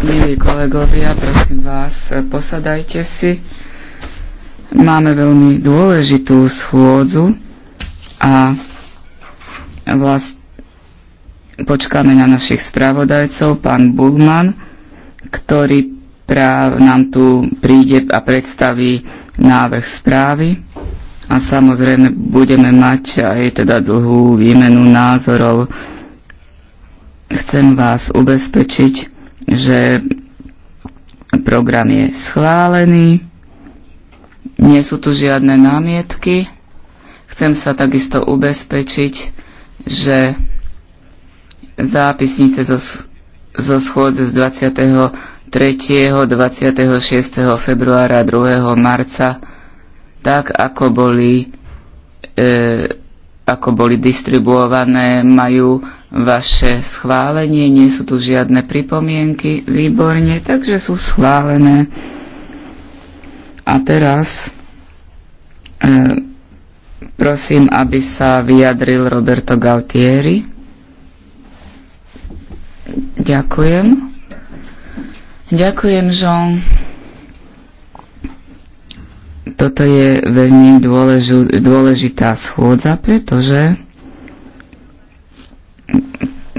Milí kolegovia, prosím vás, posadajte si. Máme veľmi dôležitú schôdzu a vás počkáme na našich spravodajcov, pán Bugman, ktorý práv nám tu príde a predstaví návrh správy a samozrejme budeme mať aj teda dlhú výmenu názorov. Chcem vás ubezpečiť, že program je schválený, nie sú tu žiadne námietky. Chcem sa takisto ubezpečiť, že zápisnice zo, zo schôdze z 23. 26. februára 2. marca tak ako boli, e, ako boli distribuované, majú vaše schválenie, nie sú tu žiadne pripomienky, výborne, takže sú schválené. A teraz e, prosím, aby sa vyjadril Roberto Galtieri. Ďakujem. Ďakujem, Jean. Toto je veľmi dôležu, dôležitá schôdza, pretože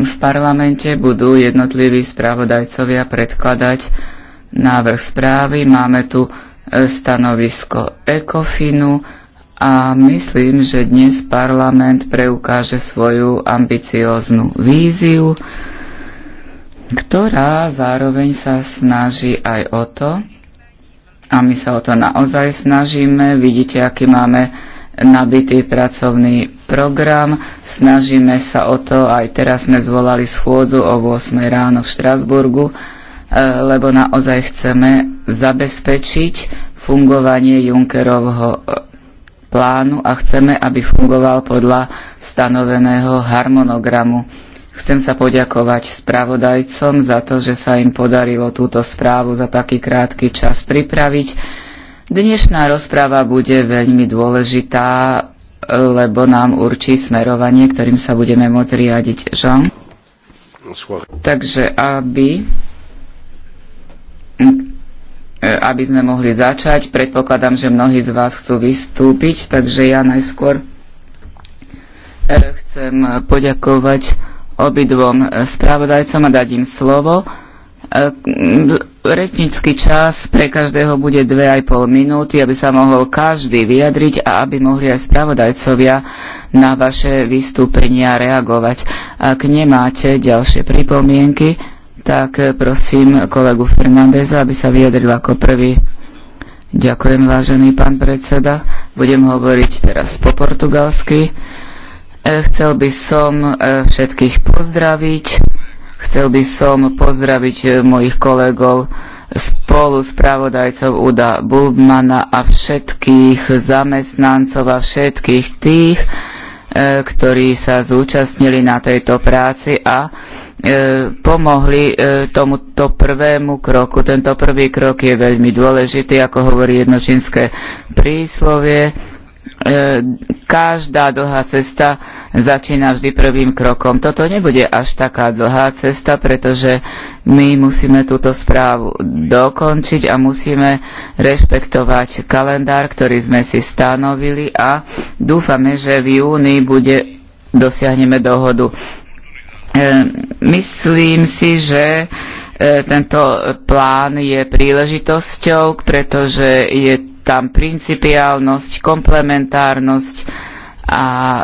v parlamente budú jednotliví správodajcovia predkladať návrh správy. Máme tu e, stanovisko ECOFINu a myslím, že dnes parlament preukáže svoju ambicióznu víziu, ktorá zároveň sa snaží aj o to, a my sa o to naozaj snažíme. Vidíte, aký máme nabitý pracovný program. Snažíme sa o to, aj teraz sme zvolali schôdzu o 8 ráno v Štrasburgu, e, lebo naozaj chceme zabezpečiť fungovanie Junckerovho e, plánu a chceme, aby fungoval podľa stanoveného harmonogramu Chcem sa poďakovať spravodajcom za to, že sa im podarilo túto správu za taký krátky čas pripraviť. Dnešná rozpráva bude veľmi dôležitá, lebo nám určí smerovanie, ktorým sa budeme môcť riadiť. Jean? Takže aby, aby sme mohli začať, predpokladám, že mnohí z vás chcú vystúpiť, takže ja najskôr eh, chcem poďakovať obidvom e, spravodajcom a dať im slovo. E, Rečnícky čas pre každého bude 2,5 minúty, aby sa mohol každý vyjadriť a aby mohli aj spravodajcovia na vaše vystúpenia reagovať. Ak nemáte ďalšie pripomienky, tak e, prosím kolegu Fernandeza, aby sa vyjadril ako prvý. Ďakujem, vážený pán predseda. Budem hovoriť teraz po portugalsky. E, chcel by som e, všetkých pozdraviť. Chcel by som pozdraviť e, mojich kolegov spolu pravodajcov Uda Bulbmana a všetkých zamestnancov a všetkých tých, ktorí sa zúčastnili na tejto práci a pomohli tomuto prvému kroku. Tento prvý krok je veľmi dôležitý, ako hovorí jednočínske príslovie E, každá dlhá cesta začína vždy prvým krokom. Toto nebude až taká dlhá cesta, pretože my musíme túto správu dokončiť a musíme rešpektovať kalendár, ktorý sme si stanovili a dúfame, že v júni bude, dosiahneme dohodu. E, myslím si, že e, tento plán je príležitosťou, pretože je tam principiálnosť, komplementárnosť a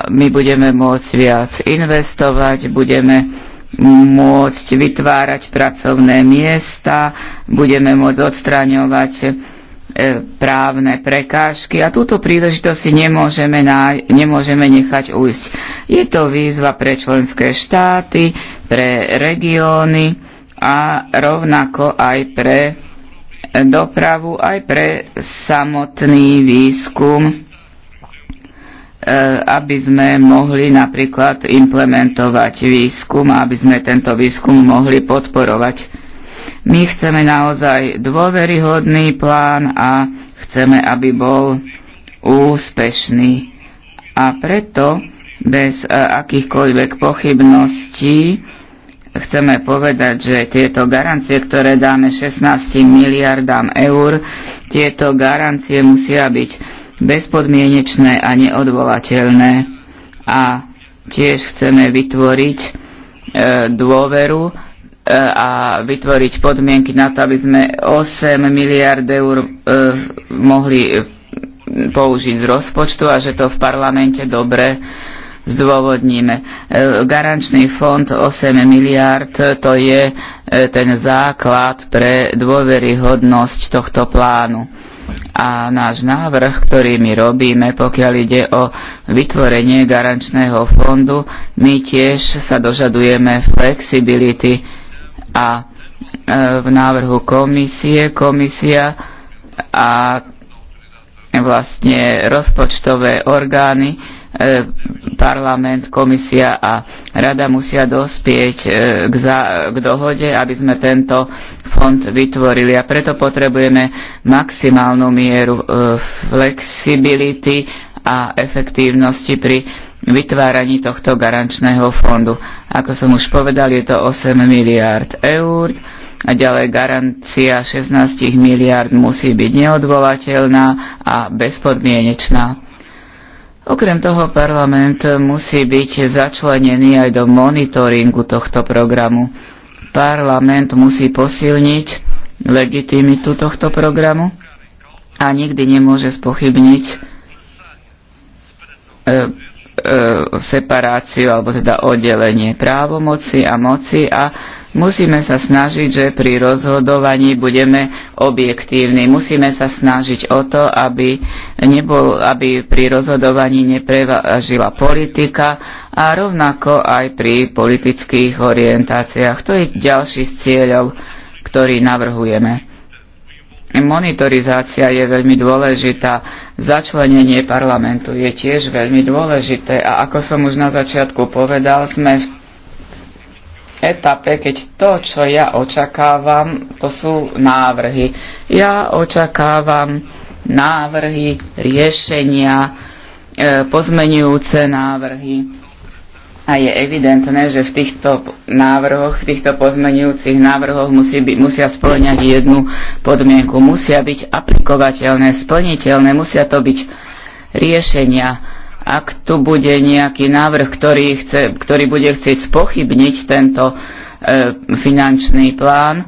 my budeme môcť viac investovať, budeme môcť vytvárať pracovné miesta, budeme môcť odstraňovať e, právne prekážky a túto príležitosť si nemôžeme, nemôžeme nechať ujsť. Je to výzva pre členské štáty, pre regióny a rovnako aj pre dopravu, aj pre samotný výskum, e, aby sme mohli napríklad implementovať výskum, aby sme tento výskum mohli podporovať. My chceme naozaj dôveryhodný plán a chceme, aby bol úspešný. A preto bez e, akýchkoľvek pochybností chceme povedať, že tieto garancie, ktoré dáme 16 miliardám eur, tieto garancie musia byť bezpodmienečné a neodvolateľné. A tiež chceme vytvoriť e, dôveru e, a vytvoriť podmienky na to, aby sme 8 miliard eur e, mohli použiť z rozpočtu a že to v parlamente dobre zdôvodníme. E, garančný fond 8 miliard to je e, ten základ pre dôveryhodnosť tohto plánu. A náš návrh, ktorý my robíme, pokiaľ ide o vytvorenie garančného fondu, my tiež sa dožadujeme flexibility a e, v návrhu komisie, komisia a vlastne rozpočtové orgány E, parlament, komisia a rada musia dospieť e, k, za, k dohode, aby sme tento fond vytvorili. A preto potrebujeme maximálnu mieru e, flexibility a efektívnosti pri vytváraní tohto garančného fondu. Ako som už povedal, je to 8 miliard eur a ďalej garancia 16 miliard musí byť neodvolateľná a bezpodmienečná. Okrem toho parlament musí byť začlenený aj do monitoringu tohto programu. Parlament musí posilniť legitimitu tohto programu a nikdy nemôže spochybniť e, e, separáciu alebo teda oddelenie právomoci a moci a Musíme sa snažiť, že pri rozhodovaní budeme objektívni. Musíme sa snažiť o to, aby, nebol, aby pri rozhodovaní neprevažila politika a rovnako aj pri politických orientáciách. To je ďalší z cieľov, ktorý navrhujeme. Monitorizácia je veľmi dôležitá, začlenenie parlamentu je tiež veľmi dôležité a ako som už na začiatku povedal, sme v etape, keď to, čo ja očakávam, to sú návrhy. Ja očakávam návrhy, riešenia, e, pozmenujúce návrhy. A je evidentné, že v týchto návrhoch, v týchto pozmenujúcich návrhoch musí by, musia splňať jednu podmienku. Musia byť aplikovateľné, splniteľné, musia to byť riešenia ak tu bude nejaký návrh, ktorý, chce, ktorý bude chcieť spochybniť tento e, finančný plán e,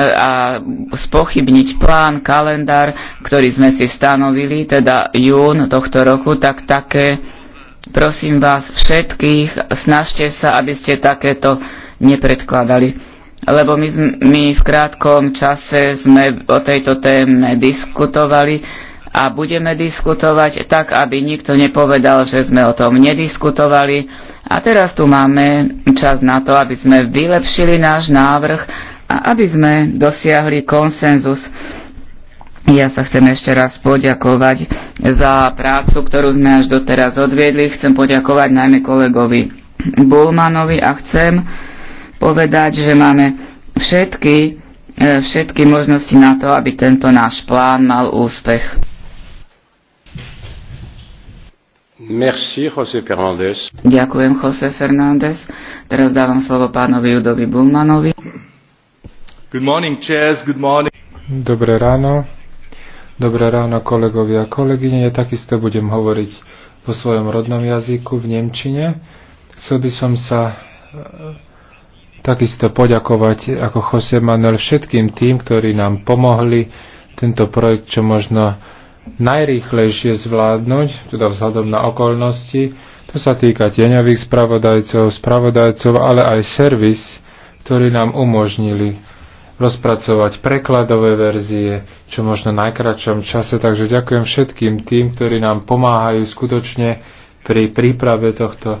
a spochybniť plán, kalendár, ktorý sme si stanovili, teda jún tohto roku, tak také, prosím vás všetkých, snažte sa, aby ste takéto nepredkladali. Lebo my, my v krátkom čase sme o tejto téme diskutovali a budeme diskutovať tak, aby nikto nepovedal, že sme o tom nediskutovali. A teraz tu máme čas na to, aby sme vylepšili náš návrh a aby sme dosiahli konsenzus. Ja sa chcem ešte raz poďakovať za prácu, ktorú sme až doteraz odviedli. Chcem poďakovať najmä kolegovi Bulmanovi a chcem povedať, že máme všetky, e, všetky možnosti na to, aby tento náš plán mal úspech. Merci, José Fernández. Ďakujem, José Fernández. Teraz dávam slovo pánovi Judovi Bulmanovi. Good morning, chairs, good morning. Dobré ráno. Dobré ráno, kolegovia a kolegyne. Ja takisto budem hovoriť po svojom rodnom jazyku v Nemčine. Chcel by som sa e, takisto poďakovať ako Jose Manuel všetkým tým, ktorí nám pomohli tento projekt čo možno najrýchlejšie zvládnuť, teda vzhľadom na okolnosti. To sa týka tieňových spravodajcov, spravodajcov, ale aj servis, ktorý nám umožnili rozpracovať prekladové verzie, čo možno najkračom čase. Takže ďakujem všetkým tým, ktorí nám pomáhajú skutočne pri príprave tohto e,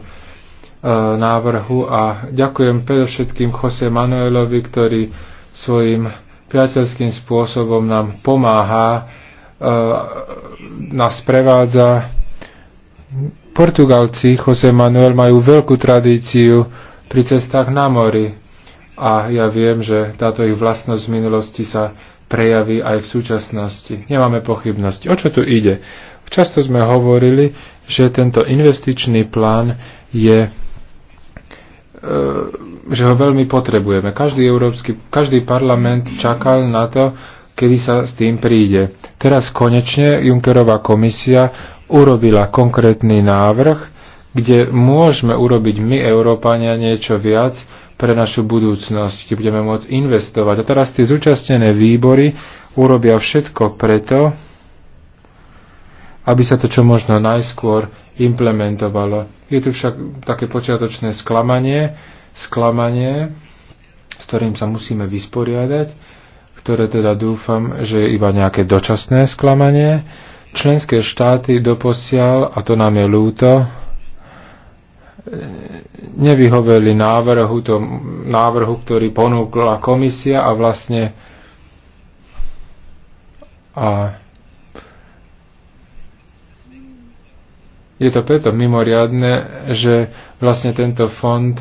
návrhu a ďakujem predovšetkým Jose Manuelovi, ktorý svojim priateľským spôsobom nám pomáha E, nás prevádza. Portugalci, Jose Manuel, majú veľkú tradíciu pri cestách na mori. A ja viem, že táto ich vlastnosť z minulosti sa prejaví aj v súčasnosti. Nemáme pochybnosti. O čo tu ide? Často sme hovorili, že tento investičný plán je e, že ho veľmi potrebujeme. Každý, európsky, každý parlament čakal na to, kedy sa s tým príde. Teraz konečne Junckerová komisia urobila konkrétny návrh, kde môžeme urobiť my, Európania, niečo viac pre našu budúcnosť, kde budeme môcť investovať. A teraz tie zúčastnené výbory urobia všetko preto, aby sa to čo možno najskôr implementovalo. Je tu však také počiatočné sklamanie, sklamanie, s ktorým sa musíme vysporiadať ktoré teda dúfam, že je iba nejaké dočasné sklamanie. Členské štáty doposiaľ, a to nám je ľúto, e, nevyhoveli návrhu, to, návrhu, ktorý ponúkla komisia a vlastne a je to preto mimoriadne, že vlastne tento fond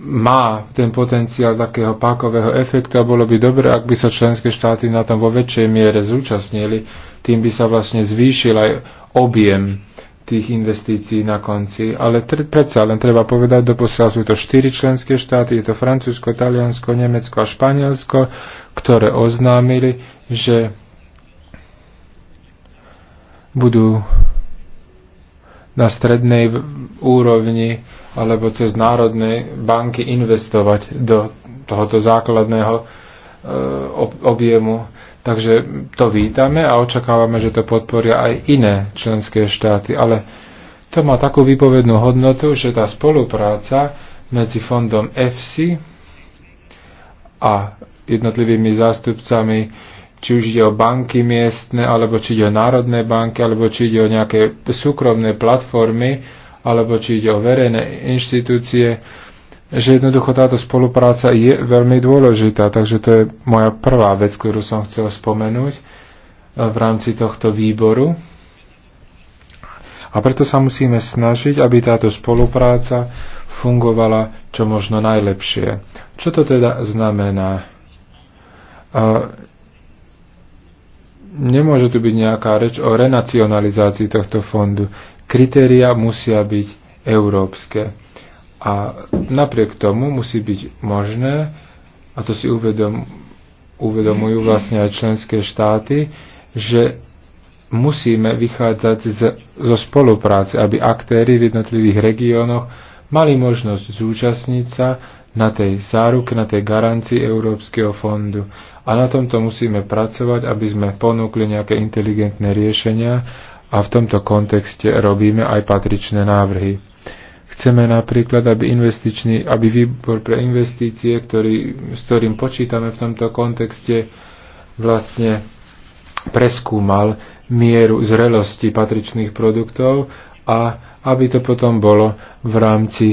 má ten potenciál takého pákového efektu a bolo by dobre, ak by sa členské štáty na tom vo väčšej miere zúčastnili, tým by sa vlastne zvýšil aj objem tých investícií na konci. Ale tre, predsa len treba povedať, doposiaľ sú to štyri členské štáty, je to Francúzsko, Taliansko, Nemecko a Španielsko, ktoré oznámili, že budú na strednej úrovni alebo cez národné banky investovať do tohoto základného e, objemu. Takže to vítame a očakávame, že to podporia aj iné členské štáty. Ale to má takú výpovednú hodnotu, že tá spolupráca medzi fondom EFSI a jednotlivými zástupcami či už ide o banky miestne, alebo či ide o národné banky, alebo či ide o nejaké súkromné platformy, alebo či ide o verejné inštitúcie, že jednoducho táto spolupráca je veľmi dôležitá. Takže to je moja prvá vec, ktorú som chcel spomenúť e, v rámci tohto výboru. A preto sa musíme snažiť, aby táto spolupráca fungovala čo možno najlepšie. Čo to teda znamená? E, nemôže tu byť nejaká reč o renacionalizácii tohto fondu. Kritéria musia byť európske. A napriek tomu musí byť možné, a to si uvedom, uvedomujú vlastne aj členské štáty, že musíme vychádzať z, zo spolupráce, aby aktéry v jednotlivých regiónoch mali možnosť zúčastniť sa na tej záruke, na tej garancii Európskeho fondu. A na tomto musíme pracovať, aby sme ponúkli nejaké inteligentné riešenia a v tomto kontexte robíme aj patričné návrhy. Chceme napríklad, aby, investičný, aby výbor pre investície, ktorý, s ktorým počítame v tomto kontexte, vlastne preskúmal mieru zrelosti patričných produktov a aby to potom bolo v rámci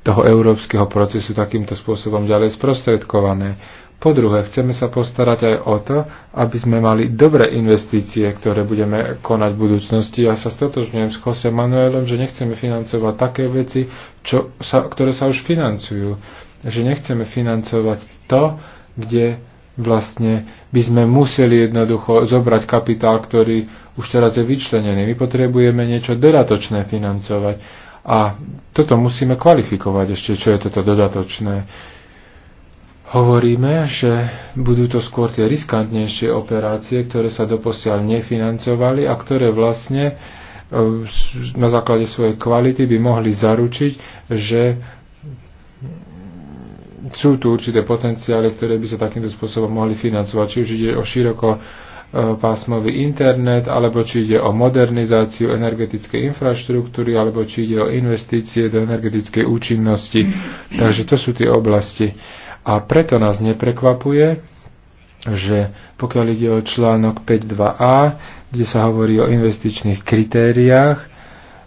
toho európskeho procesu takýmto spôsobom ďalej sprostredkované. Po druhé, chceme sa postarať aj o to, aby sme mali dobré investície, ktoré budeme konať v budúcnosti. Ja sa stotožňujem s Jose Manuelom, že nechceme financovať také veci, čo sa, ktoré sa už financujú. Že nechceme financovať to, kde vlastne by sme museli jednoducho zobrať kapitál, ktorý už teraz je vyčlenený. My potrebujeme niečo dodatočné financovať. A toto musíme kvalifikovať ešte, čo je toto dodatočné hovoríme, že budú to skôr tie riskantnejšie operácie, ktoré sa doposiaľ nefinancovali a ktoré vlastne e, na základe svojej kvality by mohli zaručiť, že sú tu určité potenciály, ktoré by sa takýmto spôsobom mohli financovať. Či už ide o široko e, pásmový internet, alebo či ide o modernizáciu energetickej infraštruktúry, alebo či ide o investície do energetickej účinnosti. Takže to sú tie oblasti a preto nás neprekvapuje, že pokiaľ ide o článok 5.2a, kde sa hovorí o investičných kritériách,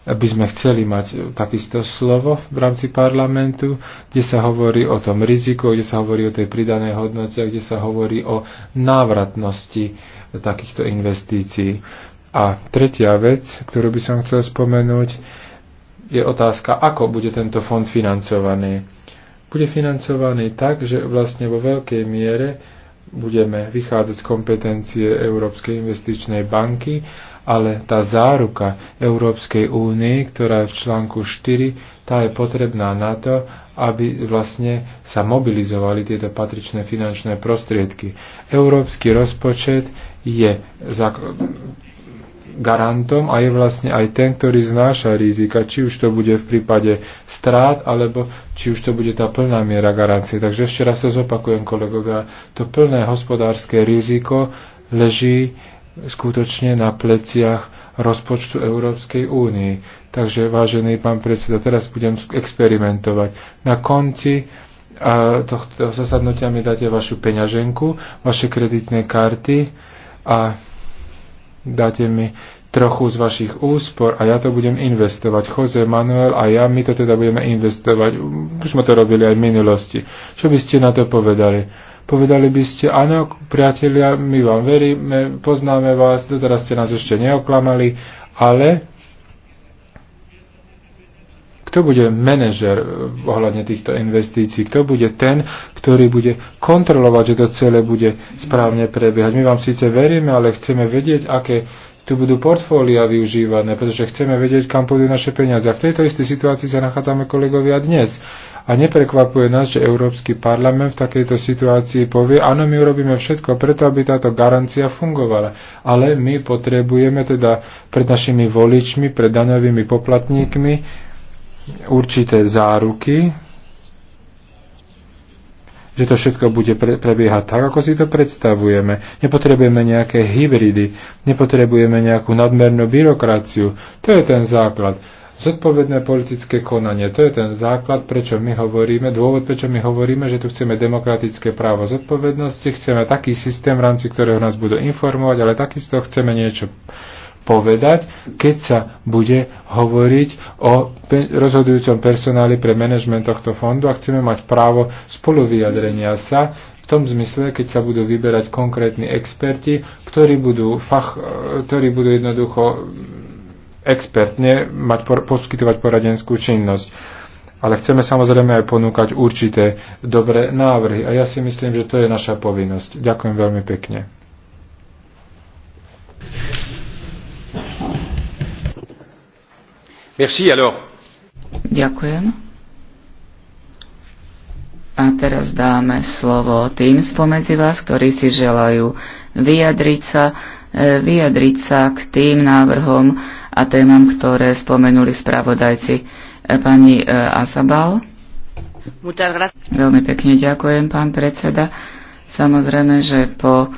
by sme chceli mať takisto slovo v rámci parlamentu, kde sa hovorí o tom riziku, kde sa hovorí o tej pridanej hodnote, kde sa hovorí o návratnosti takýchto investícií. A tretia vec, ktorú by som chcel spomenúť, je otázka, ako bude tento fond financovaný bude financovaný tak, že vlastne vo veľkej miere budeme vychádzať z kompetencie Európskej investičnej banky, ale tá záruka Európskej únie, ktorá je v článku 4, tá je potrebná na to, aby vlastne sa mobilizovali tieto patričné finančné prostriedky. Európsky rozpočet je garantom a je vlastne aj ten, ktorý znáša rizika, či už to bude v prípade strát, alebo či už to bude tá plná miera garancie. Takže ešte raz to zopakujem, kolegovia, to plné hospodárske riziko leží skutočne na pleciach rozpočtu Európskej únie. Takže, vážený pán predseda, teraz budem experimentovať. Na konci a tohto zasadnutia mi dáte vašu peňaženku, vaše kreditné karty a dáte mi trochu z vašich úspor a ja to budem investovať. Jose Manuel a ja, my to teda budeme investovať. Už sme to robili aj v minulosti. Čo by ste na to povedali? Povedali by ste, áno, priatelia, my vám veríme, poznáme vás, doteraz ste nás ešte neoklamali, ale kto bude manažer eh, ohľadne týchto investícií? Kto bude ten, ktorý bude kontrolovať, že to celé bude správne prebiehať? My vám síce veríme, ale chceme vedieť, aké tu budú portfólia využívané, pretože chceme vedieť, kam pôjdu naše peniaze. A v tejto istej situácii sa nachádzame kolegovia dnes. A neprekvapuje nás, že Európsky parlament v takejto situácii povie, áno, my urobíme všetko preto, aby táto garancia fungovala. Ale my potrebujeme teda pred našimi voličmi, pred daňovými poplatníkmi, určité záruky, že to všetko bude pre, prebiehať tak, ako si to predstavujeme. Nepotrebujeme nejaké hybridy, nepotrebujeme nejakú nadmernú byrokraciu. To je ten základ. Zodpovedné politické konanie, to je ten základ, prečo my hovoríme, dôvod, prečo my hovoríme, že tu chceme demokratické právo zodpovednosti, chceme taký systém, v rámci ktorého nás budú informovať, ale takisto chceme niečo povedať, keď sa bude hovoriť o rozhodujúcom personáli pre manažment tohto fondu a chceme mať právo spolu vyjadrenia sa v tom zmysle, keď sa budú vyberať konkrétni experti, ktorí budú, fach, e, ktorí budú jednoducho expertne mať, poskytovať poradenskú činnosť ale chceme samozrejme aj ponúkať určité dobré návrhy. A ja si myslím, že to je naša povinnosť. Ďakujem veľmi pekne. Merci, alors. Ďakujem. A teraz dáme slovo tým spomedzi vás, ktorí si želajú vyjadriť sa, e, vyjadriť sa k tým návrhom a témam, ktoré spomenuli spravodajci. E, pani e, Asabal. Veľmi pekne ďakujem, pán predseda. Samozrejme, že po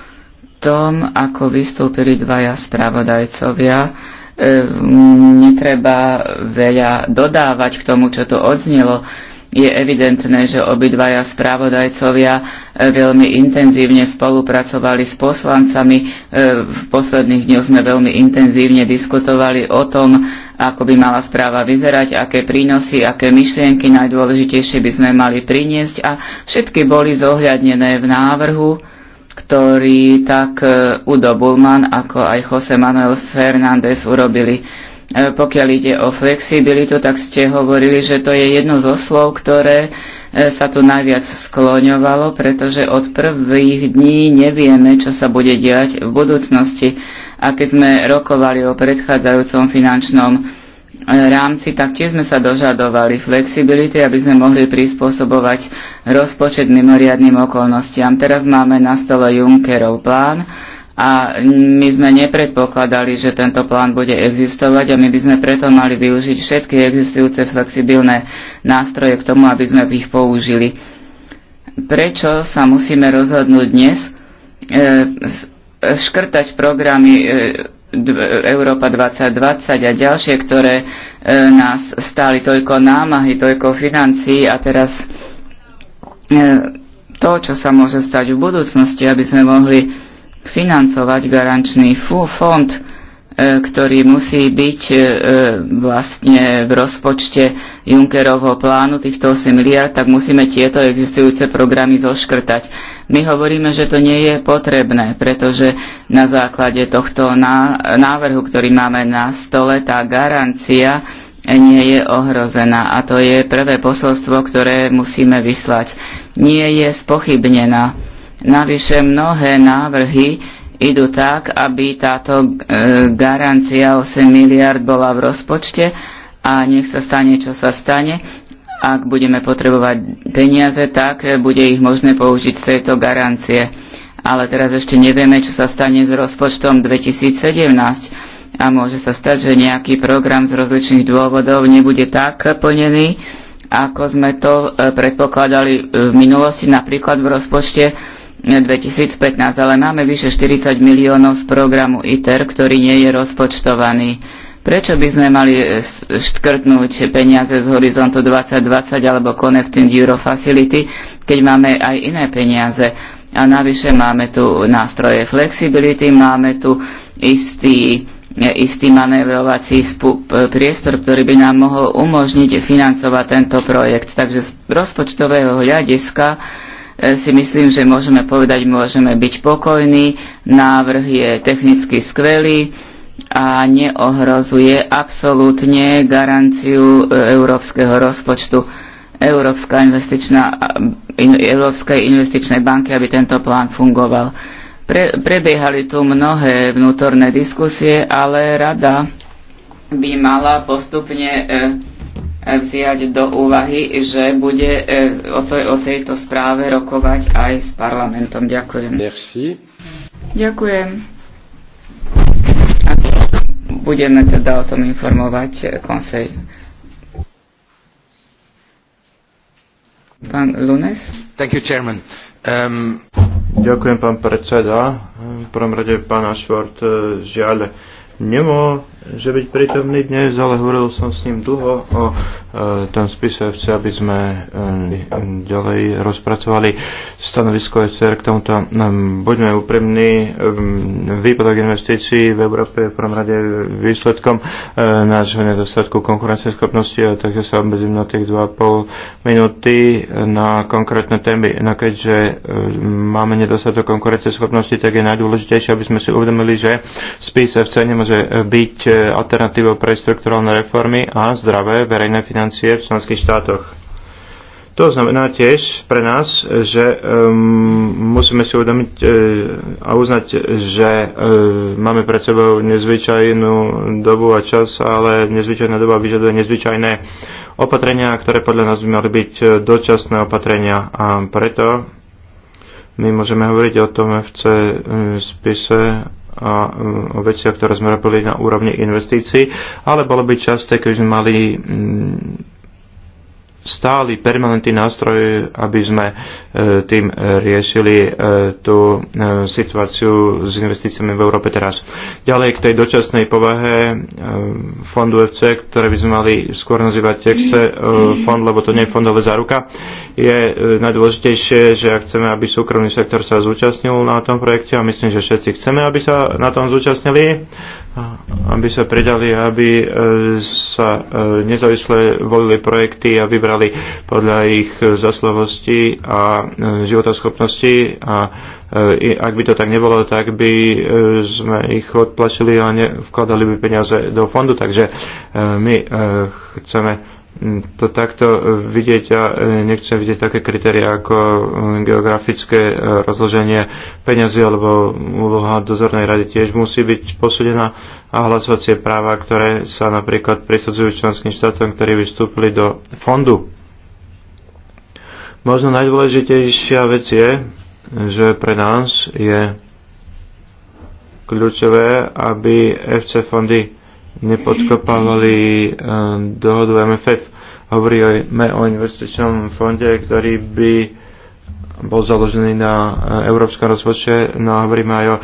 tom, ako vystúpili dvaja spravodajcovia, E, netreba veľa dodávať k tomu, čo tu odznelo. Je evidentné, že obidvaja správodajcovia e, veľmi intenzívne spolupracovali s poslancami. E, v posledných dňoch sme veľmi intenzívne diskutovali o tom, ako by mala správa vyzerať, aké prínosy, aké myšlienky najdôležitejšie by sme mali priniesť a všetky boli zohľadnené v návrhu ktorý tak e, Udo Bullman ako aj Jose Manuel Fernández urobili. E, pokiaľ ide o flexibilitu, tak ste hovorili, že to je jedno zo slov, ktoré e, sa tu najviac skloňovalo, pretože od prvých dní nevieme, čo sa bude diať v budúcnosti. A keď sme rokovali o predchádzajúcom finančnom E, rámci taktiež sme sa dožadovali flexibility, aby sme mohli prispôsobovať rozpočet mimoriadným okolnostiam. Teraz máme na stole Junckerov plán a my sme nepredpokladali, že tento plán bude existovať a my by sme preto mali využiť všetky existujúce flexibilné nástroje k tomu, aby sme ich použili. Prečo sa musíme rozhodnúť dnes? E, škrtať programy e, Európa 2020 a ďalšie, ktoré e, nás stáli toľko námahy, toľko financií a teraz e, to, čo sa môže stať v budúcnosti, aby sme mohli financovať garančný fond E, ktorý musí byť e, vlastne v rozpočte Junckerovho plánu týchto 8 miliard, tak musíme tieto existujúce programy zoškrtať. My hovoríme, že to nie je potrebné, pretože na základe tohto návrhu, ktorý máme na stole, tá garancia nie je ohrozená. A to je prvé posolstvo, ktoré musíme vyslať. Nie je spochybnená. Navyše mnohé návrhy idú tak, aby táto e, garancia 8 miliard bola v rozpočte a nech sa stane, čo sa stane. Ak budeme potrebovať peniaze, tak bude ich možné použiť z tejto garancie. Ale teraz ešte nevieme, čo sa stane s rozpočtom 2017 a môže sa stať, že nejaký program z rozličných dôvodov nebude tak plnený, ako sme to e, predpokladali e, v minulosti, napríklad v rozpočte 2015, ale máme vyše 40 miliónov z programu ITER, ktorý nie je rozpočtovaný. Prečo by sme mali e, škrtnúť peniaze z horizontu 2020 alebo Connecting Euro Facility, keď máme aj iné peniaze? A navyše máme tu nástroje flexibility, máme tu istý, e, istý manévrovací e, priestor, ktorý by nám mohol umožniť financovať tento projekt. Takže z rozpočtového hľadiska E, si myslím, že môžeme povedať, môžeme byť pokojní. Návrh je technicky skvelý a neohrozuje absolútne garanciu e, európskeho rozpočtu Európska investičná, e, Európskej investičnej banky, aby tento plán fungoval. Pre, prebiehali tu mnohé vnútorné diskusie, ale rada by mala postupne e, vziať do úvahy, že bude e, o, to, o tejto správe rokovať aj s parlamentom. Ďakujem. Merci. Ďakujem. A budeme teda o tom informovať konsej. Pán Lunes. Thank you, chairman. Um... Ďakujem, pán predseda. V prvom rade pána Švort, e, žiaľ, nemohol že byť prítomný dnes, ale hovoril som s ním dlho o e, tom spise FC, aby sme e, ďalej rozpracovali stanovisko FCR k tomuto. E, buďme úprimní, e, hm, výpadok investícií v Európe je v prvom rade výsledkom e, nášho nedostatku konkurenceschopnosti, a takže sa obmedzím na tých 2,5 minúty na konkrétne témy. No keďže e, máme nedostatok konkurenceschopnosti, tak je najdôležitejšie, aby sme si uvedomili, že spis FC nemôže byť je alternatívou pre štrukturálne reformy a zdravé verejné financie v členských štátoch. To znamená tiež pre nás, že um, musíme si uvedomiť uh, a uznať, že uh, máme pred sebou nezvyčajnú dobu a čas, ale nezvyčajná doba vyžaduje nezvyčajné opatrenia, ktoré podľa nás by mali byť dočasné opatrenia. A preto my môžeme hovoriť o tom FC e, spise a mm, o veciach, ktoré sme robili na úrovni investícií, ale bolo by časté, keby sme mali mm, stály permanentný nástroj, aby sme e, tým riešili e, tú e, situáciu s investíciami v Európe teraz. Ďalej k tej dočasnej povahe fondu FC, ktoré by sme mali skôr nazývať FC fond, lebo to nie je fondové záruka je e, najdôležitejšie, že ak chceme, aby súkromný sektor sa zúčastnil na tom projekte a myslím, že všetci chceme, aby sa na tom zúčastnili, aby sa pridali, aby e, sa e, nezávisle volili projekty a vybrali podľa ich zaslovosti a životoschopnosti. a ak by to tak nebolo, tak by sme ich odplačili a vkladali by peniaze do fondu. Takže my chceme to takto vidieť a e, nechcem vidieť také kritéria ako e, geografické e, rozloženie peňazí alebo úloha dozornej rady tiež musí byť posúdená a hlasovacie práva, ktoré sa napríklad prisudzujú členským štátom, ktorí vystúpili do fondu. Možno najdôležitejšia vec je, že pre nás je kľúčové, aby FC fondy nepodkopávali dohodu MFF. Hovoríme o investičnom fonde, ktorý by bol založený na eh, európskom rozpočte, no hovoríme aj o eh,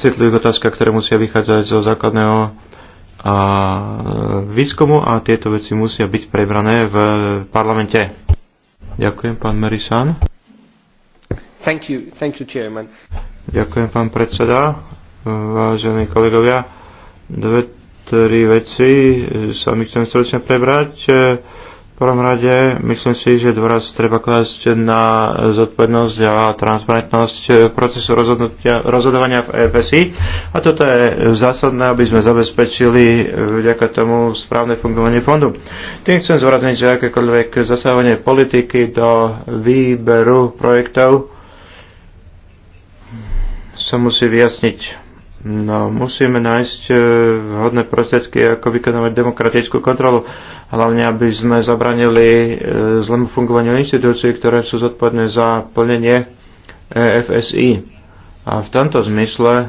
citlivých otázkach, ktoré musia vychádzať zo základného a eh, výskumu a tieto veci musia byť prebrané v parlamente. Ďakujem, pán Merisan. Thank you, thank you, chairman. Ďakujem, pán predseda. Vážení kolegovia, dve, tri veci sa mi chcem stručne prebrať v prvom rade myslím si, že dôraz treba klásť na zodpovednosť a transparentnosť procesu rozhodovania v EFSI. A toto je zásadné, aby sme zabezpečili e, vďaka tomu správne fungovanie fondu. Tým chcem zvorazniť, že akékoľvek zasahovanie politiky do výberu projektov sa musí vyjasniť No, musíme nájsť e, vhodné prostriedky, ako vykonávať demokratickú kontrolu. Hlavne, aby sme zabranili e, zlému fungovaniu inštitúcií, ktoré sú zodpovedné za plnenie EFSI. A v tomto zmysle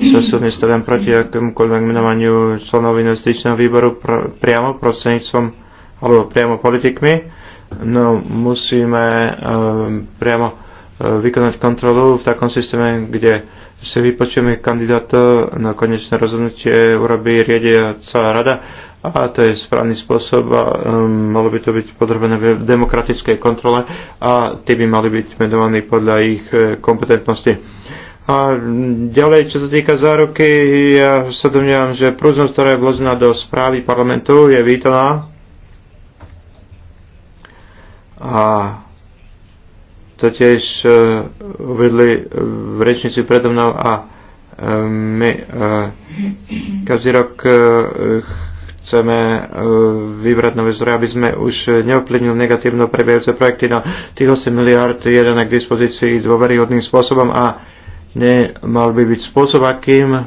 sa silne staviam proti akémukoľvek menovaniu členov investičného výboru pr- priamo prostredníctvom alebo priamo politikmi. No, musíme um, priamo uh, vykonať kontrolu v takom systéme, kde si vypočujeme kandidáta na konečné rozhodnutie urobí riadiaca rada a to je správny spôsob a um, malo by to byť podrobené v demokratickej kontrole a tí by mali byť menovaní podľa ich eh, kompetentnosti. A ďalej, čo sa týka záruky, ja sa domnievam, že prúznosť, ktorá je vložená do správy parlamentu, je vítaná. A to tiež eh, uvedli eh, v rečnici predo mnou a eh, my každý rok chceme vybrať nové zdroje, aby sme už neovplyvnili negatívno prebiehajúce projekty. na no, tých 8 miliard je dané k dispozícii dôveryhodným spôsobom a nemal by byť spôsob, akým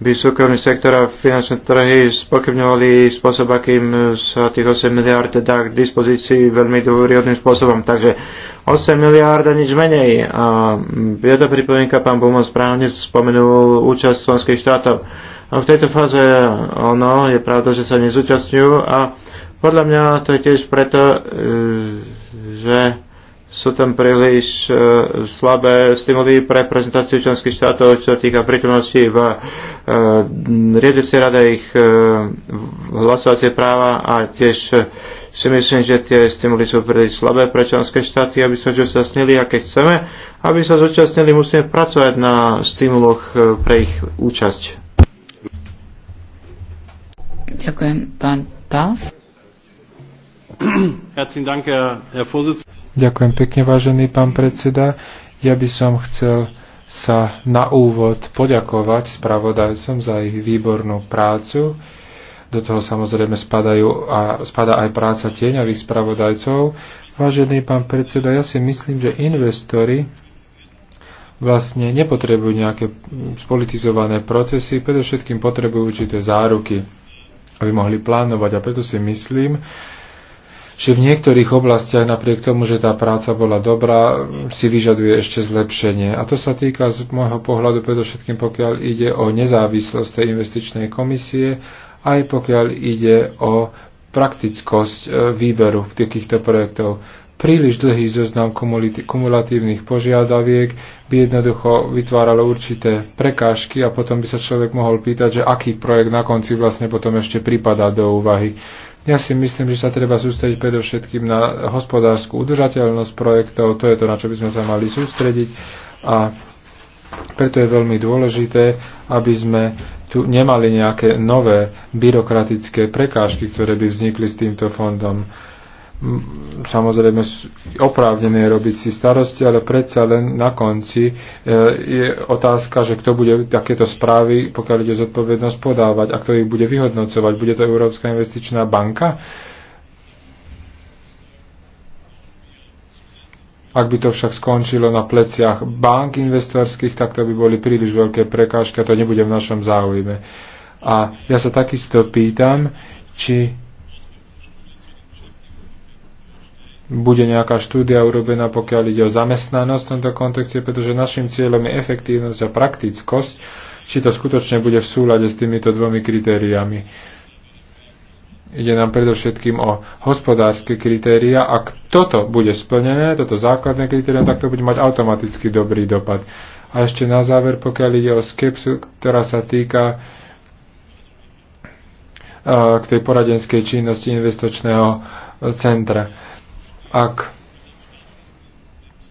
by súkromný sektor a finančné trhy spokrebňovali spôsob, akým sa tých 8 miliard dá k dispozícii veľmi dôvryhodným spôsobom. Takže 8 miliard a nič menej. A je to pripomienka, pán Bumon správne spomenul účasť členských štátov. A v tejto fáze ono, je pravda, že sa nezúčastňujú a podľa mňa to je tiež preto, e, že sú tam príliš uh, slabé stimuly pre prezentáciu členských štátov, čo týka prítomnosti v uh, e, riadiacej rade ich uh, hlasovacie práva a tiež uh, si myslím, že tie stimuly sú príliš slabé pre členské štáty, aby sme zúčastnili a keď chceme, aby sa zúčastnili, musíme pracovať na stimuloch uh, pre ich účasť. Ďakujem, pán Pás. Herzlichen Dank, Herr, Herr Vorsitzender. Ďakujem pekne, vážený pán predseda. Ja by som chcel sa na úvod poďakovať spravodajcom za ich výbornú prácu. Do toho samozrejme spadajú a spada aj práca tieňových spravodajcov. Vážený pán predseda, ja si myslím, že investori vlastne nepotrebujú nejaké spolitizované procesy, predovšetkým potrebujú určité záruky, aby mohli plánovať. A preto si myslím, že v niektorých oblastiach, napriek tomu, že tá práca bola dobrá, si vyžaduje ešte zlepšenie. A to sa týka z môjho pohľadu predovšetkým, pokiaľ ide o nezávislosť tej investičnej komisie, aj pokiaľ ide o praktickosť e, výberu takýchto projektov. Príliš dlhý zoznam kumulatívnych požiadaviek by jednoducho vytváralo určité prekážky a potom by sa človek mohol pýtať, že aký projekt na konci vlastne potom ešte pripadá do úvahy. Ja si myslím, že sa treba sústrediť predovšetkým na hospodárskú udržateľnosť projektov, to je to, na čo by sme sa mali sústrediť a preto je veľmi dôležité, aby sme tu nemali nejaké nové byrokratické prekážky, ktoré by vznikli s týmto fondom samozrejme oprávnené robiť si starosti, ale predsa len na konci e, je otázka, že kto bude takéto správy, pokiaľ ide zodpovednosť podávať a kto ich bude vyhodnocovať. Bude to Európska investičná banka? Ak by to však skončilo na pleciach bank investorských, tak to by boli príliš veľké prekážky a to nebude v našom záujme. A ja sa takisto pýtam, či bude nejaká štúdia urobená, pokiaľ ide o zamestnanosť v tomto kontexte, pretože našim cieľom je efektívnosť a praktickosť, či to skutočne bude v súlade s týmito dvomi kritériami. Ide nám predovšetkým o hospodárske kritéria. Ak toto bude splnené, toto základné kritérium, tak to bude mať automaticky dobrý dopad. A ešte na záver, pokiaľ ide o skepsu, ktorá sa týka eh, k tej poradenskej činnosti investočného eh, centra ak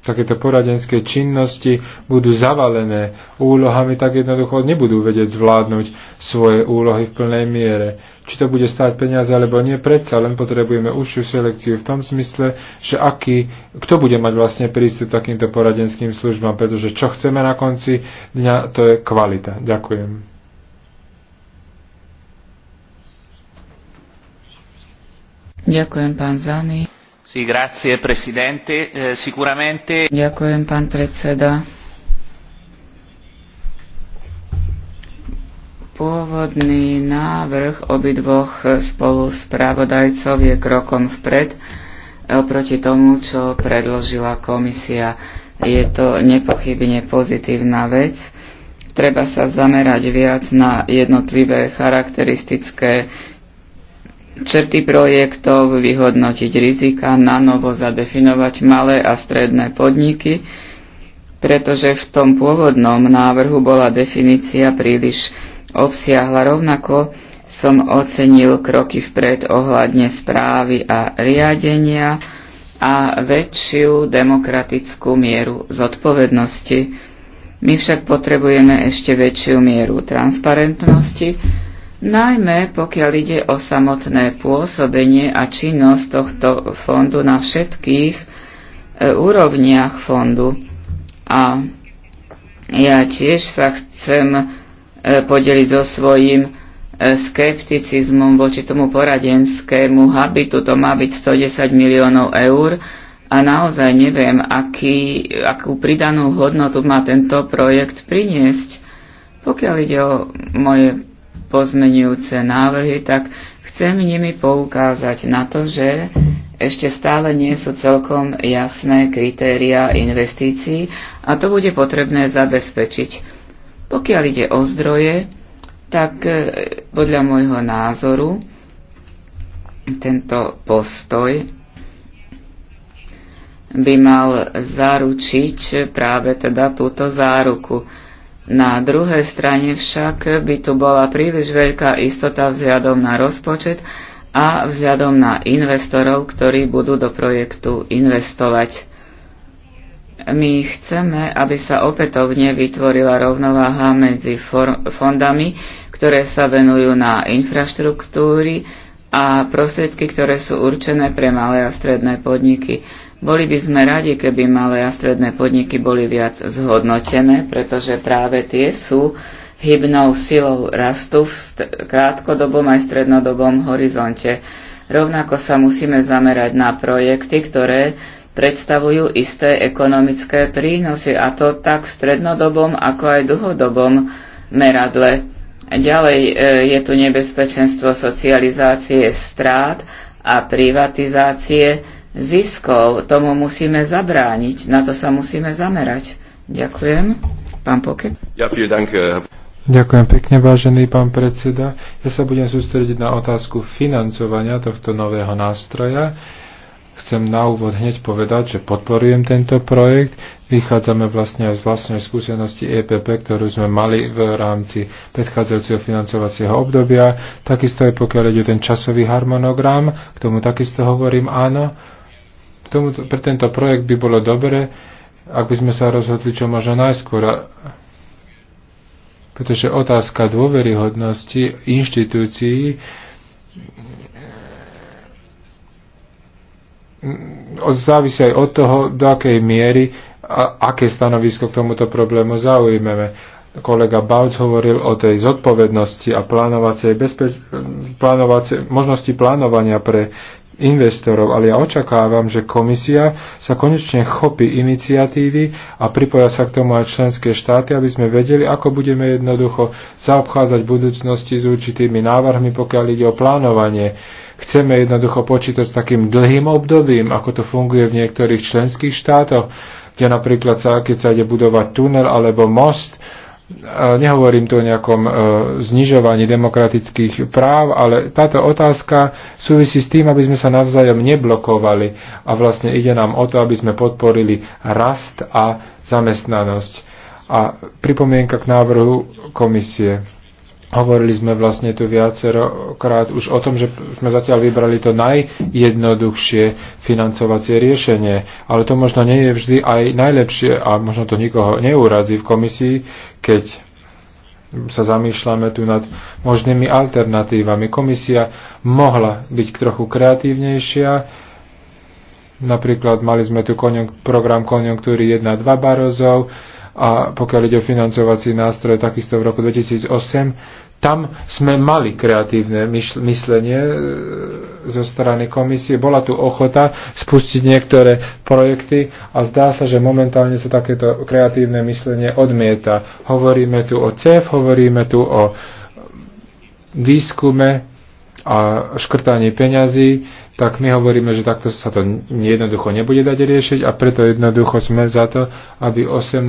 takéto poradenské činnosti budú zavalené úlohami, tak jednoducho nebudú vedieť zvládnuť svoje úlohy v plnej miere. Či to bude stáť peniaze alebo nie, predsa len potrebujeme užšiu selekciu v tom smysle, že aký, kto bude mať vlastne prístup takýmto poradenským službám, pretože čo chceme na konci dňa, to je kvalita. Ďakujem. Ďakujem, pán Zany. Eh, Ďakujem, pán predseda. Pôvodný návrh obidvoch spolu spravodajcov je krokom vpred oproti tomu, čo predložila komisia. Je to nepochybne pozitívna vec. Treba sa zamerať viac na jednotlivé charakteristické črty projektov, vyhodnotiť rizika, na novo zadefinovať malé a stredné podniky, pretože v tom pôvodnom návrhu bola definícia príliš obsiahla. Rovnako som ocenil kroky vpred ohľadne správy a riadenia a väčšiu demokratickú mieru zodpovednosti. My však potrebujeme ešte väčšiu mieru transparentnosti, najmä pokiaľ ide o samotné pôsobenie a činnosť tohto fondu na všetkých e, úrovniach fondu. A ja tiež sa chcem e, podeliť so svojím e, skepticizmom voči tomu poradenskému habitu. To má byť 110 miliónov eur a naozaj neviem, aký, akú pridanú hodnotu má tento projekt priniesť. Pokiaľ ide o moje pozmenujúce návrhy, tak chcem nimi poukázať na to, že ešte stále nie sú celkom jasné kritéria investícií a to bude potrebné zabezpečiť. Pokiaľ ide o zdroje, tak e, podľa môjho názoru tento postoj by mal zaručiť práve teda túto záruku. Na druhej strane však by tu bola príliš veľká istota vzhľadom na rozpočet a vzhľadom na investorov, ktorí budú do projektu investovať. My chceme, aby sa opätovne vytvorila rovnováha medzi fondami, ktoré sa venujú na infraštruktúry a prostriedky, ktoré sú určené pre malé a stredné podniky. Boli by sme radi, keby malé a stredné podniky boli viac zhodnotené, pretože práve tie sú hybnou silou rastu v krátkodobom aj strednodobom horizonte. Rovnako sa musíme zamerať na projekty, ktoré predstavujú isté ekonomické prínosy, a to tak v strednodobom, ako aj dlhodobom meradle. Ďalej e, je tu nebezpečenstvo socializácie strát a privatizácie, ziskov. Tomu musíme zabrániť, na to sa musíme zamerať. Ďakujem. Pán Poke. Ja, Ďakujem pekne, vážený pán predseda. Ja sa budem sústrediť na otázku financovania tohto nového nástroja. Chcem na úvod hneď povedať, že podporujem tento projekt. Vychádzame vlastne aj z vlastnej skúsenosti EPP, ktorú sme mali v rámci predchádzajúceho financovacieho obdobia. Takisto aj pokiaľ ide ten časový harmonogram, k tomu takisto hovorím áno tomuto, pre tento projekt by bolo dobre, ak by sme sa rozhodli čo možno najskôr. A, pretože otázka dôveryhodnosti inštitúcií mm, závisí aj od toho, do akej miery a aké stanovisko k tomuto problému zaujmeme. Kolega Bauc hovoril o tej zodpovednosti a plánovacej bezpeč- plánovacej, možnosti plánovania pre investorov, ale ja očakávam, že komisia sa konečne chopí iniciatívy a pripoja sa k tomu aj členské štáty, aby sme vedeli, ako budeme jednoducho zaobchádzať v budúcnosti s určitými návrhmi, pokiaľ ide o plánovanie. Chceme jednoducho počítať s takým dlhým obdobím, ako to funguje v niektorých členských štátoch, kde napríklad sa, keď sa ide budovať tunel alebo most, Nehovorím tu o nejakom e, znižovaní demokratických práv, ale táto otázka súvisí s tým, aby sme sa navzájom neblokovali a vlastne ide nám o to, aby sme podporili rast a zamestnanosť. A pripomienka k návrhu komisie. Hovorili sme vlastne tu viacerokrát už o tom, že sme zatiaľ vybrali to najjednoduchšie financovacie riešenie, ale to možno nie je vždy aj najlepšie a možno to nikoho neurazí v komisii, keď sa zamýšľame tu nad možnými alternatívami. Komisia mohla byť trochu kreatívnejšia, napríklad mali sme tu konjunk- program konjunktúry 1-2 barozov, a pokiaľ ide o financovací nástroj, takisto v roku 2008, tam sme mali kreatívne myslenie e, zo strany komisie. Bola tu ochota spustiť niektoré projekty a zdá sa, že momentálne sa takéto kreatívne myslenie odmieta. Hovoríme tu o CEF, hovoríme tu o výskume a škrtaní peňazí tak my hovoríme, že takto sa to jednoducho nebude dať riešiť a preto jednoducho sme za to, aby 18.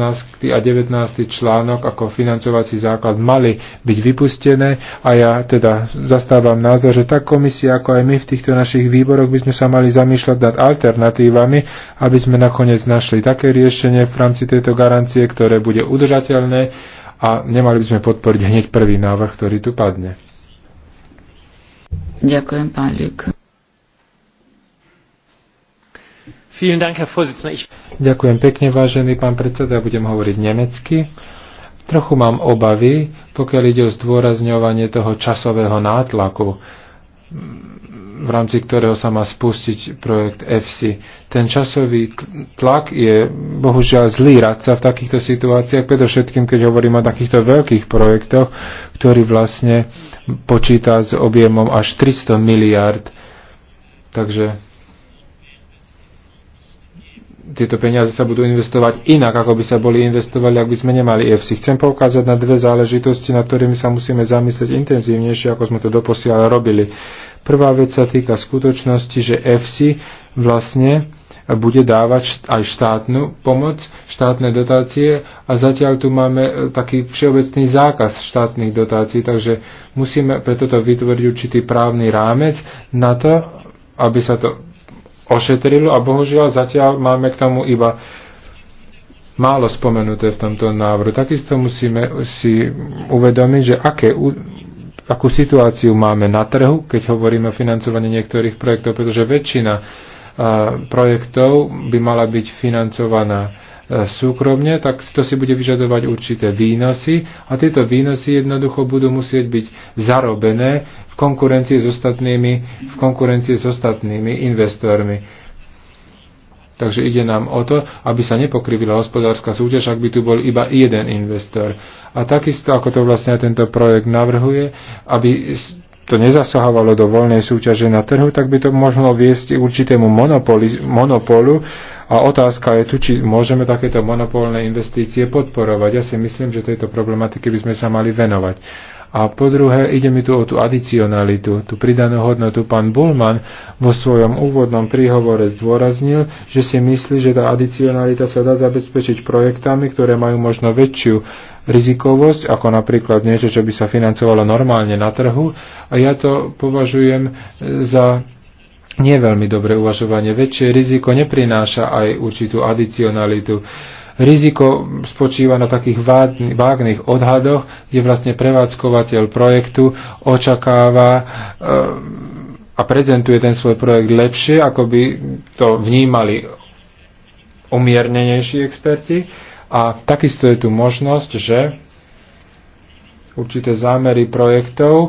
a 19. článok ako financovací základ mali byť vypustené a ja teda zastávam názor, že tak komisia ako aj my v týchto našich výboroch by sme sa mali zamýšľať nad alternatívami, aby sme nakoniec našli také riešenie v rámci tejto garancie, ktoré bude udržateľné a nemali by sme podporiť hneď prvý návrh, ktorý tu padne. Ďakujem, pán Ľuk. Ďakujem pekne, vážený pán predseda, ja budem hovoriť nemecky. Trochu mám obavy, pokiaľ ide o zdôrazňovanie toho časového nátlaku, v rámci ktorého sa má spustiť projekt EFSI. Ten časový tlak je bohužiaľ zlý radca v takýchto situáciách, predovšetkým keď hovorím o takýchto veľkých projektoch, ktorý vlastne počíta s objemom až 300 miliard. Takže tieto peniaze sa budú investovať inak, ako by sa boli investovali, ak by sme nemali EFSI. Chcem poukázať na dve záležitosti, na ktorými sa musíme zamyslieť intenzívnejšie, ako sme to doposiaľ robili. Prvá vec sa týka skutočnosti, že EFSI vlastne bude dávať aj štátnu pomoc, štátne dotácie a zatiaľ tu máme e, taký všeobecný zákaz štátnych dotácií, takže musíme preto to vytvoriť určitý právny rámec na to, aby sa to ošetril a bohužiaľ zatiaľ máme k tomu iba málo spomenuté v tomto návrhu. Takisto musíme si uvedomiť, že aké akú situáciu máme na trhu, keď hovoríme o financovaní niektorých projektov, pretože väčšina projektov by mala byť financovaná súkromne, tak to si bude vyžadovať určité výnosy a tieto výnosy jednoducho budú musieť byť zarobené v konkurencii s ostatnými, v konkurencii s ostatnými investormi. Takže ide nám o to, aby sa nepokrivila hospodárska súťaž, ak by tu bol iba jeden investor. A takisto, ako to vlastne tento projekt navrhuje, aby to nezasahovalo do voľnej súťaže na trhu, tak by to možno viesť určitému monopolu. A otázka je tu, či môžeme takéto monopolné investície podporovať. Ja si myslím, že tejto problematiky by sme sa mali venovať. A po druhé, ide mi tu o tú adicionalitu, tú pridanú hodnotu. Pán Bulman vo svojom úvodnom príhovore zdôraznil, že si myslí, že tá adicionalita sa dá zabezpečiť projektami, ktoré majú možno väčšiu rizikovosť, ako napríklad niečo, čo by sa financovalo normálne na trhu. A ja to považujem e, za nie veľmi dobré uvažovanie. Väčšie riziko neprináša aj určitú adicionalitu. Riziko spočíva na takých vágnych odhadoch, kde vlastne prevádzkovateľ projektu očakáva e, a prezentuje ten svoj projekt lepšie, ako by to vnímali umiernenejší experti. A takisto je tu možnosť, že určité zámery projektov. E,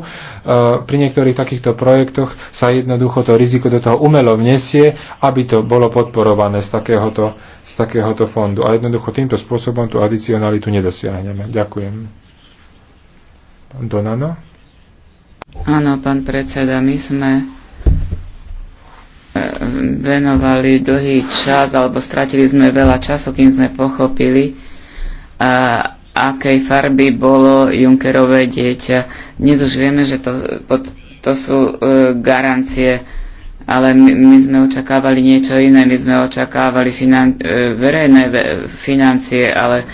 pri niektorých takýchto projektoch sa jednoducho to riziko do toho umelo vnesie, aby to bolo podporované z takéhoto, z takéhoto fondu. A jednoducho týmto spôsobom tú adicionalitu nedosiahneme. Ďakujem. Donano? Áno, pán predseda, my sme Eh, venovali dlhý čas, alebo stratili sme veľa času, kým sme pochopili, a, akej farby bolo Junkerové dieťa. Dnes už vieme, že to, to sú uh, garancie, ale my, my sme očakávali niečo iné, my sme očakávali finan, uh, verejné ve, financie, ale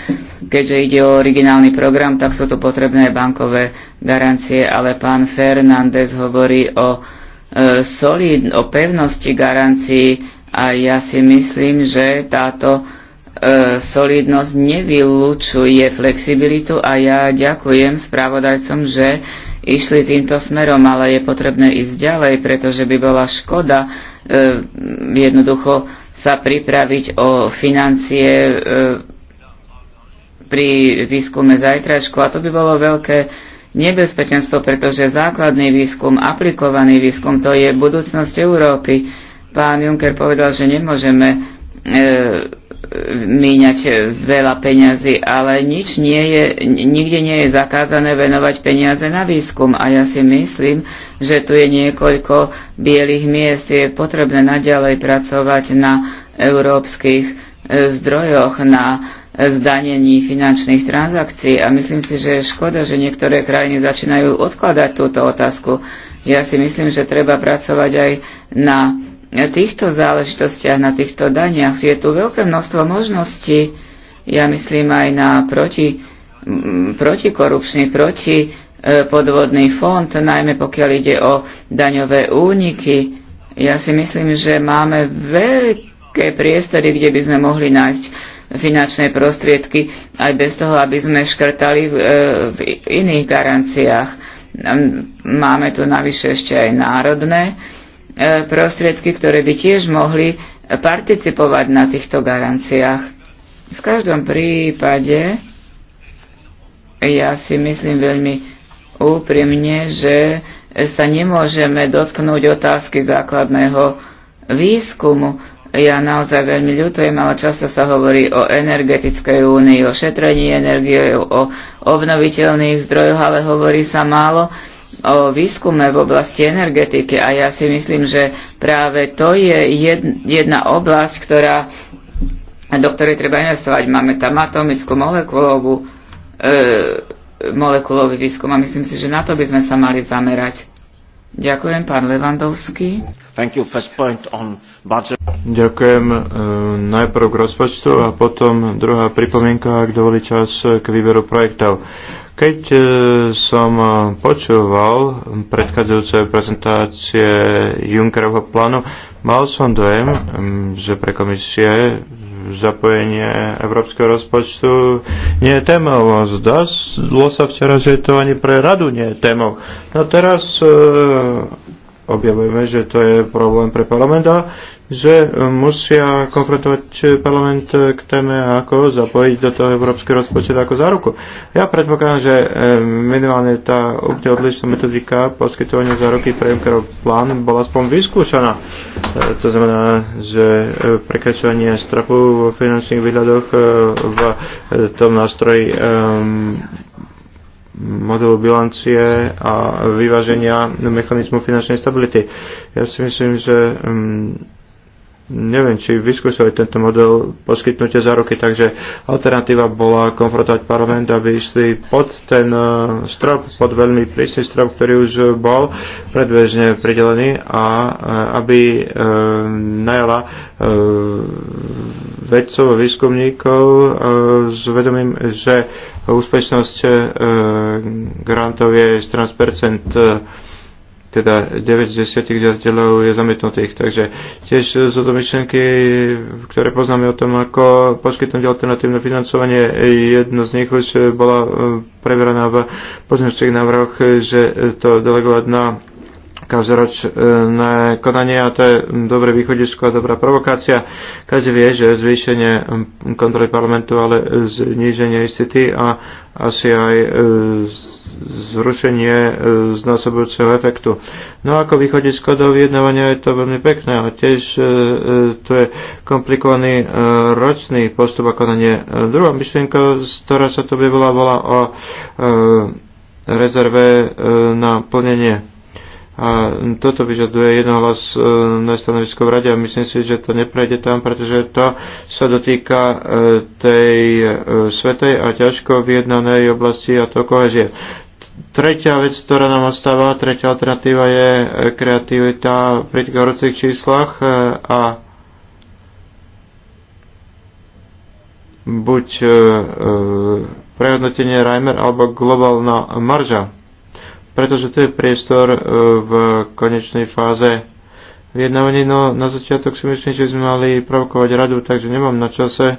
keďže ide o originálny program, tak sú tu potrebné bankové garancie, ale pán Fernández hovorí o E, solid, o pevnosti garancií a ja si myslím, že táto e, solidnosť nevylučuje flexibilitu a ja ďakujem spravodajcom, že išli týmto smerom, ale je potrebné ísť ďalej, pretože by bola škoda e, jednoducho sa pripraviť o financie e, pri výskume zajtrajšku a to by bolo veľké nebezpečenstvo, pretože základný výskum, aplikovaný výskum, to je budúcnosť Európy. Pán Juncker povedal, že nemôžeme e, míňať veľa peňazí, ale nič nie je, nikde nie je zakázané venovať peniaze na výskum. A ja si myslím, že tu je niekoľko bielých miest. Je potrebné naďalej pracovať na európskych e, zdrojoch, na zdanení finančných transakcií a myslím si, že je škoda, že niektoré krajiny začínajú odkladať túto otázku. Ja si myslím, že treba pracovať aj na týchto záležitostiach, na týchto daniach. Je tu veľké množstvo možností, ja myslím aj na proti, protikorupčný, proti e, podvodný fond, najmä pokiaľ ide o daňové úniky. Ja si myslím, že máme veľké priestory, kde by sme mohli nájsť finančné prostriedky aj bez toho, aby sme škrtali v, e, v iných garanciách. Máme tu navyše ešte aj národné e, prostriedky, ktoré by tiež mohli participovať na týchto garanciách. V každom prípade ja si myslím veľmi úprimne, že sa nemôžeme dotknúť otázky základného výskumu, ja naozaj veľmi ľutujem, ale často sa hovorí o energetickej únii, o šetrení energie, o obnoviteľných zdrojoch, ale hovorí sa málo o výskume v oblasti energetiky a ja si myslím, že práve to je jedna oblasť, ktorá, do ktorej treba investovať. Máme tam atomickú molekulovú, e, molekulový výskum a myslím si, že na to by sme sa mali zamerať. Ďakujem, pán Levandovský. Ďakujem. E, najprv k rozpočtu a potom druhá pripomienka, ak dovolí čas, k výberu projektov. Keď e, som počúval predchádzajúce prezentácie Junckerovho plánu, mal som dojem, že pre komisie zapojenie európskeho rozpočtu nie je témou. Zdalo sa včera, že to ani pre radu nie je témou. No teraz e, objavujeme, že to je problém pre parlament a že musia konfrontovať parlament k téme, ako zapojiť do toho európsky rozpočet ako záruku. Ja predpokladám, že eh, minimálne tá úplne odlišná metodika poskytovania záruky pre Junckerov plán bola aspoň vyskúšaná. Eh, to znamená, že eh, prekračovanie strapu vo finančných výhľadoch v tom nástroji modelu bilancie a vyváženia mechanizmu finančnej stability. Ja si myslím, že mm, neviem, či vyskúšali tento model poskytnutia záruky, takže alternatíva bola konfrontovať parlament, aby išli pod ten e, strop, pod veľmi prísny strop, ktorý už bol predbežne pridelený a e, aby e, najala vedcov a výskumníkov s vedomím, že úspešnosť grantov je 14 teda 9 z 10 žiadateľov je zamietnutých. Takže tiež sú to myšlenky, ktoré poznáme o tom, ako poskytnúť alternatívne financovanie. jedno z nich už bola eh, preveraná v pozmeňujúcich návrhoch, že to delegovať na každoročné konanie a to je dobré východisko a dobrá provokácia. Každý vie, že zvýšenie kontroly parlamentu, ale zníženie ICT a asi aj e, zrušenie e, znásobujúceho efektu. No ako východisko do vyjednávania je to veľmi pekné a tiež e, to je komplikovaný ročný postup a konanie. Druhá myšlienka, z ktorá sa to objavila, bola o rezerve na plnenie a toto vyžaduje e, na stanovisko v rade a myslím si, že to neprejde tam, pretože to sa dotýka e, tej e, svetej a ťažko vyjednanej oblasti a to kohezie. Tretia vec, ktorá nám ostáva, tretia alternatíva je kreativita pri tých horúcich číslach a buď prehodnotenie Reimer alebo globálna marža pretože to je priestor e, v konečnej fáze vyjednávaní. No na začiatok si myslím, že sme mali provokovať radu, takže nemám na čase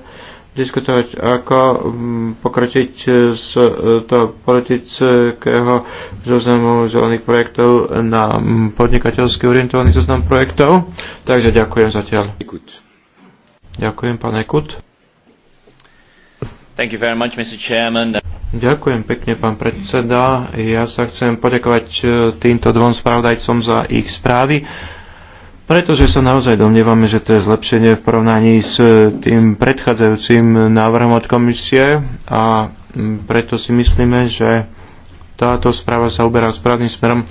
diskutovať, ako mm, pokročiť e, z e, toho politického zoznamu zelených projektov na mm, podnikateľsky orientovaný zoznam projektov. Takže ďakujem zatiaľ. Ďakujem, pán Ekut. Thank you very much, Mr. Chairman. Ďakujem pekne, pán predseda. Ja sa chcem poďakovať e, týmto dvom spravodajcom za ich správy, pretože sa naozaj domnievame, že to je zlepšenie v porovnaní s e, tým predchádzajúcim návrhom od komisie a preto si myslíme, že táto správa sa uberá správnym smerom.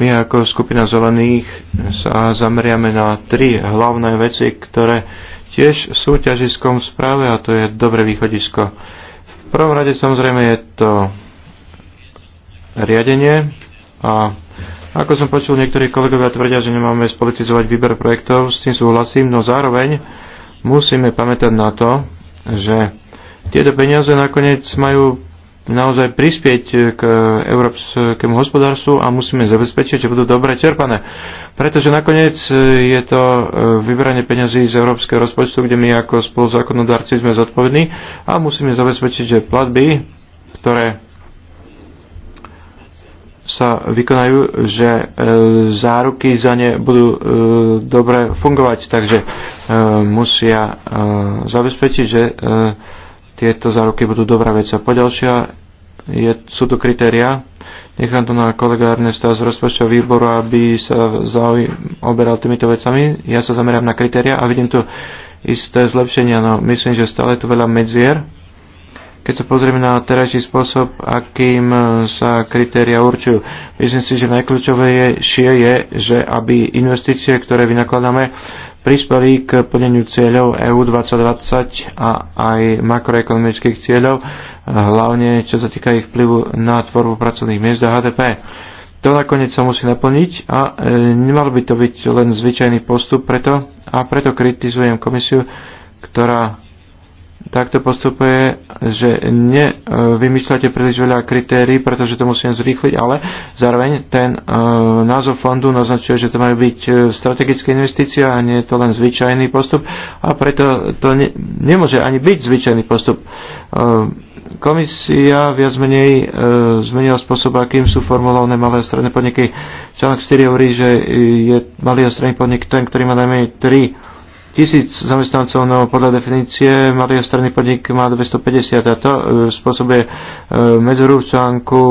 My ako skupina zelených sa zameriame na tri hlavné veci, ktoré tiež súťažiskom v správe a to je dobré východisko. V prvom rade samozrejme je to riadenie a ako som počul, niektorí kolegovia tvrdia, že nemáme spolitizovať výber projektov, s tým súhlasím, no zároveň musíme pamätať na to, že tieto peniaze nakoniec majú naozaj prispieť eh, k eh, európskemu hospodárstvu a musíme zabezpečiť, že budú dobre čerpané. Pretože nakoniec eh, je to vyberanie peňazí z európskeho rozpočtu, kde my ako spoluzákonodárci sme zodpovední a musíme zabezpečiť, že platby, ktoré sa vykonajú, že e, záruky za ne budú e, dobre fungovať, takže e, musia e, zabezpečiť, že e, tieto záruky budú dobrá vec. A poďalšia je, sú tu kritéria. Nechám to na kolega Ernesta z rozpočtového výboru, aby sa zaoberal týmito vecami. Ja sa zamerám na kritéria a vidím tu isté zlepšenia, no myslím, že stále tu veľa medzier keď sa pozrieme na terajší spôsob, akým e, sa kritéria určujú, myslím si, že najkľúčovejšie je, že aby investície, ktoré vynakladáme, prispeli k plneniu cieľov EU 2020 a aj makroekonomických cieľov, hlavne čo sa týka ich vplyvu na tvorbu pracovných miest a HDP. To nakoniec sa musí naplniť a e, nemal by to byť len zvyčajný postup preto a preto kritizujem komisiu, ktorá takto postupuje, že nevymýšľate príliš veľa kritérií, pretože to musíme zrýchliť, ale zároveň ten e, názov fondu naznačuje, že to majú byť e, strategické investície a nie je to len zvyčajný postup a preto to ne, nemôže ani byť zvyčajný postup. E, komisia viac menej e, zmenila spôsob, akým sú formulované malé a stredné podniky. Článok 4 hovorí, že je malý a stredný podnik ten, ktorý má najmenej 3 tisíc zamestnancov, no podľa definície malý a stredný podnik má 250 a to spôsobuje eh, e, eh, v článku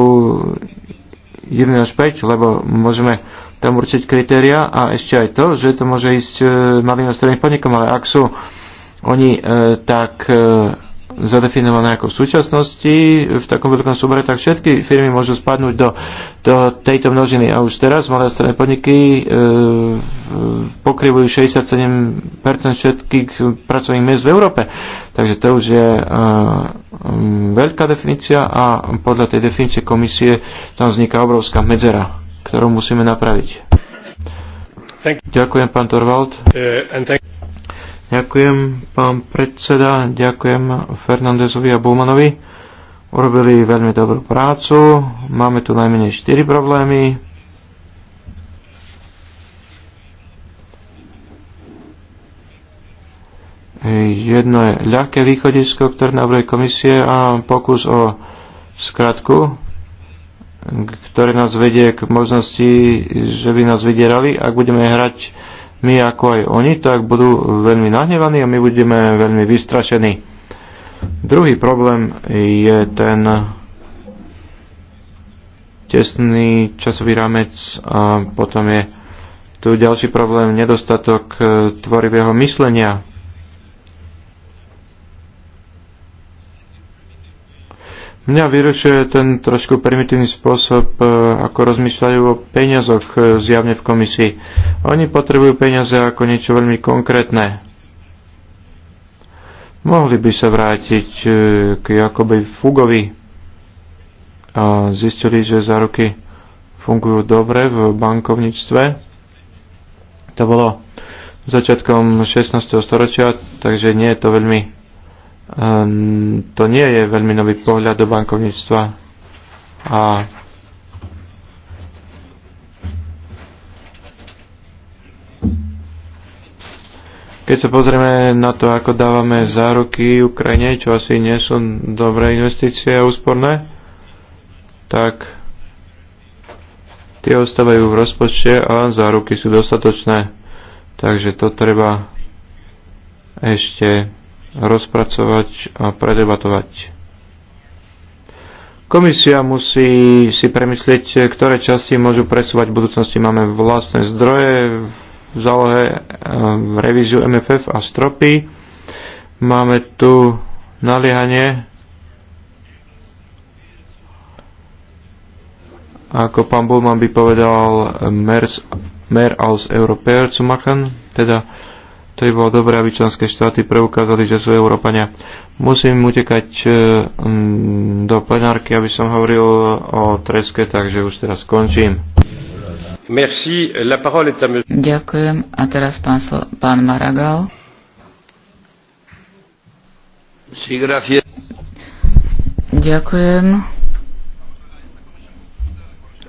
1 až 5, lebo môžeme tam určiť kritéria a ešte aj to, že to môže ísť eh, malým a stredným podnikom, ale ak sú oni e, tak e, zadefinované ako v súčasnosti v takom veľkom súbore, tak všetky firmy môžu spadnúť do, do tejto množiny. A už teraz malé stredné podniky e, pokrývajú 67% všetkých pracovných miest v Európe. Takže to už je e, veľká definícia a podľa tej definície komisie tam vzniká obrovská medzera, ktorú musíme napraviť. Ďakujem, pán Torvald. Uh, Ďakujem, pán predseda, ďakujem Fernandezovi a Bumanovi. Urobili veľmi dobrú prácu. Máme tu najmenej 4 problémy. Jedno je ľahké východisko, ktoré navrhuje komisie a pokus o skratku, ktoré nás vedie k možnosti, že by nás vydierali, ak budeme hrať my ako aj oni, tak budú veľmi nahnevaní a my budeme veľmi vystrašení. Druhý problém je ten tesný časový rámec a potom je tu ďalší problém nedostatok eh, tvorivého myslenia Mňa vyrušuje ten trošku primitívny spôsob, e, ako rozmýšľajú o peniazoch e, zjavne v komisii. Oni potrebujú peniaze ako niečo veľmi konkrétne. Mohli by sa vrátiť e, k Jakobi Fugovi a zistili, že záruky fungujú dobre v bankovníctve. To bolo začiatkom 16. storočia, takže nie je to veľmi to nie je veľmi nový pohľad do bankovníctva a Keď sa pozrieme na to, ako dávame záruky Ukrajine, čo asi nie sú dobré investície a úsporné, tak tie ostávajú v rozpočte a záruky sú dostatočné. Takže to treba ešte rozpracovať a predebatovať. Komisia musí si premyslieť, ktoré časti môžu presúvať v budúcnosti. Máme vlastné zdroje v zálohe e, v revíziu MFF a stropy. Máme tu naliehanie ako pán Bulman by povedal Mers, Mer als Europäer zu machen, teda to by bolo dobré, aby členské štáty preukázali, že sú Európania. Musím utekať e, do plenárky, aby som hovoril o treske, takže už teraz skončím. Merci. La parole est à Ďakujem. A teraz pán, pán Maragal. Sí, gracias. Ďakujem.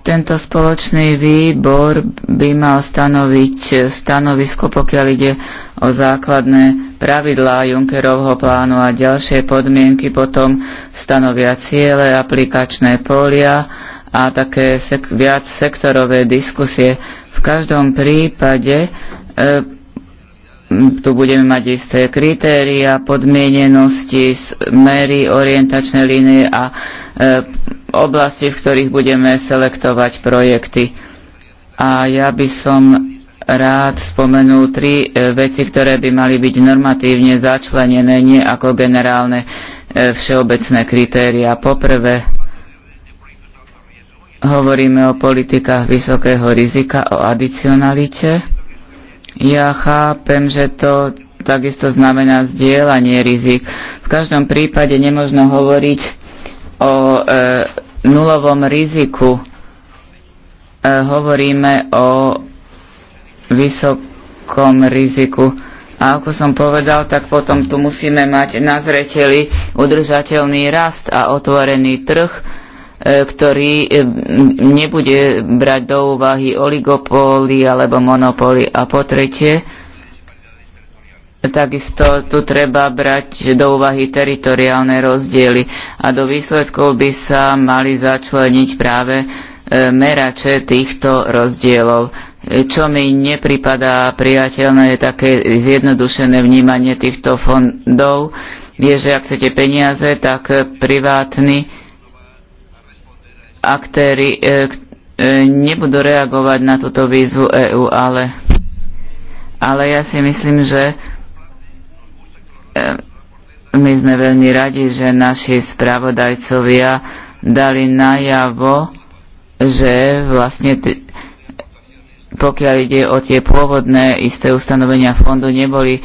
Tento spoločný výbor by mal stanoviť stanovisko, pokiaľ ide o základné pravidlá Junckerovho plánu a ďalšie podmienky, potom stanovia ciele, aplikačné polia a také sek- viac sektorové diskusie. V každom prípade e, tu budeme mať isté kritéria, podmienenosti, smery, orientačné línie a e, oblasti, v ktorých budeme selektovať projekty. A ja by som rád spomenul tri e, veci, ktoré by mali byť normatívne začlenené, nie ako generálne e, všeobecné kritéria. Poprvé, hovoríme o politikách vysokého rizika, o adicionalite ja chápem, že to takisto znamená zdieľanie rizik. V každom prípade nemožno hovoriť o e, nulovom riziku. E, hovoríme o vysokom riziku. A ako som povedal, tak potom tu musíme mať na zreteli udržateľný rast a otvorený trh, E, ktorý e, nebude brať do úvahy oligopóly alebo monopóly. A po tretie, takisto tu treba brať do úvahy teritoriálne rozdiely a do výsledkov by sa mali začleniť práve e, merače týchto rozdielov. Čo mi nepripadá priateľné je také zjednodušené vnímanie týchto fondov, je, že ak chcete peniaze, tak privátny aktéry e, e, nebudú reagovať na túto výzvu EÚ, ale, ale ja si myslím, že e, my sme veľmi radi, že naši spravodajcovia dali najavo, že vlastne t- pokiaľ ide o tie pôvodné isté ustanovenia fondu, neboli e,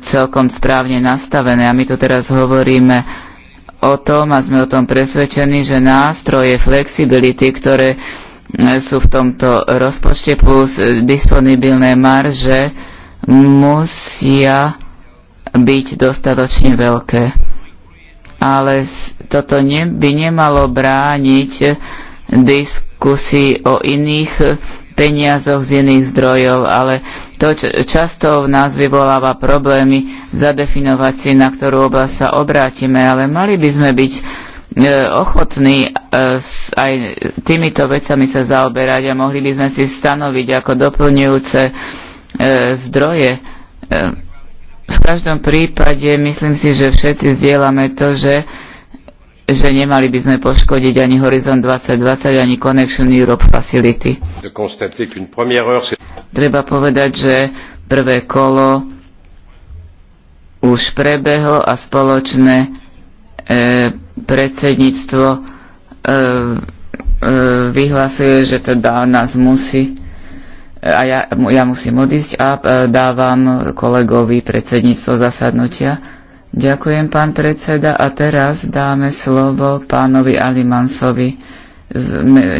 celkom správne nastavené. A my tu teraz hovoríme o tom a sme o tom presvedčení, že nástroje flexibility, ktoré e, sú v tomto rozpočte plus e, disponibilné marže, musia byť dostatočne veľké. Ale toto ne, by nemalo brániť diskusii o iných peniazoch z iných zdrojov, ale to často v nás vyvoláva problémy zadefinovať si, na ktorú oblasť sa obrátime, ale mali by sme byť e, ochotní e, aj týmito vecami sa zaoberať a mohli by sme si stanoviť ako doplňujúce e, zdroje. V každom prípade myslím si, že všetci zdieľame to, že že nemali by sme poškodiť ani Horizon 2020, ani Connection Europe Facility. Treba povedať, že prvé kolo už prebehlo a spoločné e, predsedníctvo e, e, vyhlasuje, že teda nás musí e, a ja, ja musím odísť a e, dávam kolegovi predsedníctvo zasadnutia. Ďakujem, pán predseda, a teraz dáme slovo pánovi Alimansovi,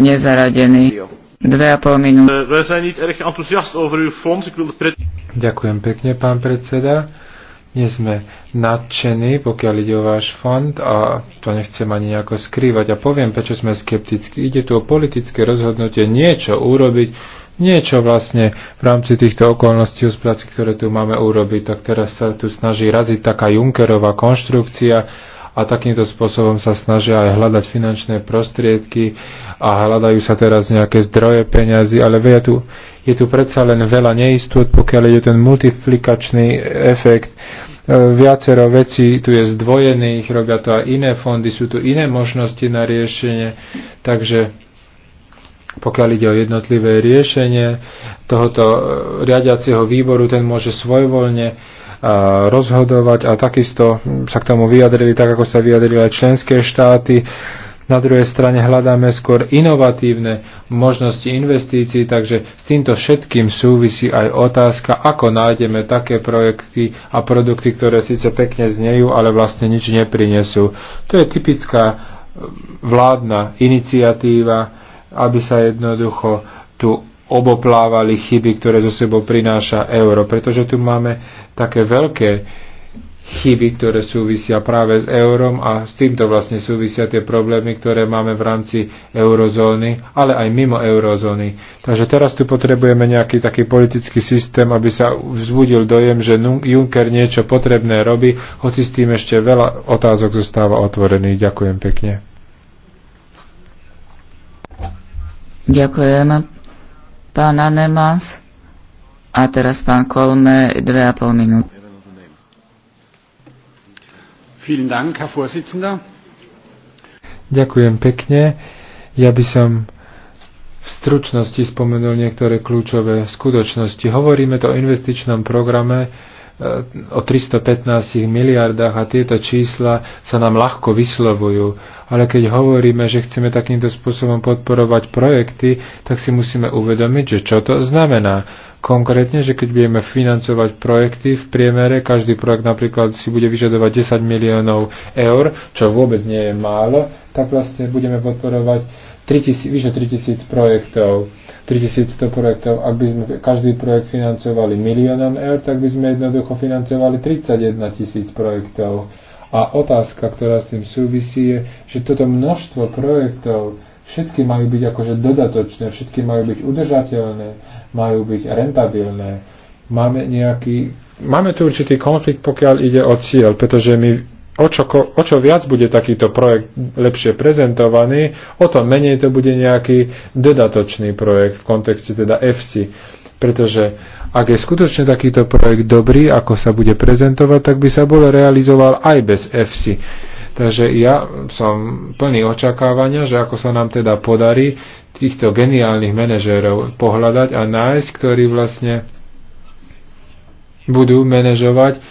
nezaradený. Dve a pol minúty. Eh, Ďakujem pekne, pán predseda. Nie sme nadšení, pokiaľ ide o váš fond a to nechcem ani nejako skrývať. A poviem, prečo sme skeptickí. Ide tu o politické rozhodnutie niečo urobiť, niečo vlastne v rámci týchto okolností hospodárskych, ktoré tu máme urobiť. Tak teraz sa tu snaží raziť taká Junckerová konštrukcia a takýmto spôsobom sa snažia aj hľadať finančné prostriedky a hľadajú sa teraz nejaké zdroje peňazí, ale veja tu, je tu predsa len veľa neistot, pokiaľ je ten multiplikačný efekt e, viacero vecí tu je zdvojených, robia to aj iné fondy, sú tu iné možnosti na riešenie, takže pokiaľ ide o jednotlivé riešenie tohoto e, riadiaceho výboru, ten môže svojvoľne e, rozhodovať a takisto hm, sa k tomu vyjadrili, tak ako sa vyjadrili aj členské štáty. Na druhej strane hľadáme skôr inovatívne možnosti investícií, takže s týmto všetkým súvisí aj otázka, ako nájdeme také projekty a produkty, ktoré síce pekne znejú, ale vlastne nič neprinesú. To je typická hm, vládna iniciatíva, aby sa jednoducho tu oboplávali chyby, ktoré zo sebou prináša euro. Pretože tu máme také veľké chyby, ktoré súvisia práve s eurom a s týmto vlastne súvisia tie problémy, ktoré máme v rámci eurozóny, ale aj mimo eurozóny. Takže teraz tu potrebujeme nejaký taký politický systém, aby sa vzbudil dojem, že Juncker niečo potrebné robí, hoci s tým ešte veľa otázok zostáva otvorených. Ďakujem pekne. Ďakujem, pán Anemans. A teraz pán Kolme, dve a pol minúty. Ďakujem pekne. Ja by som v stručnosti spomenul niektoré kľúčové skutočnosti. Hovoríme to o investičnom programe, o 315 miliardách a tieto čísla sa nám ľahko vyslovujú. Ale keď hovoríme, že chceme takýmto spôsobom podporovať projekty, tak si musíme uvedomiť, že čo to znamená. Konkrétne, že keď budeme financovať projekty v priemere, každý projekt napríklad si bude vyžadovať 10 miliónov eur, čo vôbec nie je málo, tak vlastne budeme podporovať 3000, vyše 3000 projektov, 3100 projektov, ak by sme každý projekt financovali miliónom eur, tak by sme jednoducho financovali 31 tisíc projektov. A otázka, ktorá s tým súvisí, je, že toto množstvo projektov, všetky majú byť akože dodatočné, všetky majú byť udržateľné, majú byť rentabilné. Máme nejaký Máme tu určitý konflikt, pokiaľ ide o cieľ, pretože my o čo, o čo viac bude takýto projekt lepšie prezentovaný, o to menej to bude nejaký dodatočný projekt v kontexte teda FC. Pretože ak je skutočne takýto projekt dobrý, ako sa bude prezentovať, tak by sa bol realizoval aj bez FC. Takže ja som plný očakávania, že ako sa nám teda podarí týchto geniálnych manažérov pohľadať a nájsť, ktorí vlastne budú manažovať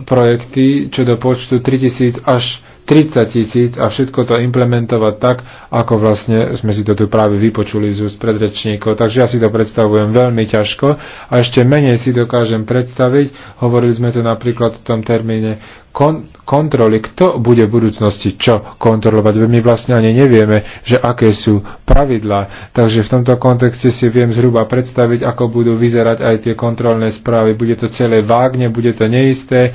projekty, čo do počtu 3000 až 30 tisíc a všetko to implementovať tak, ako vlastne sme si to tu práve vypočuli z úst predrečníkov. Takže ja si to predstavujem veľmi ťažko a ešte menej si dokážem predstaviť, hovorili sme tu napríklad v tom termíne kon- kontroly, kto bude v budúcnosti čo kontrolovať, my vlastne ani nevieme, že aké sú pravidlá. Takže v tomto kontexte si viem zhruba predstaviť, ako budú vyzerať aj tie kontrolné správy. Bude to celé vágne, bude to neisté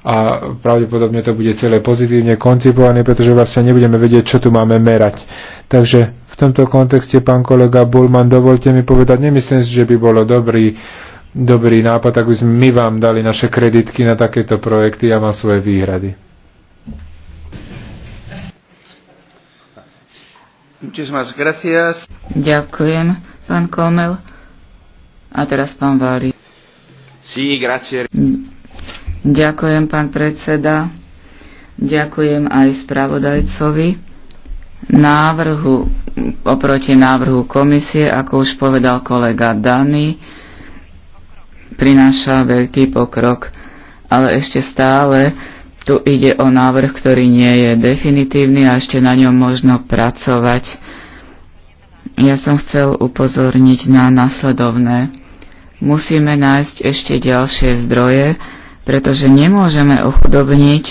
a pravdepodobne to bude celé pozitívne koncipované, pretože vlastne nebudeme vedieť, čo tu máme merať. Takže v tomto kontexte, pán kolega Bulman, dovolte mi povedať, nemyslím si, že by bolo dobrý, dobrý nápad, ak by sme my vám dali naše kreditky na takéto projekty, ja mám svoje výhrady. Ďakujem, pán Komel. A teraz pán Vári. Sí, Ďakujem, pán predseda. Ďakujem aj spravodajcovi návrhu, oproti návrhu komisie, ako už povedal kolega Dany, prináša veľký pokrok, ale ešte stále tu ide o návrh, ktorý nie je definitívny a ešte na ňom možno pracovať. Ja som chcel upozorniť na nasledovné. Musíme nájsť ešte ďalšie zdroje, pretože nemôžeme ochudobniť,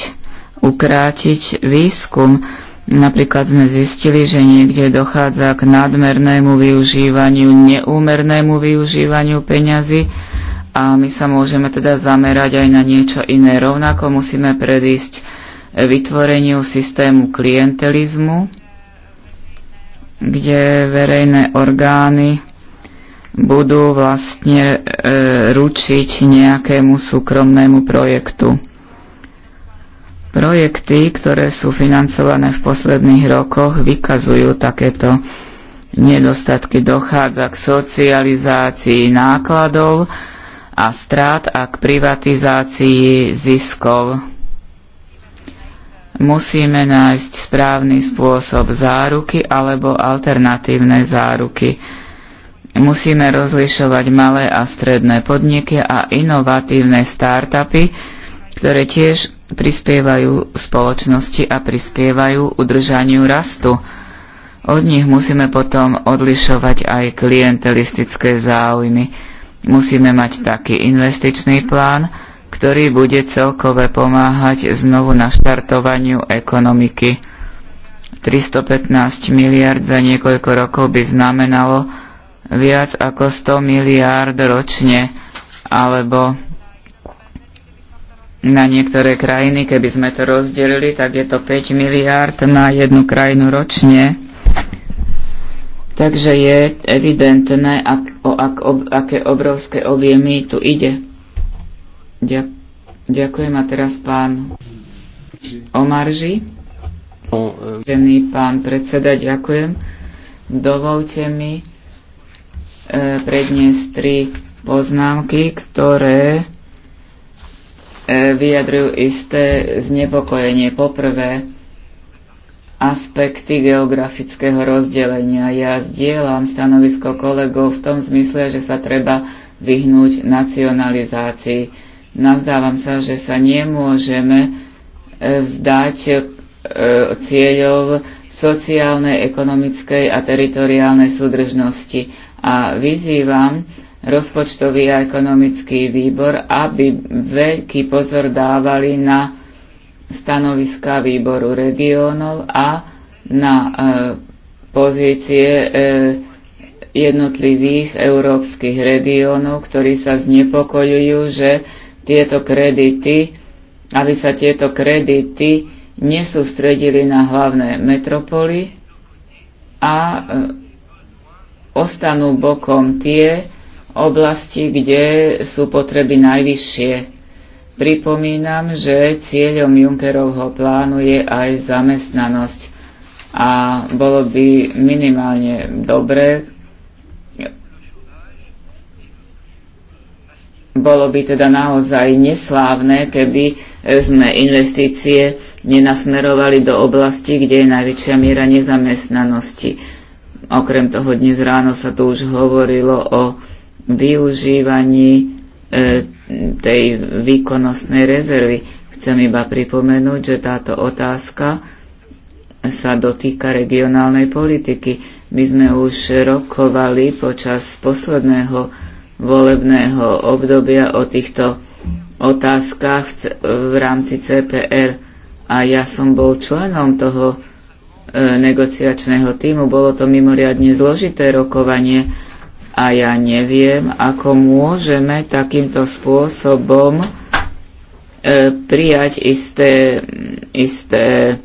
ukrátiť výskum. Napríklad sme zistili, že niekde dochádza k nadmernému využívaniu, neúmernému využívaniu peňazí a my sa môžeme teda zamerať aj na niečo iné. Rovnako musíme predísť vytvoreniu systému klientelizmu, kde verejné orgány budú vlastne e, ručiť nejakému súkromnému projektu. Projekty, ktoré sú financované v posledných rokoch, vykazujú takéto nedostatky. Dochádza k socializácii nákladov a strát a k privatizácii ziskov. Musíme nájsť správny spôsob záruky alebo alternatívne záruky Musíme rozlišovať malé a stredné podniky a inovatívne startupy, ktoré tiež prispievajú spoločnosti a prispievajú udržaniu rastu. Od nich musíme potom odlišovať aj klientelistické záujmy. Musíme mať taký investičný plán, ktorý bude celkové pomáhať znovu naštartovaniu ekonomiky. 315 miliard za niekoľko rokov by znamenalo, viac ako 100 miliárd ročne, alebo na niektoré krajiny, keby sme to rozdelili, tak je to 5 miliárd na jednu krajinu ročne. Takže je evidentné, ak, o ak, ob, aké obrovské objemy tu ide. Ďak, ďakujem a teraz pán Omarži. No, e, pán predseda, ďakujem. Dovolte mi E, predniesť tri poznámky, ktoré e, vyjadrujú isté znepokojenie. Poprvé, aspekty geografického rozdelenia. Ja zdieľam stanovisko kolegov v tom zmysle, že sa treba vyhnúť nacionalizácii. Nazdávam sa, že sa nemôžeme e, vzdať cieľov sociálnej, ekonomickej a teritoriálnej súdržnosti a vyzývam rozpočtový a ekonomický výbor, aby veľký pozor dávali na stanoviska výboru regiónov a na e, pozície e, jednotlivých európskych regiónov, ktorí sa znepokojujú, že tieto kredity, aby sa tieto kredity nesústredili na hlavné metropoly a e, ostanú bokom tie oblasti, kde sú potreby najvyššie. Pripomínam, že cieľom Junckerovho plánu je aj zamestnanosť a bolo by minimálne dobré, bolo by teda naozaj neslávne, keby sme investície nenasmerovali do oblasti, kde je najväčšia miera nezamestnanosti. Okrem toho dnes ráno sa tu už hovorilo o využívaní e, tej výkonnostnej rezervy. Chcem iba pripomenúť, že táto otázka sa dotýka regionálnej politiky. My sme už rokovali počas posledného volebného obdobia o týchto otázkach v rámci CPR a ja som bol členom toho e, negociačného týmu. Bolo to mimoriadne zložité rokovanie a ja neviem, ako môžeme takýmto spôsobom e, prijať isté, isté,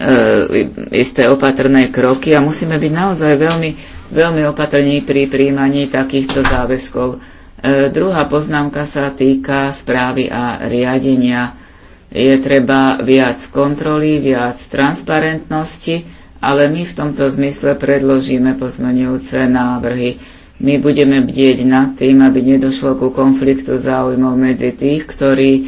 e, isté opatrné kroky a musíme byť naozaj veľmi, veľmi opatrní pri príjmaní takýchto záväzkov E, druhá poznámka sa týka správy a riadenia. Je treba viac kontroly, viac transparentnosti, ale my v tomto zmysle predložíme pozmenujúce návrhy. My budeme bdieť nad tým, aby nedošlo ku konfliktu záujmov medzi tých, ktorí e,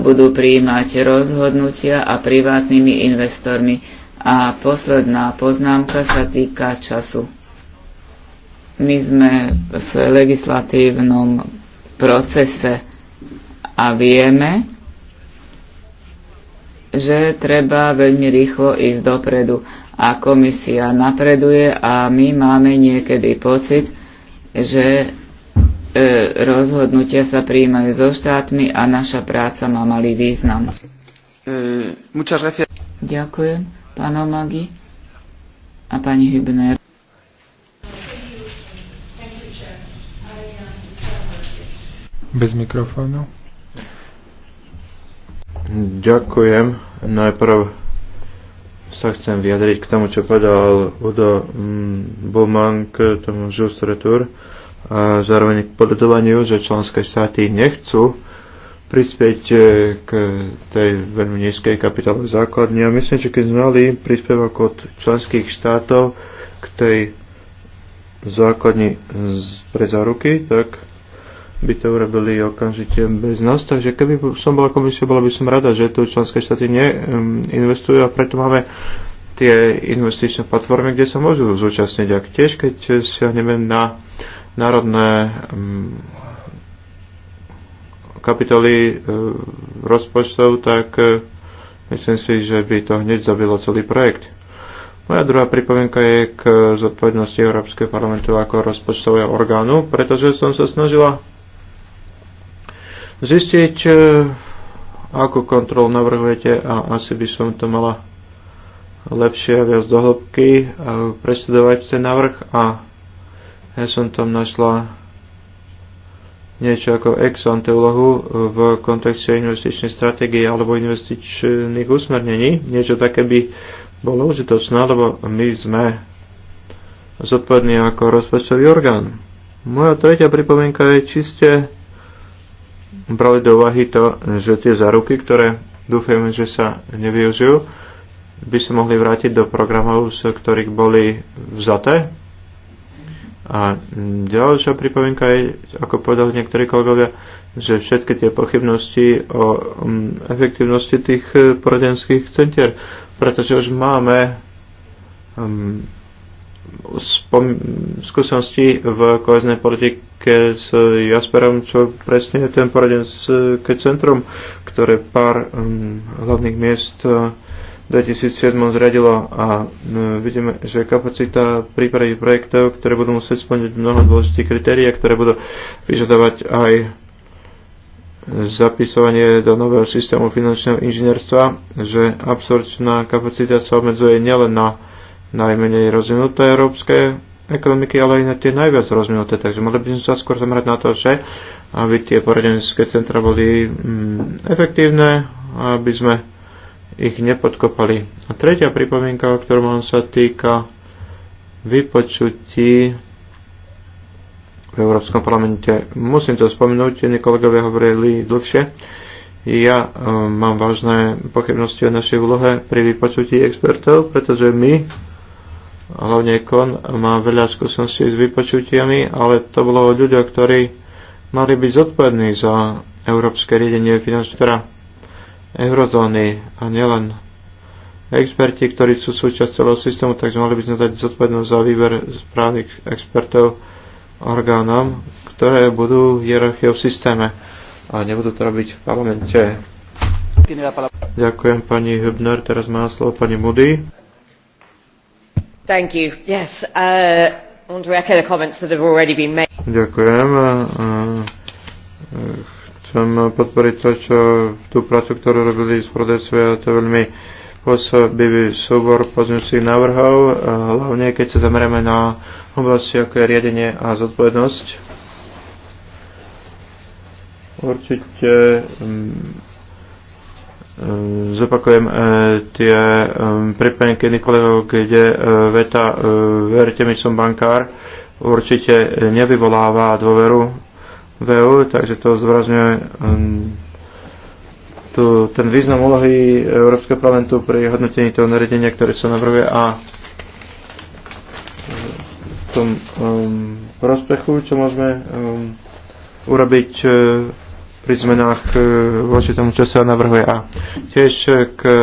budú prijímať rozhodnutia a privátnymi investormi. A posledná poznámka sa týka času. My sme v legislatívnom procese a vieme, že treba veľmi rýchlo ísť dopredu a komisia napreduje a my máme niekedy pocit, že e, rozhodnutia sa prijímajú so štátmi a naša práca má malý význam. E, Ďakujem, pán Magi a pani Hübner. bez mikrofónu. Ďakujem. Najprv sa chcem vyjadriť k tomu, čo povedal Udo mm, Buman k tomu Just Retour a zároveň k podľadovaniu, že členské štáty nechcú prispieť e, k tej veľmi nízkej kapitálovej základni. A myslím, že keď sme mali príspevok od členských štátov k tej základni pre záruky, tak by to urobili okamžite bez nás. Takže keby som bola komisia, bola by som rada, že tu členské štáty neinvestujú a preto máme tie investičné platformy, kde sa môžu zúčastniť. A tiež, keď neviem, na národné mm, kapitoly e, rozpočtov, tak e, myslím si, že by to hneď zabilo celý projekt. Moja druhá pripomienka je k zodpovednosti Európskeho parlamentu ako rozpočtového orgánu, pretože som sa snažila zistiť, e, akú kontrolu navrhujete a asi by som to mala lepšie a viac hĺbky e, presledovať ten návrh a ja som tam našla niečo ako ex ante úlohu v kontexte investičnej stratégie alebo investičných usmernení. Niečo také by bolo užitočné, lebo my sme zodpovední ako rozpočtový orgán. Moja tretia pripomienka je čiste brali do uvahy to, že tie záruky, ktoré dúfajme, že sa nevyužijú, by sa mohli vrátiť do programov, z ktorých boli vzaté. A ďalšia pripomienka je, ako povedali niektorí kolegovia, že všetky tie pochybnosti o mm, efektivnosti tých e, poradenských centier, pretože už máme um, skúsenosti v koheznej politike keď s Jasperom, čo presne je ten poradenské centrum, ktoré pár um, hlavných miest uh, 2007 zriadilo a uh, vidíme, že kapacita prípravy projektov, ktoré budú musieť splniť mnoho dôležitých kritérií, ktoré budú vyžadovať aj zapisovanie do nového systému finančného inžinierstva, že absorčná kapacita sa obmedzuje nielen na najmenej rozvinuté európske ekonomiky, ale aj na tie najviac rozvinuté. Takže mali by sme sa skôr zamerať na to, že aby tie poradenské centra boli mm, efektívne, aby sme ich nepodkopali. A tretia pripomienka, o ktorom on sa týka vypočutí v Európskom parlamente. Musím to spomenúť, tie kolegovia hovorili dlhšie. Ja um, mám vážne pochybnosti o našej úlohe pri vypočutí expertov, pretože my hlavne Kon, má veľa skúseností s vypočutiami, ale to bolo o ľuďoch, ktorí mali byť zodpovední za európske riadenie finančného teda eurozóny a nielen experti, ktorí sú súčasť celého systému, takže mali by sme dať zodpovednosť za výber správnych expertov orgánom, ktoré budú hierarchiou v systéme a nebudú to robiť v parlamente. Ďakujem pani Hübner, teraz má slovo pani Moody. Uh, Ďakujem. Uh, uh, chcem podporiť to, čo, tú prácu, ktorú robili z Prodesve, to veľmi pôsobivý súbor pozmeňujúcich návrhov, hlavne keď sa zameriame na oblasti ako je riadenie a zodpovednosť. Určite mm, zopakujem e, tie e, pripomienky Nikoleho, kde e, veta verte mi som bankár určite nevyvoláva dôveru v EU, takže to zvrazňuje tu, ten význam úlohy Európskeho parlamentu pri hodnotení toho nariadenia, ktoré sa navrhuje a v tom um, prospechu, čo môžeme um, urobiť pri zmenách e, voči tomu, čo sa navrhuje. A tiež e, k e,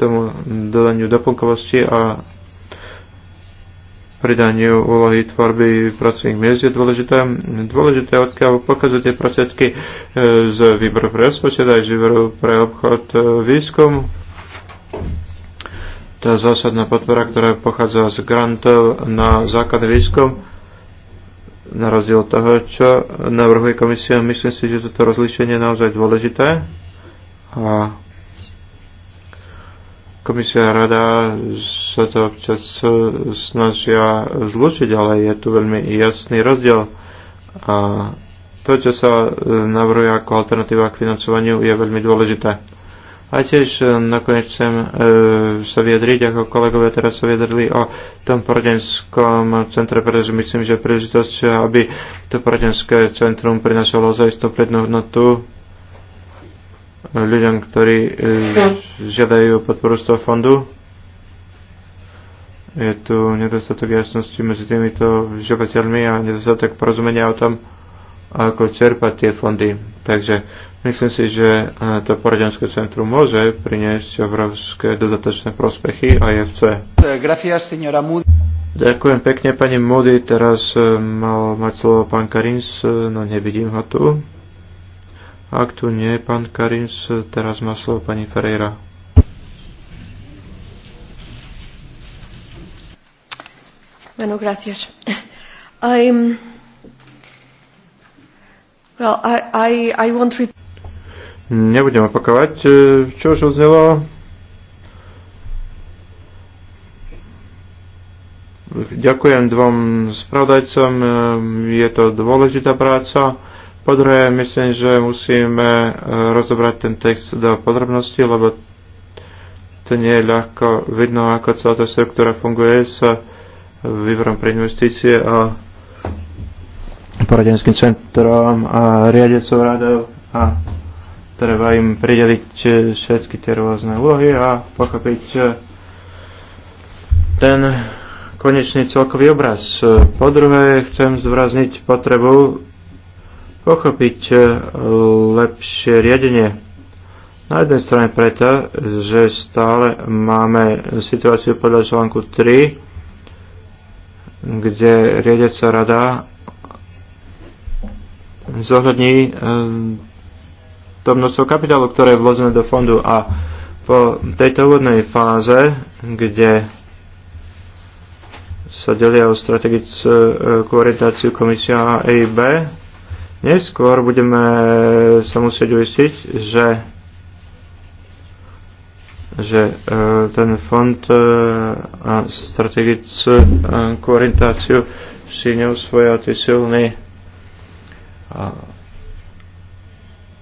tomu dodaniu doplnkovosti a pridaniu úlohy tvorby pracovných miest je dôležité. Dôležité, odkiaľ pokazujete prostriedky z výboru pre rozpočet aj z výboru pre obchod výskum. Tá zásadná podpora, ktorá pochádza z grantov na základný výskum, na rozdiel od toho, čo navrhuje komisia. Myslím si, že toto rozlišenie je naozaj dôležité a komisia rada sa to občas snažia zlučiť, ale je tu veľmi jasný rozdiel a to, čo sa navrhuje ako alternatíva k financovaniu, je veľmi dôležité. A tiež e, nakoniec chcem e, sa vyjadriť, ako kolegovia teraz sa vyjadrili o tom poradenskom centre, pretože myslím, že príležitosť, aby to poradenské centrum prinašalo zaistú prednú ľuďom, ktorí e, žiadajú podporu z toho fondu. Je tu nedostatok jasnosti medzi týmito žiadateľmi a nedostatok porozumenia o tom, ako čerpať tie fondy. Takže Myslím si, že e, to poradenské centrum môže priniesť obrovské dodatočné prospechy AFC. Gracias, señora Moody. Ďakujem pekne, pani Moody. Teraz e, mal mať slovo pán Karins, e, no nevidím ho tu. Ak tu nie, pán Karins, teraz má slovo pani Ferreira. Bueno, gracias. I'm... Well, I, I, I won't repeat. Nebudem opakovať, e, čo už uznelo. Ďakujem dvom spravodajcom, e, je to dôležitá práca. Po druhé, myslím, že musíme e, rozobrať ten text do podrobnosti, lebo to nie je ľahko vidno, ako celá tá štruktúra funguje s výborom pre investície a poradenským centrom a riadiacou radou a treba im prideliť e, všetky tie rôzne úlohy a pochopiť e, ten konečný celkový obraz. E, po druhé, chcem zvrazniť potrebu pochopiť lepšie riadenie. Na jednej strane preto, že stále máme situáciu podľa článku 3, kde riadeca rada zohľadní to množstvo kapitálu, ktoré je vložené do fondu a po tejto úvodnej fáze, kde sa delia o strategickú orientáciu komisia A a B, neskôr budeme sa musieť uistiť, že že e, ten fond e, a strategickú orientáciu si neusvoja tí silní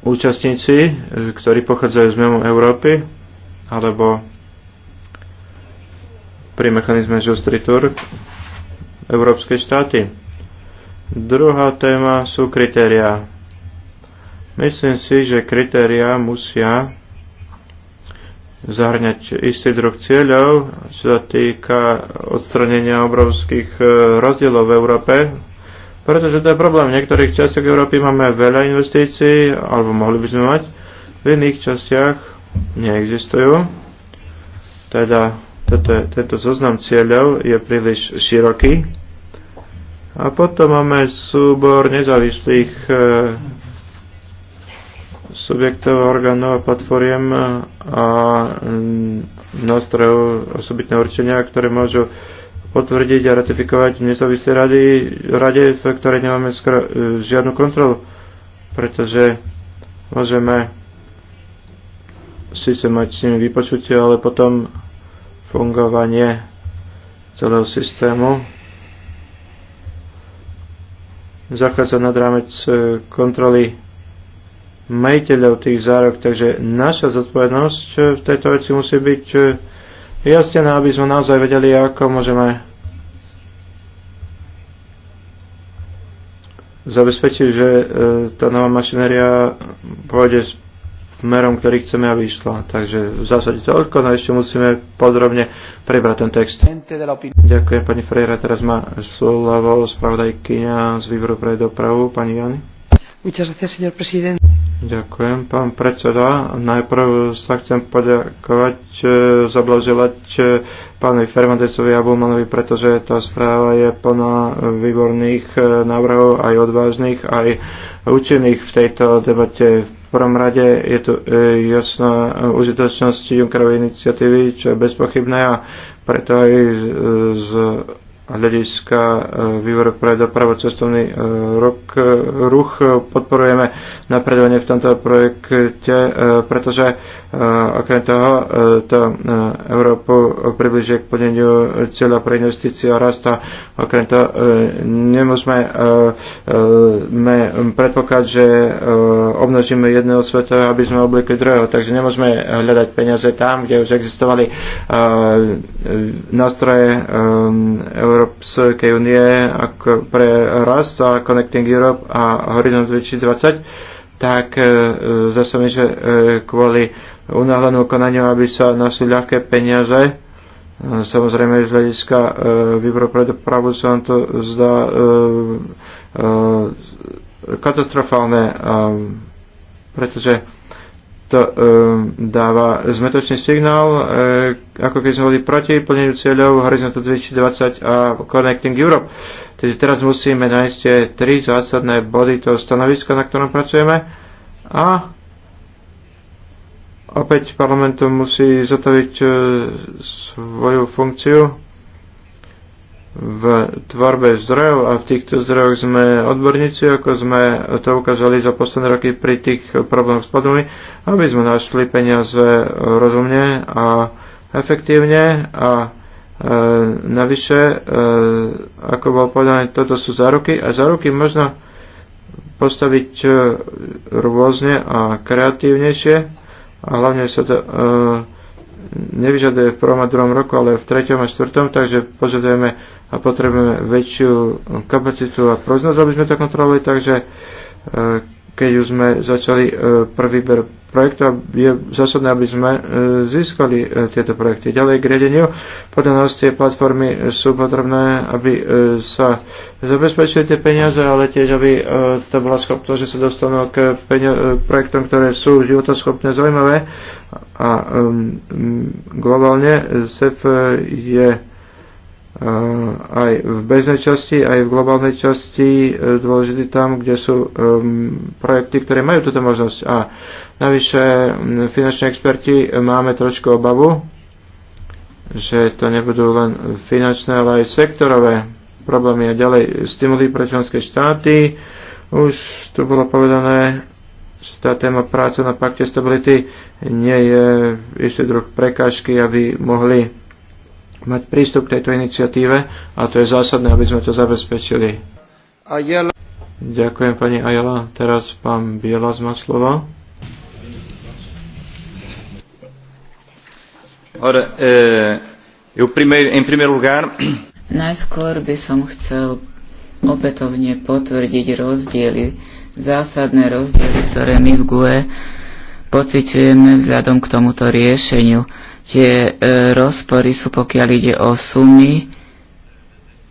účastníci, e, ktorí pochádzajú z mimo Európy, alebo pri mechanizme Justritur európske štáty. Druhá téma sú kritériá. Myslím si, že kritériá musia zahrňať istý druh cieľov, čo sa týka odstranenia obrovských e, rozdielov v Európe pretože to je problém. V niektorých častiach Európy máme veľa investícií, alebo mohli by sme mať, v iných častiach neexistujú. Teda toto, tento zoznam cieľov je príliš široký. A potom máme súbor nezávislých e, subjektov, orgánov a platformiem a nástrojov osobitného určenia, ktoré môžu potvrdiť a ratifikovať v nezávislej rady, rade, v ktorej nemáme skoro, e, žiadnu kontrolu, pretože môžeme sa mať s nimi vypočutie, ale potom fungovanie celého systému zachádza nad rámec e, kontroly majiteľov tých zárok, takže naša zodpovednosť e, v tejto veci musí byť vyjasnené, aby sme naozaj vedeli, ako môžeme zabezpečiť, že e, tá nová mašinéria pôjde smerom, ktorý chceme, aby išla. Takže v zásade toľko, no ešte musíme podrobne prebrať ten text. Ďakujem pani Frejra, teraz má slovo spravodajkyňa z výboru pre dopravu, pani Jany. Muchas gracias, señor presidente. Ďakujem, pán predseda. Najprv sa chcem poďakovať, e, zablažovať e, pánovi Fernandesovi a Bumanovi, pretože tá správa je plná výborných e, návrhov, aj odvážnych, aj účinných v tejto debate. V prvom rade je tu jasná užitočnosť Junkerovej iniciatívy, čo je bezpochybné a preto aj z hľadiska e, výboru pre dopravu cestovný e, rok, e, ruch podporujeme napredovanie v tomto projekte, pretože okrem toho to Európu približuje k plneniu cieľa pre investície a rasta. Okrem toho nemôžeme me predpokladať, že obnožíme jedného sveta, aby sme oblikli druhého, takže nemôžeme hľadať peniaze tam, kde už existovali nástroje Európy Európskej únie pre rast a Connecting Europe a Horizon 2020, tak e, zase mi, že e, kvôli unáhlenú konaniu, aby sa nosili ľahké peniaze, e, Samozrejme, z hľadiska e, výboru pre dopravu sa vám to zdá e, e, katastrofálne, e, pretože e, to e, dáva zmetočný signál, e, ako keď sme boli proti plneniu cieľov Horizontu 2020 a Connecting Europe. Takže teraz musíme nájsť tie tri zásadné body toho stanoviska, na ktorom pracujeme a opäť Parlamentu musí zotaviť e, svoju funkciu v tvorbe zdrojov a v týchto zdrojoch sme odborníci, ako sme to ukázali za posledné roky pri tých problémoch s podmi, aby sme našli peniaze rozumne a efektívne a e, navyše, e, ako bolo povedané, toto sú záruky a záruky možno postaviť e, rôzne a kreatívnejšie a hlavne sa to e, nevyžaduje v prvom a druhom roku, ale v treťom a štvrtom, takže požadujeme a potrebujeme väčšiu kapacitu a proznosť, aby sme to kontrolovali, takže e, keď už sme začali e, prvý projektu a je zásadné, aby sme e, získali e, tieto projekty. Ďalej k riadeniu. Podľa nás tie platformy sú potrebné, aby sa zabezpečili tie peniaze, ale tiež, aby to bola schopnosť, že sa dostanú k projektom, ktoré sú životoschopné, zaujímavé. A um, globálne SEF je aj v bežnej časti, aj v globálnej časti e, dôležitý tam, kde sú e, projekty, ktoré majú túto možnosť. A navyše finanční experti e, máme trošku obavu, že to nebudú len finančné, ale aj sektorové problémy a ďalej stimuly pre členské štáty. Už tu bolo povedané, že tá téma práce na pakte stability nie je istý druh prekážky, aby mohli mať prístup k tejto iniciatíve a to je zásadné, aby sme to zabezpečili. Ajala. Ďakujem pani Ajala. Teraz pán Biela má slovo. Ora, eh, eu primeiro, lugar... Najskôr by som chcel opätovne potvrdiť rozdiely, zásadné rozdiely, ktoré my v GUE pociťujeme vzhľadom k tomuto riešeniu. Tie e, rozpory sú, pokiaľ ide o sumy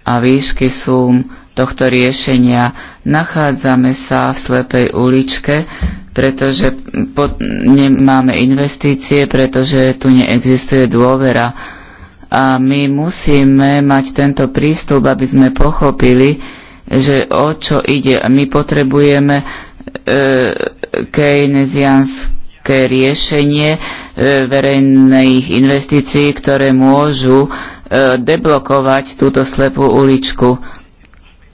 a výšky súm tohto riešenia. Nachádzame sa v slepej uličke, pretože po, nemáme investície, pretože tu neexistuje dôvera. A my musíme mať tento prístup, aby sme pochopili, že o čo ide. My potrebujeme e, keynesianské riešenie, E, verejných investícií, ktoré môžu e, deblokovať túto slepú uličku.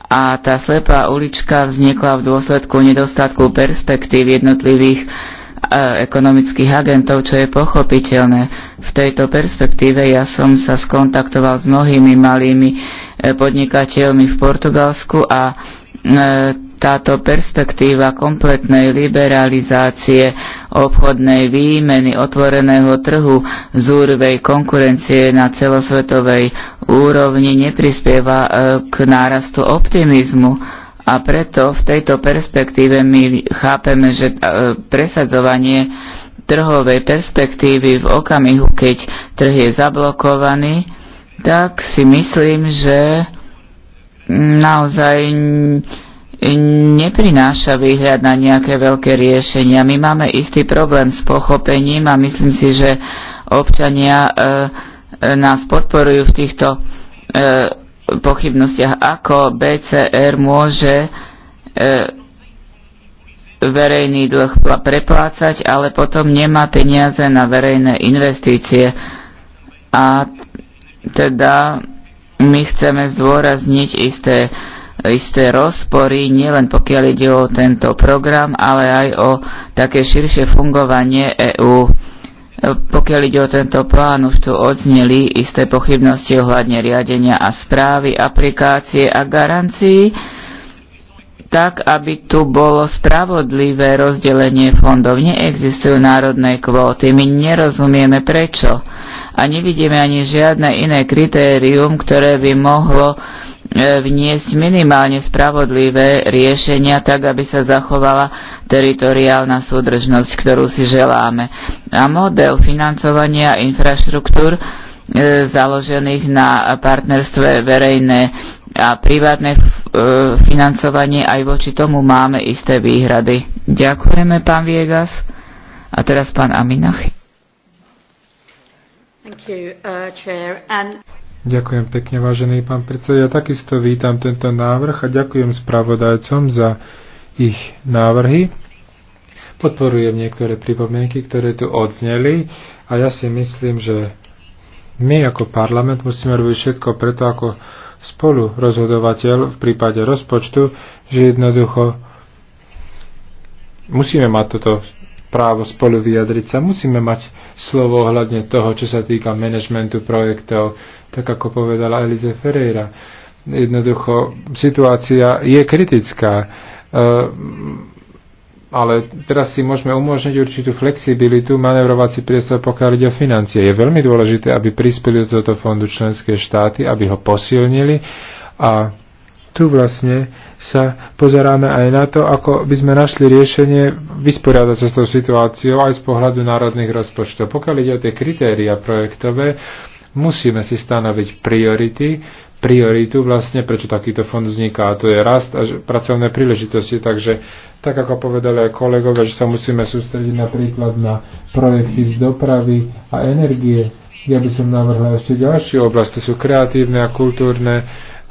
A tá slepá ulička vznikla v dôsledku nedostatku perspektív jednotlivých e, ekonomických agentov, čo je pochopiteľné. V tejto perspektíve ja som sa skontaktoval s mnohými malými podnikateľmi v Portugalsku a táto perspektíva kompletnej liberalizácie obchodnej výmeny otvoreného trhu z úrovej konkurencie na celosvetovej úrovni neprispieva e, k nárastu optimizmu. A preto v tejto perspektíve my chápeme, že e, presadzovanie trhovej perspektívy v okamihu, keď trh je zablokovaný, tak si myslím, že naozaj neprináša výhľad na nejaké veľké riešenia. My máme istý problém s pochopením a myslím si, že občania e, e nás podporujú v týchto e, pochybnostiach, ako BCR môže e, verejný dlh preplácať, ale potom nemá peniaze na verejné investície. A teda my chceme zdôrazniť isté isté rozpory, nielen pokiaľ ide o tento program, ale aj o také širšie fungovanie EÚ. Pokiaľ ide o tento plán, už tu odzneli isté pochybnosti ohľadne riadenia a správy, aplikácie a garancií, tak, aby tu bolo spravodlivé rozdelenie fondov. Neexistujú národné kvóty, my nerozumieme prečo a nevidíme ani žiadne iné kritérium, ktoré by mohlo uh, E, vniesť minimálne spravodlivé riešenia, tak aby sa zachovala teritoriálna súdržnosť, ktorú si želáme. A model financovania infraštruktúr e, založených na partnerstve verejné a privátne e, financovanie, aj voči tomu máme isté výhrady. Ďakujeme, pán Viegas. A teraz pán Aminachy. Thank you, uh, chair. And... Ďakujem pekne, vážený pán predseda. Ja takisto vítam tento návrh a ďakujem spravodajcom za ich návrhy. Podporujem niektoré pripomienky, ktoré tu odzneli a ja si myslím, že my ako parlament musíme robiť všetko preto ako spolu rozhodovateľ v prípade rozpočtu, že jednoducho musíme mať toto právo spolu vyjadriť sa. Musíme mať slovo ohľadne toho, čo sa týka manažmentu projektov, tak ako povedala Elize Ferreira. Jednoducho, situácia je kritická, ehm, ale teraz si môžeme umožniť určitú flexibilitu, manevrovací priestor, pokiaľ ide o financie. Je veľmi dôležité, aby prispeli do tohto fondu členské štáty, aby ho posilnili a tu vlastne sa pozeráme aj na to, ako by sme našli riešenie vysporiadať sa s tou situáciou aj z pohľadu národných rozpočtov. Pokiaľ ide o tie kritéria projektové, musíme si stanoviť priority, prioritu vlastne, prečo takýto fond vzniká. A to je rast a pracovné príležitosti. Takže, tak ako povedali aj kolegovia, že sa musíme sústrediť napríklad na projekty z dopravy a energie. Ja by som navrhla ešte ďalšiu oblasť, to sú kreatívne a kultúrne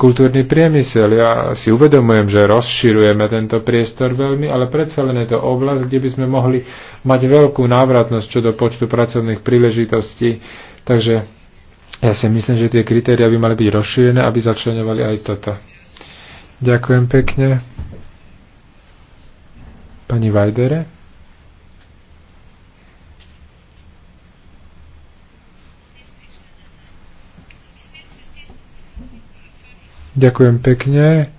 kultúrny priemysel. Ja si uvedomujem, že rozširujeme tento priestor veľmi, ale predsa len je to oblasť, kde by sme mohli mať veľkú návratnosť čo do počtu pracovných príležitostí. Takže ja si myslím, že tie kritéria by mali byť rozšírené, aby začlenovali aj toto. Ďakujem pekne. Pani Vajdere. Ďakujem pekne.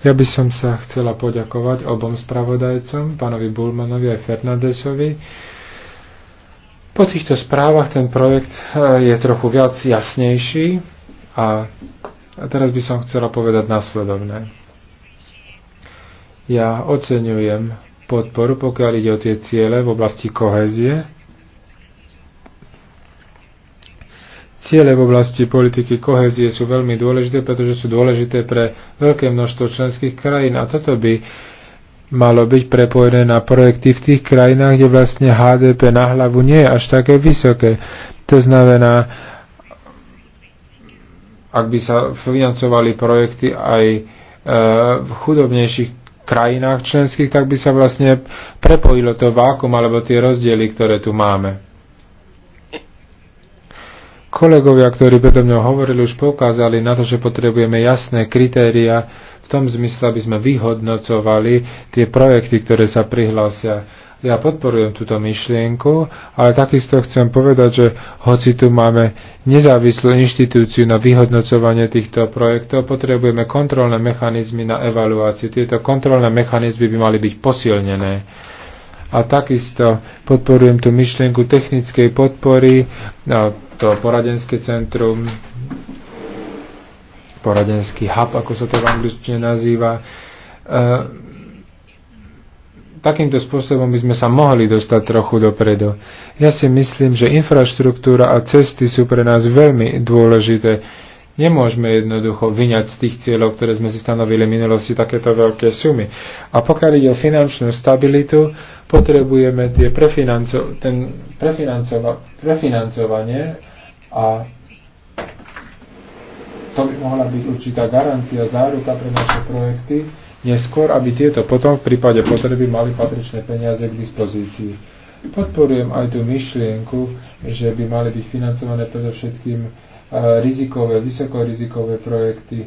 Ja by som sa chcela poďakovať obom spravodajcom, pánovi Bulmanovi aj Fernandesovi. Po týchto správach ten projekt eh, je trochu viac jasnejší a teraz by som chcela povedať následovné. Ja oceňujem podporu, pokiaľ ide o tie ciele v oblasti kohézie, Ciele v oblasti politiky kohezie sú veľmi dôležité, pretože sú dôležité pre veľké množstvo členských krajín a toto by malo byť prepojené na projekty v tých krajinách, kde vlastne HDP na hlavu nie je až také vysoké. To znamená, ak by sa financovali projekty aj e, v chudobnejších krajinách členských, tak by sa vlastne prepojilo to vákum alebo tie rozdiely, ktoré tu máme. Kolegovia, ktorí predo mňa hovorili, už poukázali na to, že potrebujeme jasné kritéria v tom zmysle, aby sme vyhodnocovali tie projekty, ktoré sa prihlásia. Ja podporujem túto myšlienku, ale takisto chcem povedať, že hoci tu máme nezávislú inštitúciu na vyhodnocovanie týchto projektov, potrebujeme kontrolné mechanizmy na evaluáciu. Tieto kontrolné mechanizmy by mali byť posilnené. A takisto podporujem tú myšlienku technickej podpory to poradenské centrum, poradenský hub, ako sa to v angličtine nazýva. E, takýmto spôsobom by sme sa mohli dostať trochu dopredu. Ja si myslím, že infraštruktúra a cesty sú pre nás veľmi dôležité. Nemôžeme jednoducho vyňať z tých cieľov, ktoré sme si stanovili v minulosti, takéto veľké sumy. A pokiaľ ide o finančnú stabilitu, potrebujeme tie prefinanco- ten prefinancova- prefinancovanie a to by mohla byť určitá garancia, záruka pre naše projekty, neskôr, aby tieto potom v prípade potreby mali patričné peniaze k dispozícii. Podporujem aj tú myšlienku, že by mali byť financované predovšetkým e, rizikové, vysokorizikové projekty,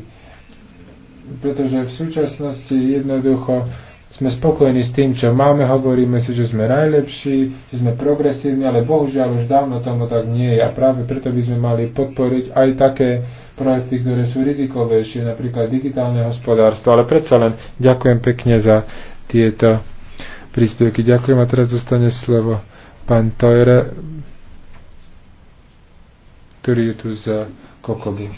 pretože v súčasnosti jednoducho sme spokojní s tým, čo máme, hovoríme si, že sme najlepší, že sme progresívni, ale bohužiaľ už dávno tomu tak nie je a práve preto by sme mali podporiť aj také projekty, ktoré sú rizikovejšie, napríklad digitálne hospodárstvo. Ale predsa len ďakujem pekne za tieto príspevky. Ďakujem a teraz dostane slovo pán Tojre, ktorý je tu za Kokobu.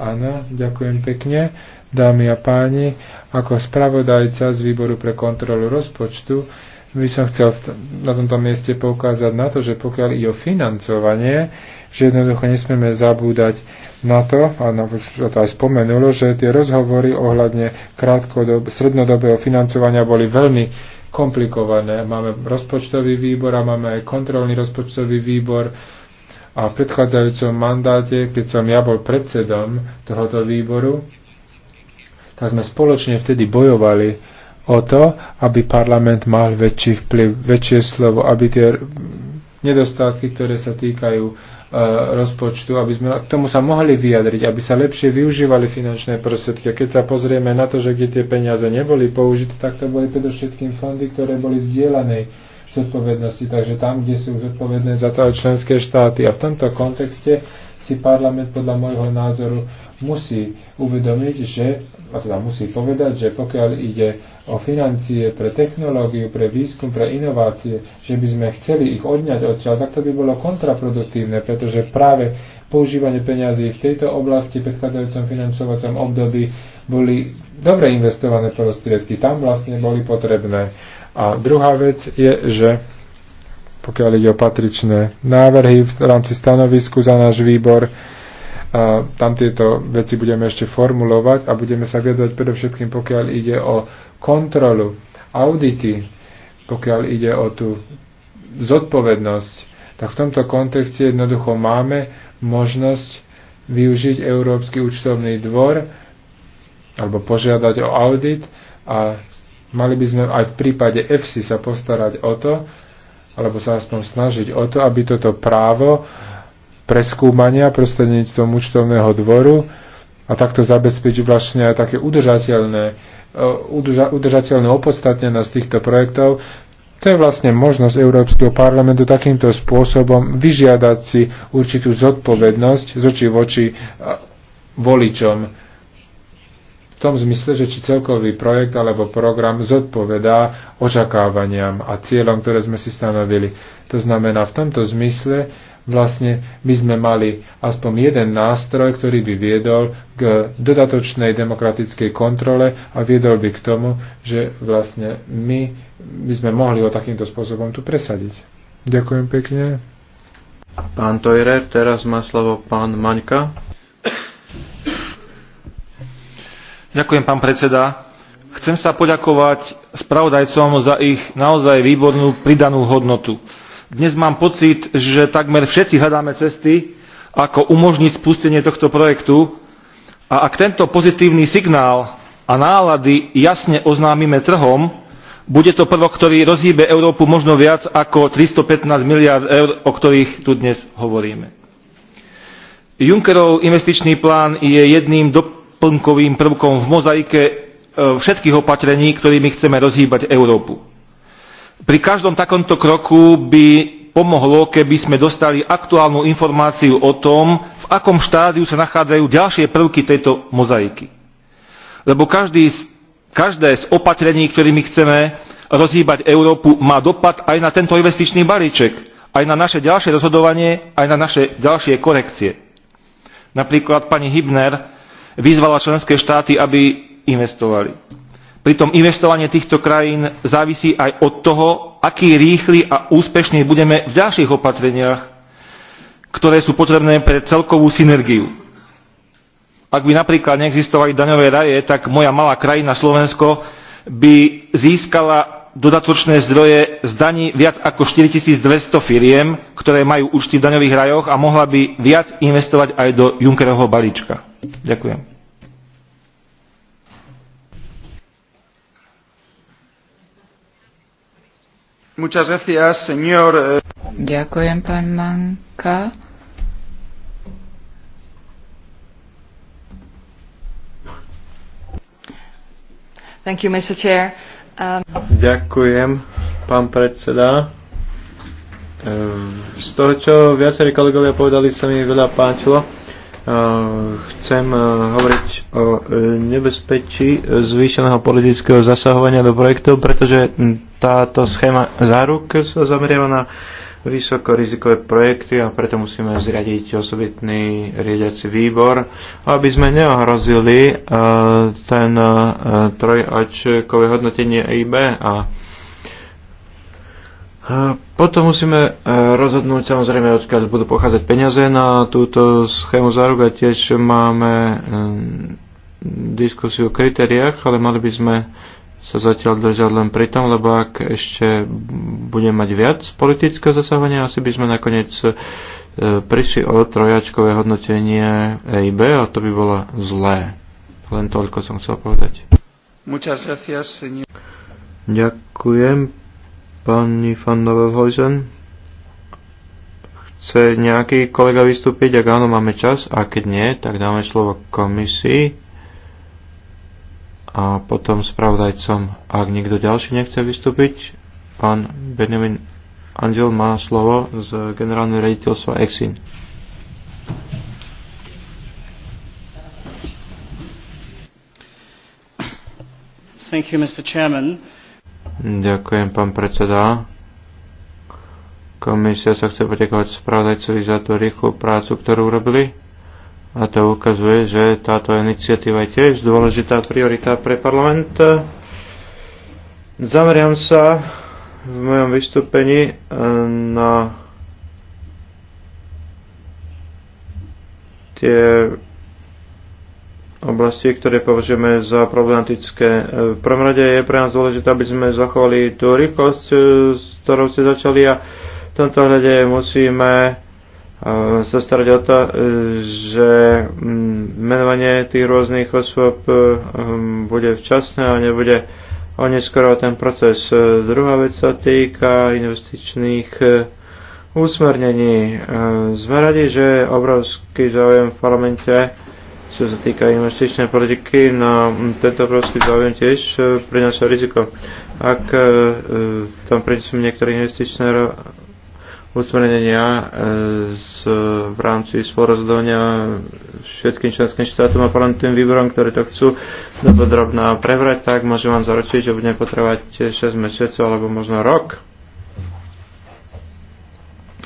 Áno, ďakujem pekne. Dámy a páni, ako spravodajca z výboru pre kontrolu rozpočtu by som chcel na tomto mieste poukázať na to, že pokiaľ ide o financovanie, že jednoducho nesmieme zabúdať na to, a na, to aj spomenulo, že tie rozhovory ohľadne krátkodob, srednodobého financovania boli veľmi komplikované. Máme rozpočtový výbor a máme aj kontrolný rozpočtový výbor, a v predchádzajúcom mandáte, keď som ja bol predsedom tohoto výboru, tak sme spoločne vtedy bojovali o to, aby parlament mal väčší vplyv, väčšie slovo, aby tie nedostatky, ktoré sa týkajú e, rozpočtu, aby sme k tomu sa mohli vyjadriť, aby sa lepšie využívali finančné prostriedky. Keď sa pozrieme na to, že kde tie peniaze neboli použité, tak to boli predovšetkým fondy, ktoré boli zdieľané zodpovednosti. Takže tam, kde sú zodpovedné za to členské štáty. A v tomto kontexte si parlament podľa môjho názoru musí uvedomiť, že, a teda musí povedať, že pokiaľ ide o financie pre technológiu, pre výskum, pre inovácie, že by sme chceli ich odňať odtiaľ, tak to by bolo kontraproduktívne, pretože práve používanie peňazí v tejto oblasti v predchádzajúcom financovacom období boli dobre investované prostriedky, tam vlastne boli potrebné. A druhá vec je, že pokiaľ ide o patričné návrhy v rámci stanovisku za náš výbor, a tam tieto veci budeme ešte formulovať a budeme sa viedať predovšetkým, pokiaľ ide o kontrolu, audity, pokiaľ ide o tú zodpovednosť, tak v tomto kontexte jednoducho máme možnosť využiť Európsky účtovný dvor alebo požiadať o audit a Mali by sme aj v prípade EFSI sa postarať o to, alebo sa aspoň snažiť o to, aby toto právo preskúmania prostredníctvom účtovného dvoru a takto zabezpečiť vlastne aj také udržateľné, e, udrža, udržateľné z týchto projektov, to je vlastne možnosť Európskeho parlamentu takýmto spôsobom vyžiadať si určitú zodpovednosť z oči voči e, voličom tom zmysle, že či celkový projekt alebo program zodpovedá očakávaniam a cieľom, ktoré sme si stanovili. To znamená, v tomto zmysle vlastne by sme mali aspoň jeden nástroj, ktorý by viedol k dodatočnej demokratickej kontrole a viedol by k tomu, že vlastne my by sme mohli ho takýmto spôsobom tu presadiť. Ďakujem pekne. Pán Tojrer, teraz má slovo pán Maňka. Ďakujem, pán predseda. Chcem sa poďakovať spravodajcom za ich naozaj výbornú pridanú hodnotu. Dnes mám pocit, že takmer všetci hľadáme cesty, ako umožniť spustenie tohto projektu a ak tento pozitívny signál a nálady jasne oznámime trhom, bude to prvok, ktorý rozhýbe Európu možno viac ako 315 miliard eur, o ktorých tu dnes hovoríme. Junckerov investičný plán je jedným do plnkovým prvkom v mozaike e, všetkých opatrení, ktorými chceme rozhýbať Európu. Pri každom takomto kroku by pomohlo, keby sme dostali aktuálnu informáciu o tom, v akom štádiu sa nachádzajú ďalšie prvky tejto mozaiky. Lebo každý, každé z opatrení, ktorými chceme rozhýbať Európu, má dopad aj na tento investičný balíček, aj na naše ďalšie rozhodovanie, aj na naše ďalšie korekcie. Napríklad pani Hibner vyzvala členské štáty, aby investovali. Pritom investovanie týchto krajín závisí aj od toho, aký rýchly a úspešný budeme v ďalších opatreniach, ktoré sú potrebné pre celkovú synergiu. Ak by napríklad neexistovali daňové raje, tak moja malá krajina Slovensko by získala dodatočné zdroje z daní viac ako 4200 firiem, ktoré majú účty v daňových rajoch a mohla by viac investovať aj do Junckerovho balíčka. Ďakujem. Muchas gracias, señor. Eh. Ďakujem, pán Manka. Thank you, Mr. Chair. Um... Ďakujem, pán predseda. Ehm, z toho, čo viacerí kolegovia povedali, sa mi veľa páčilo chcem e, hovoriť o e, nebezpečí zvýšeného politického zasahovania do projektov, pretože táto schéma záruk sa zameriava na vysokorizikové projekty a preto musíme zriadiť osobitný riadiaci výbor, aby sme neohrozili e, ten trojočkové hodnotenie IB a potom musíme e, rozhodnúť samozrejme, odkiaľ budú pochádzať peniaze na túto schému záruk a tiež máme e, diskusiu o kritériách, ale mali by sme sa zatiaľ držať len pri tom, lebo ak ešte budeme mať viac politického zasávania, asi by sme nakoniec e, prišli o trojačkové hodnotenie EIB a to by bolo zlé. Len toľko som chcel povedať. Muchas gracias, señor. Ďakujem, Pani van Novelhuizen? Chce nejaký kolega vystúpiť? Ak áno, máme čas. A keď nie, tak dáme slovo komisii a potom spravodajcom. Ak niekto ďalší nechce vystúpiť, pán Benjamin Angel má slovo z generálneho rediteľstva Exin. Thank you, Mr. Chairman. Ďakujem, pán predseda. Komisia sa chce poďakovať spravodajcovi za tú rýchlu prácu, ktorú urobili. A to ukazuje, že táto iniciatíva je tiež dôležitá priorita pre parlament. Zameriam sa v mojom vystúpení eh, na tie oblasti, ktoré považujeme za problematické. V prvom rade je pre nás dôležité, aby sme zachovali tú rýchlosť, e, s ktorou ste začali a v tomto hľade musíme e, sa starať o to, e, že mm, menovanie tých rôznych osôb bude včasné a nebude oneskoro ten proces. Druhá vec sa týka investičných úsmernení. Sme radi, že obrovský záujem v parlamente čo sa týka investičnej politiky, no tento obrovský záujem tiež e, prináša riziko. Ak e, e, tam prinesú niektoré investičné usmernenia z, v rámci spolorozhodovania všetkým členským štátom a potom tým výborom, ktoré to chcú dopodrobná prebrať, tak môžem vám zaručiť, že budeme potrebovať 6 mesiacov alebo možno rok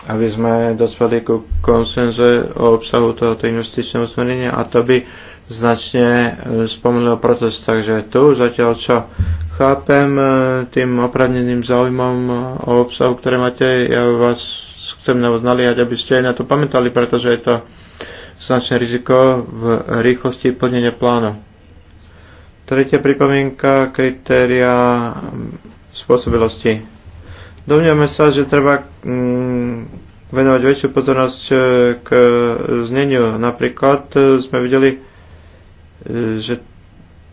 aby sme dospeli ku konsenze o obsahu tohoto investičného smerenia a to by značne e, spomenul proces. Takže tu zatiaľ čo chápem e, tým opravneným záujmom o obsahu, ktoré máte, ja vás chcem na vás naliať, aby ste aj na to pamätali, pretože je to značné riziko v rýchlosti plnenia plánu. Tretia pripomienka, kritéria spôsobilosti Domňujeme sa, že treba mm, venovať väčšiu pozornosť e, k e, zneniu. Napríklad e, sme videli, že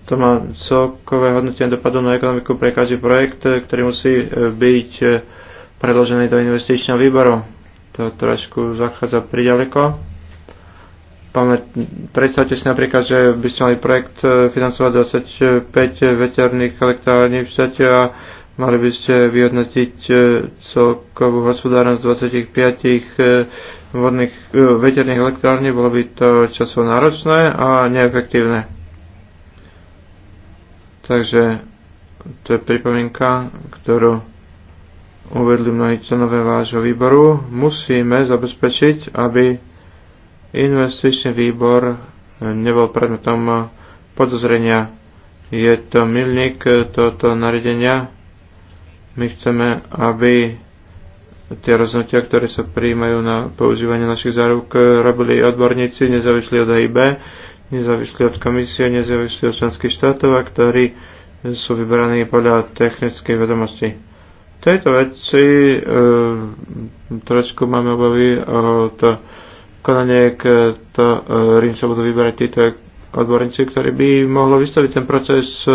to má celkové hodnotenie dopadu na ekonomiku pre každý projekt, ktorý musí byť predložený do investičného výboru. To trošku zachádza priďaleko predstavte si napríklad, že by ste mali projekt financovať 25 veterných elektrární v štáte a Mali by ste vyhodnotiť e, celkovú hospodárnosť 25 e, vodných, e, veterných elektrární. Bolo by to časovo náročné a neefektívne. Takže to je pripomienka, ktorú uvedli mnohí členové vášho výboru. Musíme zabezpečiť, aby investičný výbor nebol predmetom podozrenia. Je to milník tohoto nariadenia my chceme, aby tie rozhodnutia, ktoré sa prijímajú na používanie našich záruk, robili odborníci, nezávislí od AIB, nezávislí od komisie, nezávislí od členských štátov, a ktorí sú vybraní podľa technickej vedomosti. V tejto veci e, trošku máme obavy o to konanie, ktorým sa budú vyberať títo odborníci, ktorí by mohlo vystaviť ten proces e,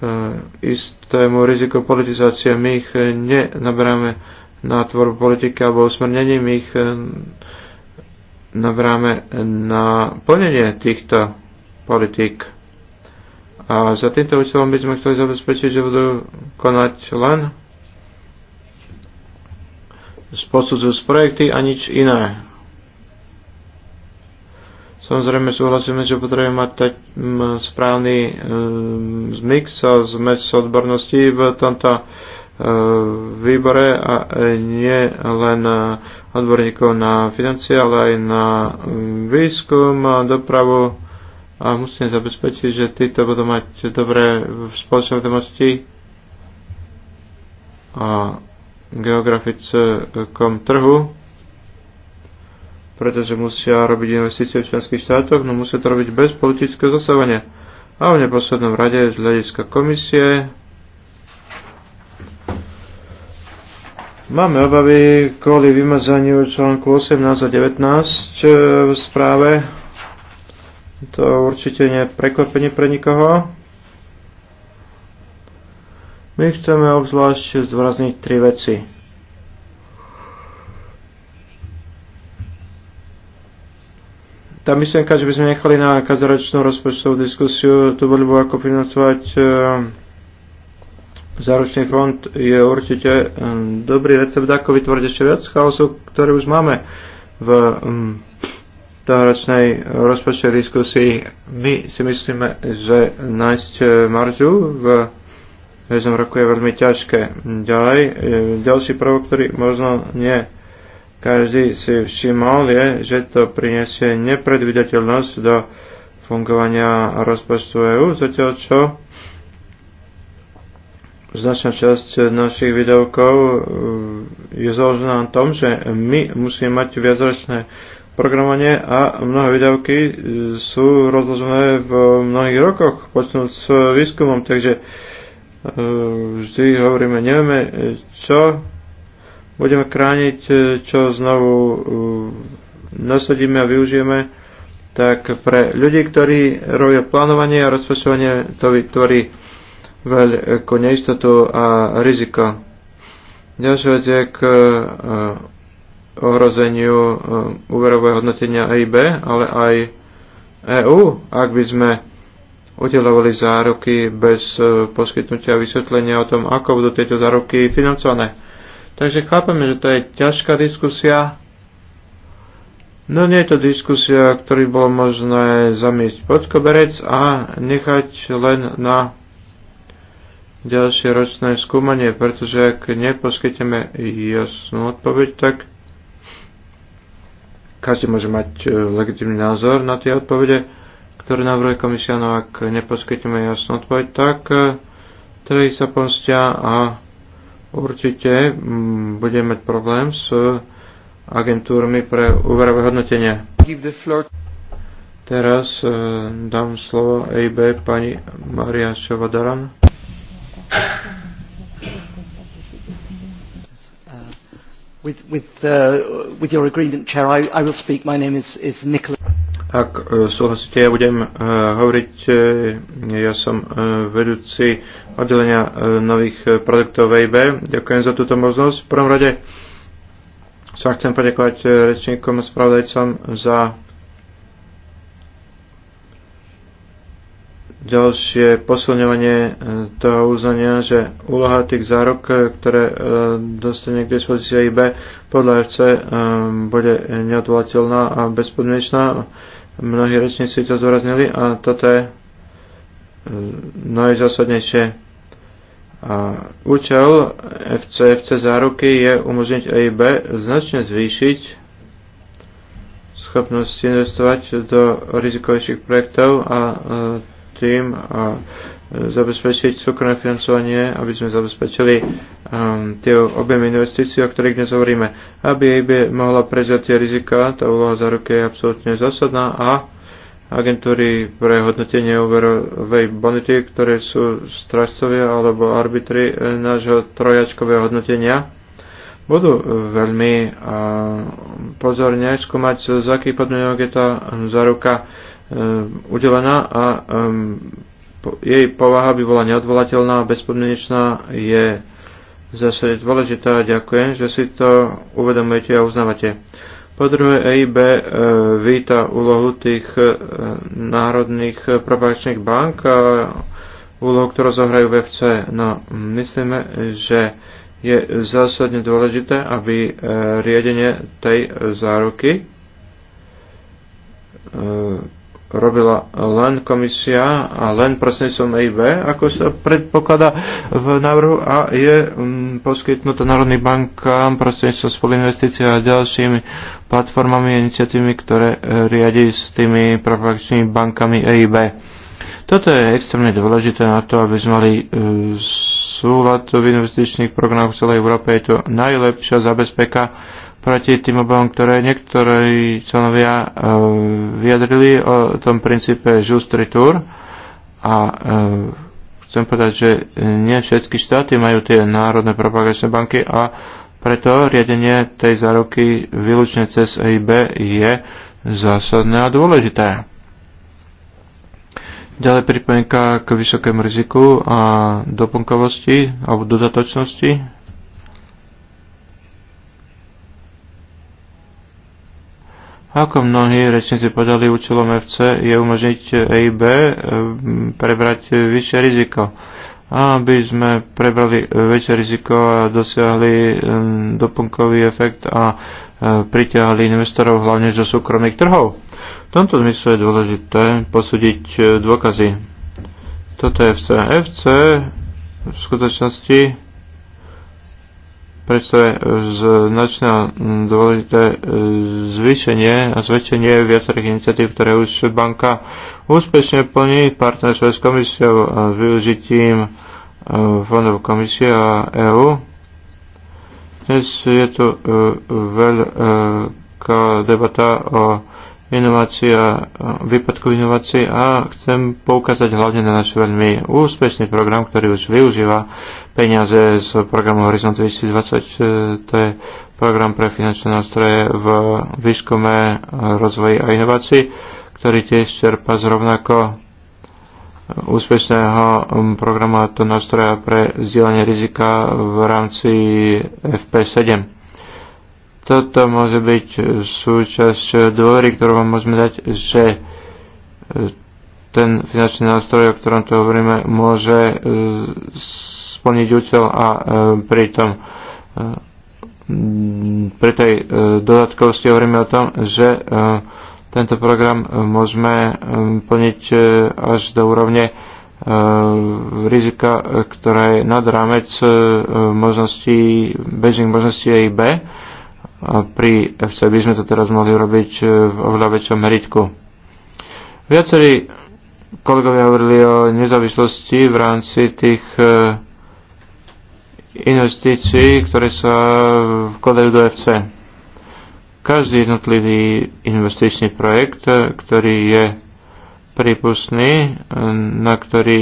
Eh, istému riziku politizácie. My ich eh, nenaberáme na tvorbu politiky alebo usmernení, my ich eh, naberáme na plnenie týchto politík. A za týmto účelom by sme chceli zabezpečiť, že budú konať len z posudzu z projekty a nič iné. Samozrejme súhlasíme, že potrebujeme mať tak správny e, mix a zmes odborností v tomto e, výbore a e, nie len e, odborníkov na financie, ale aj na výskum a dopravu a musíme zabezpečiť, že títo budú mať dobré spoločné vedomosti a geografickom trhu pretože musia robiť investície v členských štátoch, no musia to robiť bez politického zasávania. A v neposlednom rade z hľadiska komisie máme obavy kvôli vymazaniu článku 18 a 19 e, v správe. To určite nie je prekvapenie pre nikoho. My chceme obzvlášť zdôrazniť tri veci. Tá myšlienka, že by sme nechali na každoročnú rozpočtovú diskusiu tú voľbu, ako financovať eh, záručný fond, je určite eh, dobrý recept, ako vytvoriť ešte viac chaosu, ktoré už máme v mm, záročnej rozpočtovej diskusii. My si myslíme, že nájsť eh, maržu v bežnom roku je veľmi ťažké. Ďalej, ďalší prvok, ktorý možno nie každý si všimol je, že to prinesie nepredvidateľnosť do fungovania rozpočtu EÚ, zatiaľ čo značná časť našich videokov eh, je založená na tom, že my musíme mať viacročné programovanie a mnohé videoky eh, sú rozložené v mnohých rokoch, počnúť s výskumom, takže eh, vždy hovoríme, nevieme čo budeme krániť, e, čo znovu e, nasadíme a využijeme, tak pre ľudí, ktorí robia plánovanie a rozpočovanie, to vytvorí veľkú neistotu a riziko. Ďalšia vec je k e, ohrozeniu úverového hodnotenia EIB, ale aj EU, ak by sme udelovali záruky bez poskytnutia vysvetlenia o tom, ako budú tieto záruky financované Takže chápeme, že to je ťažká diskusia. No nie je to diskusia, ktorý bolo možné zamiesť pod koberec a nechať len na ďalšie ročné skúmanie, pretože ak neposkytneme jasnú odpoveď, tak každý môže mať e, legitímny názor na tie odpovede, ktoré navrhuje komisia, no ak neposkytneme jasnú odpoveď, tak e, trhy sa pomstia a Určite mm, budeme mať problém s agentúrmi pre úverové hodnotenie. Teraz e, dám slovo EIB pani Maria Šovadaran. Uh, with, with, uh, with your agreement, Chair, I, I will speak. My name is, is Nicholas. Ak e, súhlasíte, ja budem e, hovoriť, e, ja som vedúci oddelenia nových produktov VIB. Ďakujem za túto možnosť. V prvom rade sa chcem poďakovať rečníkom a spravodajcom za ďalšie posilňovanie toho uznania, že úloha tých zárok, ktoré dostane k dispozícii IB podľa FC, bude neodvolateľná a bezpodmienečná Mnohí rečníci to zdôraznili a toto je e, najzásadnejšie. A účel FCFC záruky je umožniť EIB značne zvýšiť schopnosť investovať do rizikovejších projektov a e, tým a zabezpečiť súkromné financovanie, aby sme zabezpečili um, tie objemy investícií, o ktorých dnes hovoríme. Aby EIB mohla prežiť tie rizika, tá úloha za ruky je absolútne zásadná a agentúry pre hodnotenie úverovej bonity, ktoré sú strážcovia alebo arbitry e, nášho trojačkového hodnotenia, budú e, veľmi e, pozorne skúmať, z akých podmienok je tá záruka udelená a jej povaha by bola neodvolateľná a bezpodmienečná, je zase dôležitá. Ďakujem, že si to uvedomujete a uznávate. Po druhé, EIB e, víta úlohu tých e, národných propagačných bank a úlohu, ktorú zohrajú v FC. No, myslíme, že je zásadne dôležité, aby e, riadenie tej záruky robila len komisia a len prostredníctvom EIB, ako sa predpokladá v návrhu a je mm, poskytnutá Národným bankám prostredníctvom investícií a ďalšími platformami a iniciatívami, ktoré e, riadi s tými propagačnými bankami EIB. Toto je extrémne dôležité na to, aby sme mali e, súlad v investičných programoch v celej Európe. Je to najlepšia zabezpeka proti tým obavom, ktoré niektorí členovia e, vyjadrili o tom princípe Just Retour a e, chcem povedať, že nie všetky štáty majú tie národné propagačné banky a preto riadenie tej záruky výlučne cez EIB je zásadné a dôležité. Ďalej pripomienka k vysokému riziku a doplnkovosti alebo dodatočnosti Ako mnohí rečníci podali, účelom FC je umožniť EIB eh, prebrať vyššie riziko. Aby sme prebrali väčšie riziko a dosiahli eh, doplnkový efekt a eh, priťahli investorov hlavne zo súkromných trhov. V tomto zmysle je dôležité posúdiť dôkazy. Toto je FC. FC v skutočnosti je e, značné dôležité e, zvýšenie a zväčšenie viacerých iniciatív, ktoré už banka úspešne plní v partnerstve s komisiou a s využitím e, fondov komisie a EU. Dnes je tu veľká debata o inovácii a výpadku inovácií a chcem poukázať hlavne na náš veľmi úspešný program, ktorý už využíva peniaze z programu Horizon 2020. To je program pre finančné nástroje v výskume, rozvoji a inovácii, ktorý tiež čerpa z rovnako úspešného um, programu a to nástroja pre vzdielanie rizika v rámci FP7 toto môže byť súčasť dôvery, ktorú vám môžeme dať, že e, ten finančný nástroj, o ktorom tu hovoríme, môže e, splniť účel a e, pritom e, pri tej e, dodatkovosti hovoríme o tom, že tento program môžeme plniť až do úrovne rizika, ktorá je nad rámec možností, bežných možností EIB. Pri FC by sme to teraz mohli urobiť v oveľa väčšom meritku. Viacerí kolegovia hovorili o nezávislosti v rámci tých investícií, ktoré sa vkladajú do FC. Každý jednotlivý investičný projekt, ktorý je prípustný, na ktorý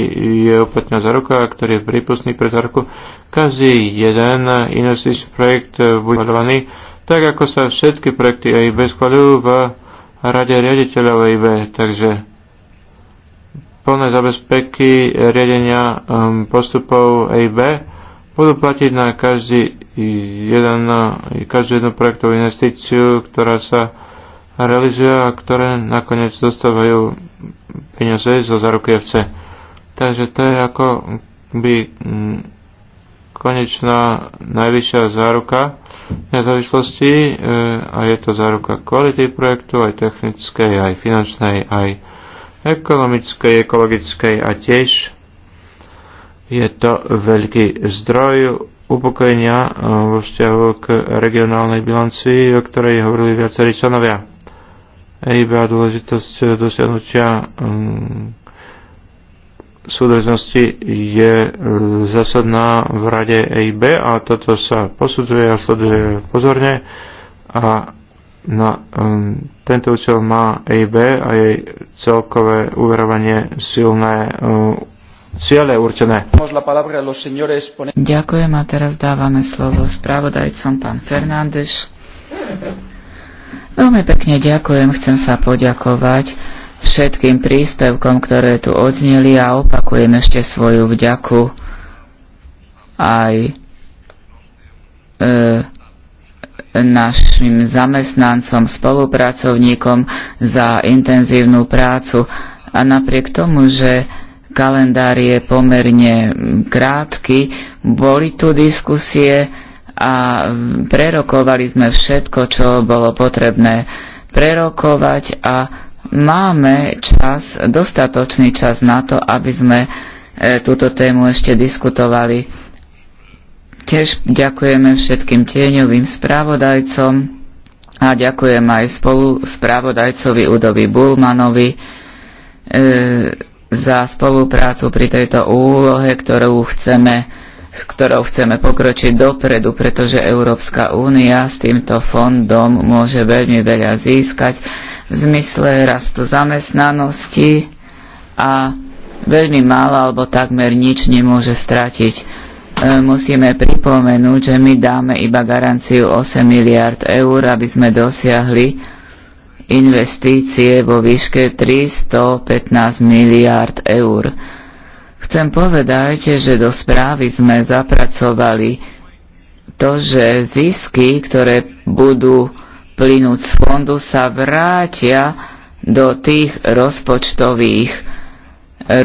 je za ruku, a ktorý je prípustný pre ruku, každý jeden investičný projekt bude valovaný, tak ako sa všetky projekty EIB schvaľujú v rade riaditeľov EIB. Takže plné zabezpeky riadenia um, postupov EIB budú platiť na každý jeden, každú jednu projektovú investíciu, ktorá sa realizuje a ktoré nakoniec dostávajú peniaze zo záruky FC. Takže to je ako by mm, konečná najvyššia záruka nezávislosti e, a je to záruka kvality projektu, aj technickej, aj finančnej, aj ekonomickej, ekologickej a tiež je to veľký zdroj upokojenia e, vo vzťahu k regionálnej bilanci, o ktorej hovorili viacerí členovia. EIB a dôležitosť dosiahnutia mm, súdržnosti je zásadná v rade EIB a toto sa posudzuje a sleduje pozorne a na um, tento účel má EIB a jej celkové uverovanie silné um, ciele určené. Ďakujem a teraz dávame slovo spravodajcom pán Fernández. Veľmi pekne ďakujem, chcem sa poďakovať všetkým príspevkom, ktoré tu odzneli a opakujem ešte svoju vďaku aj e, našim zamestnancom, spolupracovníkom za intenzívnu prácu a napriek tomu, že kalendár je pomerne krátky. Boli tu diskusie a prerokovali sme všetko, čo bolo potrebné prerokovať a máme čas, dostatočný čas na to, aby sme e, túto tému ešte diskutovali. Tiež ďakujeme všetkým tieňovým spravodajcom a ďakujem aj spolu spravodajcovi Udovi Bulmanovi, e, za spoluprácu pri tejto úlohe, ktorú chceme, s ktorou chceme pokročiť dopredu, pretože Európska únia s týmto fondom môže veľmi veľa získať v zmysle rastu zamestnanosti a veľmi málo alebo takmer nič nemôže stratiť. E, musíme pripomenúť, že my dáme iba garanciu 8 miliard eur, aby sme dosiahli investície vo výške 315 miliárd eur. Chcem povedať, že do správy sme zapracovali to, že zisky, ktoré budú plynúť z fondu, sa vrátia do tých rozpočtových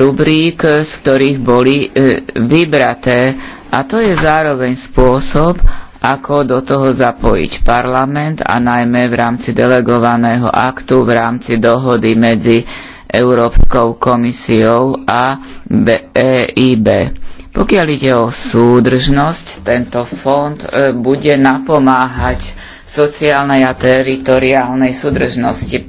rubrík, z ktorých boli e, vybraté. A to je zároveň spôsob, ako do toho zapojiť parlament a najmä v rámci delegovaného aktu, v rámci dohody medzi Európskou komisiou a EIB. E Pokiaľ ide o súdržnosť, tento fond e, bude napomáhať sociálnej a teritoriálnej súdržnosti. E,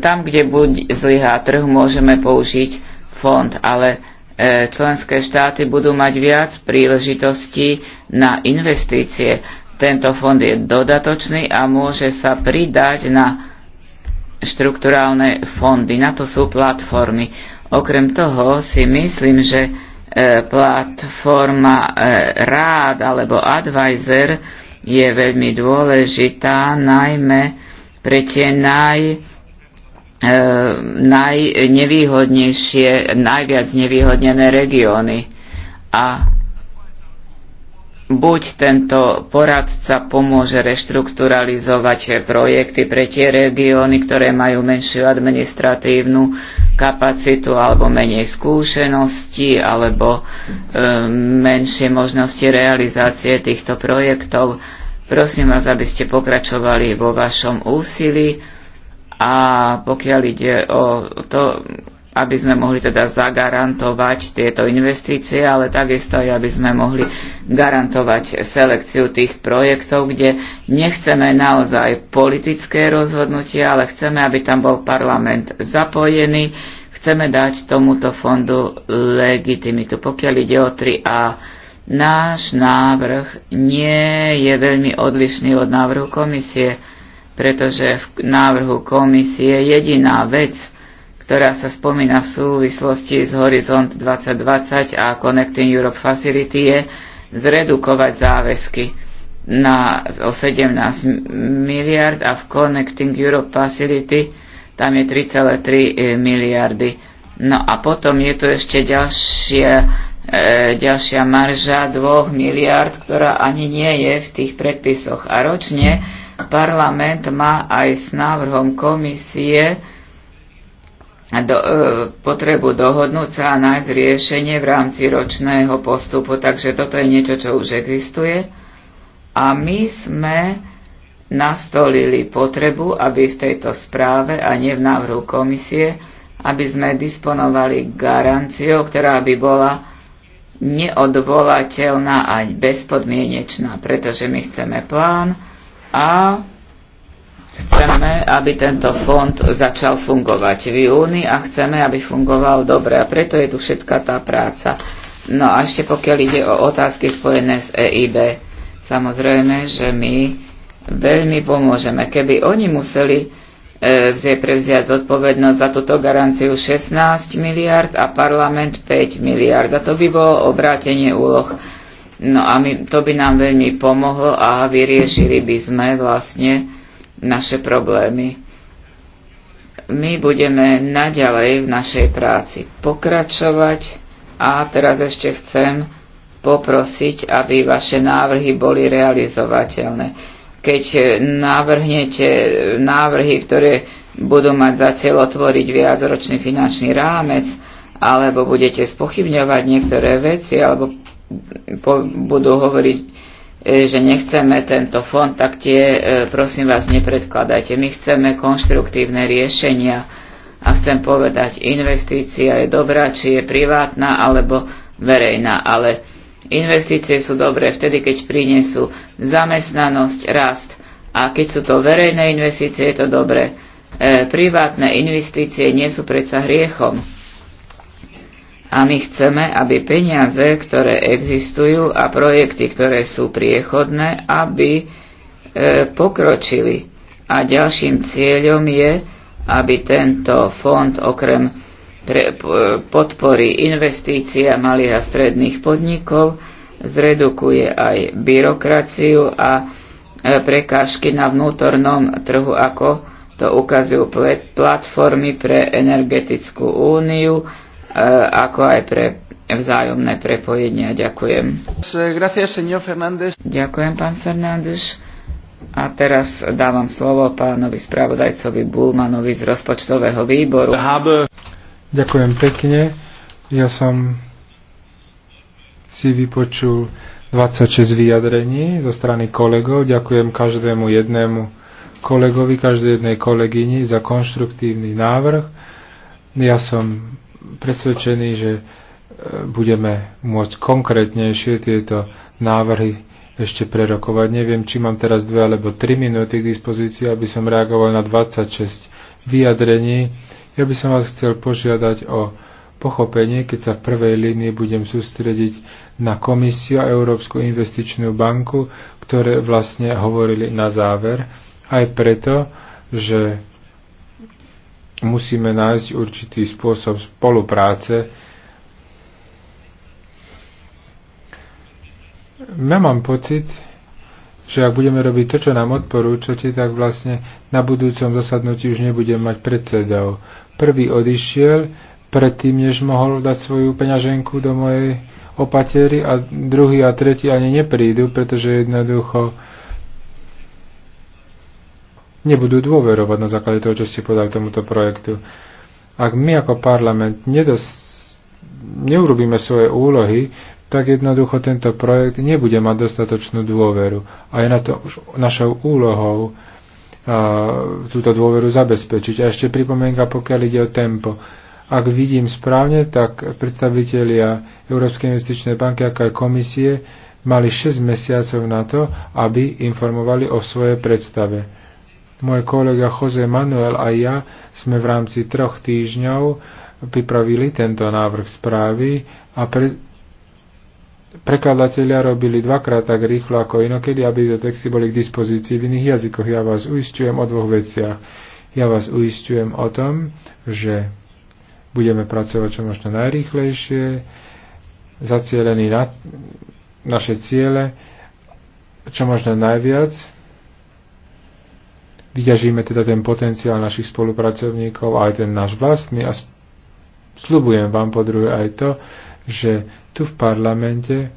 tam, kde buď zlyhá trh, môžeme použiť fond, ale E, členské štáty budú mať viac príležitostí na investície. Tento fond je dodatočný a môže sa pridať na štrukturálne fondy. Na to sú platformy. Okrem toho si myslím, že e, platforma e, rád alebo advisor je veľmi dôležitá, najmä pre tie naj E, najnevýhodnejšie, najviac nevýhodnené regióny. A buď tento poradca pomôže reštrukturalizovať projekty pre tie regióny, ktoré majú menšiu administratívnu kapacitu alebo menej skúsenosti alebo e, menšie možnosti realizácie týchto projektov. Prosím vás, aby ste pokračovali vo vašom úsilí a pokiaľ ide o to, aby sme mohli teda zagarantovať tieto investície, ale takisto aj aby sme mohli garantovať selekciu tých projektov, kde nechceme naozaj politické rozhodnutie, ale chceme, aby tam bol parlament zapojený, chceme dať tomuto fondu legitimitu. Pokiaľ ide o 3A, náš návrh nie je veľmi odlišný od návrhu komisie pretože v návrhu komisie jediná vec, ktorá sa spomína v súvislosti s Horizont 2020 a Connecting Europe Facility je zredukovať záväzky na, o 17 miliard a v Connecting Europe Facility tam je 3,3 e, miliardy. No a potom je tu ešte ďalšia, e, ďalšia marža 2 miliard, ktorá ani nie je v tých predpisoch. A ročne parlament má aj s návrhom komisie do, e, potrebu dohodnúť sa a nájsť riešenie v rámci ročného postupu. Takže toto je niečo, čo už existuje. A my sme nastolili potrebu, aby v tejto správe a nie v návrhu komisie, aby sme disponovali garanciou, ktorá by bola neodvolateľná a bezpodmienečná, pretože my chceme plán, a chceme, aby tento fond začal fungovať v júni a chceme, aby fungoval dobre a preto je tu všetká tá práca. No a ešte pokiaľ ide o otázky spojené s EIB, samozrejme, že my veľmi pomôžeme. Keby oni museli e, prevziať zodpovednosť za túto garanciu 16 miliard a parlament 5 miliard. A to by bolo obrátenie úloh. No a my, to by nám veľmi pomohlo a vyriešili by sme vlastne naše problémy. My budeme naďalej v našej práci pokračovať a teraz ešte chcem poprosiť, aby vaše návrhy boli realizovateľné. Keď navrhnete návrhy, ktoré budú mať za cieľ otvoriť viacročný finančný rámec, alebo budete spochybňovať niektoré veci, alebo budú hovoriť, e, že nechceme tento fond, tak tie, e, prosím vás, nepredkladajte. My chceme konštruktívne riešenia a chcem povedať, investícia je dobrá, či je privátna alebo verejná, ale investície sú dobré vtedy, keď prinesú zamestnanosť, rast a keď sú to verejné investície, je to dobré. E, privátne investície nie sú predsa hriechom a my chceme, aby peniaze, ktoré existujú a projekty, ktoré sú priechodné, aby e, pokročili. A ďalším cieľom je, aby tento fond okrem pre, podpory investícií a malých a stredných podnikov zredukuje aj byrokraciu a e, prekážky na vnútornom trhu, ako to ukazujú platformy pre energetickú úniu, E, ako aj pre vzájomné prepojenia. Ďakujem. Eh, gracias, señor Fernández. Ďakujem, pán Fernández. A teraz dávam slovo pánovi spravodajcovi Bulmanovi z rozpočtového výboru. Ďakujem pekne. Ja som si vypočul 26 vyjadrení zo strany kolegov. Ďakujem každému jednému kolegovi, každej jednej kolegyni za konštruktívny návrh. Ja som presvedčení, že e, budeme môcť konkrétnejšie tieto návrhy ešte prerokovať. Neviem, či mám teraz dve alebo tri minúty k dispozícii, aby som reagoval na 26 vyjadrení. Ja by som vás chcel požiadať o pochopenie, keď sa v prvej línii budem sústrediť na Komisiu a Európsku investičnú banku, ktoré vlastne hovorili na záver. Aj preto, že musíme nájsť určitý spôsob spolupráce. Ja mám pocit, že ak budeme robiť to, čo nám odporúčate, tak vlastne na budúcom zasadnutí už nebudem mať predsedov. Prvý odišiel, predtým, než mohol dať svoju peňaženku do mojej opatery a druhý a tretí ani neprídu, pretože jednoducho nebudú dôverovať na základe toho, čo ste podali tomuto projektu. Ak my ako parlament nedos- neurobíme svoje úlohy, tak jednoducho tento projekt nebude mať dostatočnú dôveru. A je na to už našou úlohou a, túto dôveru zabezpečiť. A ešte pripomienka, pokiaľ ide o tempo. Ak vidím správne, tak predstavitelia Európskej investičnej banky, ako aj komisie, mali 6 mesiacov na to, aby informovali o svojej predstave. Môj kolega Jose Manuel a ja sme v rámci troch týždňov pripravili tento návrh správy a pre, prekladatelia robili dvakrát tak rýchlo ako inokedy, aby tie texty boli k dispozícii v iných jazykoch. Ja vás uistujem o dvoch veciach. Ja vás uistujem o tom, že budeme pracovať čo možno najrýchlejšie, zacielení na naše ciele, čo možno najviac vyťažíme teda ten potenciál našich spolupracovníkov, aj ten náš vlastný a slubujem vám po druhé aj to, že tu v parlamente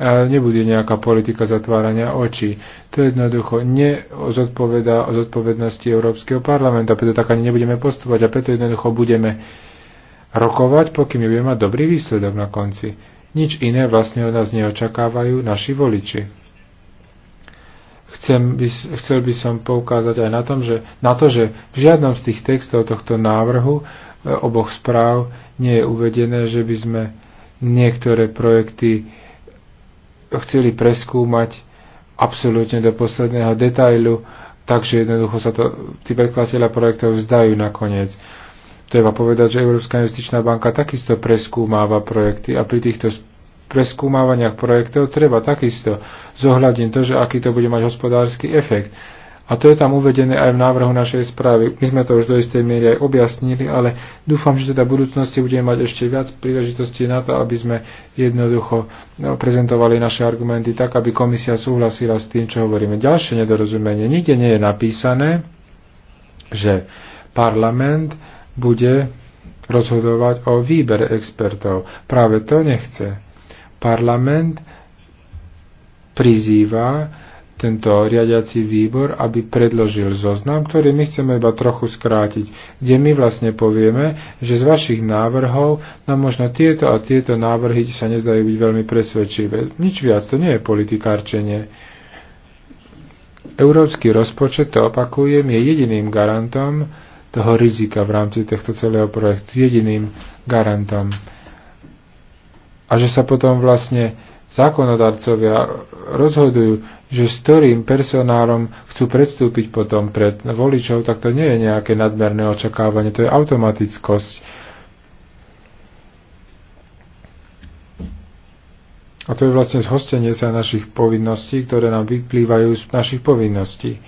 nebude nejaká politika zatvárania očí. To jednoducho nezodpovedá o zodpovednosti Európskeho parlamentu a preto tak ani nebudeme postupovať a preto jednoducho budeme rokovať, pokým budeme mať dobrý výsledok na konci. Nič iné vlastne od nás neočakávajú naši voliči. Chcem by, chcel by som poukázať aj na, tom, že, na to, že v žiadnom z tých textov tohto návrhu e, oboch správ nie je uvedené, že by sme niektoré projekty chceli preskúmať absolútne do posledného detailu, takže jednoducho sa to tí predkladateľa projektov vzdajú nakoniec. Treba povedať, že Európska investičná banka takisto preskúmáva projekty a pri týchto preskúmavaniach projektov treba takisto zohľadniť to, že aký to bude mať hospodársky efekt. A to je tam uvedené aj v návrhu našej správy. My sme to už do istej miery aj objasnili, ale dúfam, že teda v budúcnosti budeme mať ešte viac príležitostí na to, aby sme jednoducho no, prezentovali naše argumenty tak, aby komisia súhlasila s tým, čo hovoríme. Ďalšie nedorozumenie. Nikde nie je napísané, že parlament bude rozhodovať o výbere expertov. Práve to nechce parlament prizýva tento riadiaci výbor, aby predložil zoznam, ktorý my chceme iba trochu skrátiť, kde my vlastne povieme, že z vašich návrhov nám možno tieto a tieto návrhy sa nezdajú byť veľmi presvedčivé. Nič viac, to nie je politikárčenie. Európsky rozpočet, to opakujem, je jediným garantom toho rizika v rámci tohto celého projektu. Jediným garantom a že sa potom vlastne zákonodarcovia rozhodujú, že s ktorým personálom chcú predstúpiť potom pred voličov, tak to nie je nejaké nadmerné očakávanie, to je automatickosť. A to je vlastne zhostenie sa našich povinností, ktoré nám vyplývajú z našich povinností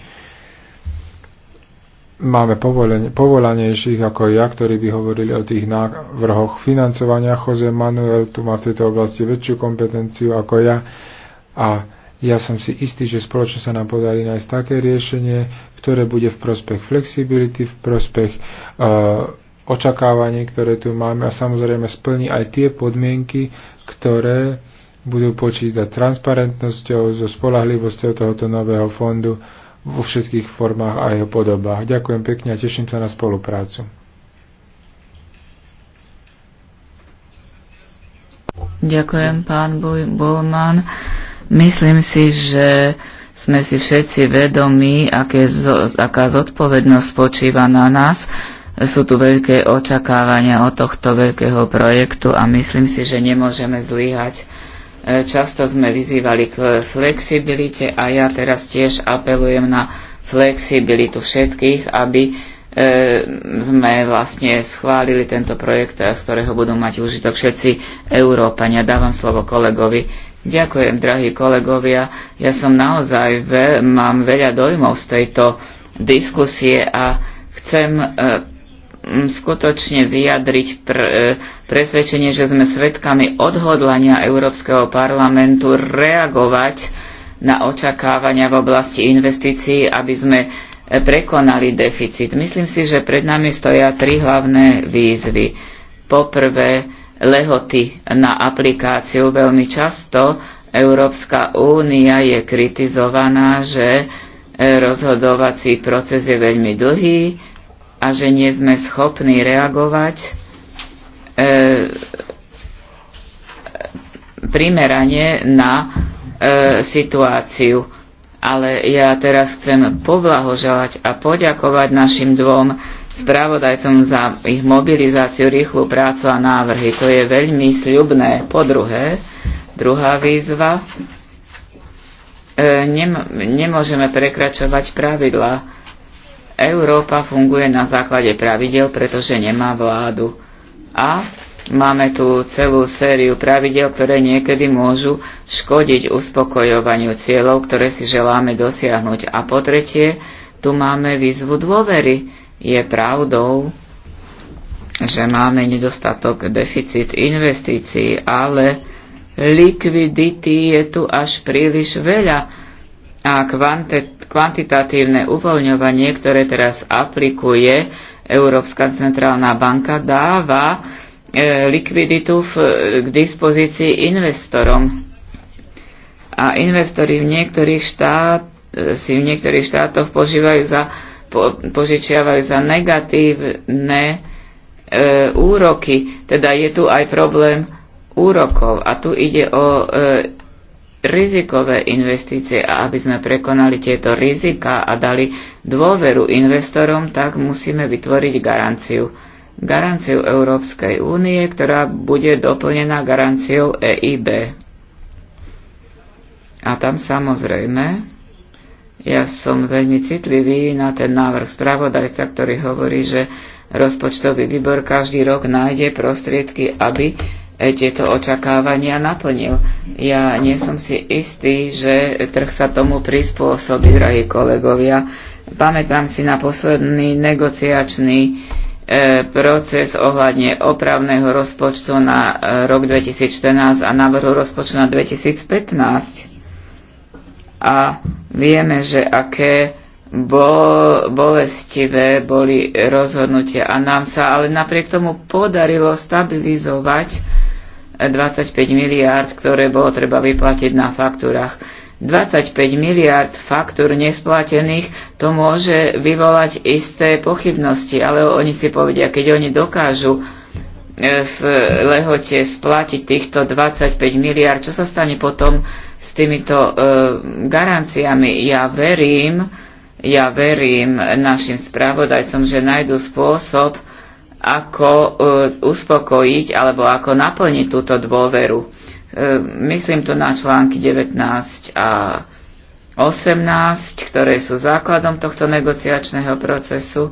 máme povolanejších ako ja, ktorí by hovorili o tých návrhoch financovania. Jose Manuel tu má v tejto oblasti väčšiu kompetenciu ako ja a ja som si istý, že spoločne sa nám podarí nájsť také riešenie, ktoré bude v prospech flexibility, v prospech uh, očakávaní, ktoré tu máme a samozrejme splní aj tie podmienky, ktoré budú počítať transparentnosťou, so spolahlivosťou tohoto nového fondu vo všetkých formách a jeho podobách. Ďakujem pekne a teším sa na spoluprácu. Ďakujem, pán Bulman. Myslím si, že sme si všetci vedomí, aké zo, aká zodpovednosť spočíva na nás. Sú tu veľké očakávania od tohto veľkého projektu a myslím si, že nemôžeme zlyhať E, často sme vyzývali k flexibilite a ja teraz tiež apelujem na flexibilitu všetkých, aby e, sme vlastne schválili tento projekt, z ktorého budú mať užitok všetci Európania. Dávam slovo kolegovi. Ďakujem, drahí kolegovia. Ja som naozaj veľ, mám veľa dojmov z tejto diskusie a chcem e, skutočne vyjadriť pr- e, presvedčenie, že sme svedkami odhodlania Európskeho parlamentu reagovať na očakávania v oblasti investícií, aby sme e, prekonali deficit. Myslím si, že pred nami stoja tri hlavné výzvy. Poprvé, lehoty na aplikáciu. Veľmi často Európska únia je kritizovaná, že e, rozhodovací proces je veľmi dlhý, a že nie sme schopní reagovať e, primerane na e, situáciu. Ale ja teraz chcem poblahoželať a poďakovať našim dvom spravodajcom za ich mobilizáciu, rýchlu prácu a návrhy. To je veľmi sľubné. Po druhé, druhá výzva, e, nem, nemôžeme prekračovať pravidla Európa funguje na základe pravidel, pretože nemá vládu. A máme tu celú sériu pravidel, ktoré niekedy môžu škodiť uspokojovaniu cieľov, ktoré si želáme dosiahnuť. A po tretie, tu máme výzvu dôvery. Je pravdou, že máme nedostatok, deficit investícií, ale likvidity je tu až príliš veľa a kvantitu kvantitatívne uvoľňovanie, ktoré teraz aplikuje Európska centrálna banka, dáva e, likviditu v, k dispozícii investorom. A investori v niektorých štát, e, si v niektorých štátoch požívajú za, po, požičiavajú za negatívne e, úroky. Teda je tu aj problém úrokov. A tu ide o e, rizikové investície a aby sme prekonali tieto rizika a dali dôveru investorom, tak musíme vytvoriť garanciu. Garanciu Európskej únie, ktorá bude doplnená garanciou EIB. A tam samozrejme, ja som veľmi citlivý na ten návrh spravodajca, ktorý hovorí, že rozpočtový výbor každý rok nájde prostriedky, aby E, tieto očakávania naplnil. Ja nie som si istý, že trh sa tomu prispôsobí, drahí kolegovia. Pamätám si na posledný negociačný e, proces ohľadne opravného rozpočtu na e, rok 2014 a návrhu rozpočtu na 2015. A vieme, že aké bol, bolestivé boli rozhodnutia a nám sa ale napriek tomu podarilo stabilizovať 25 eh, miliárd, ktoré bolo treba vyplatiť na faktúrach. 25 miliard faktúr nesplatených, to môže vyvolať isté pochybnosti, ale oni si povedia, keď oni dokážu eh, v lehote splatiť týchto 25 miliard, čo sa stane potom s týmito e, garanciami? Ja verím, ja verím našim spravodajcom, že nájdú spôsob, ako e, uspokojiť alebo ako naplniť túto dôveru. E, myslím tu na články 19 a 18, ktoré sú základom tohto negociačného procesu.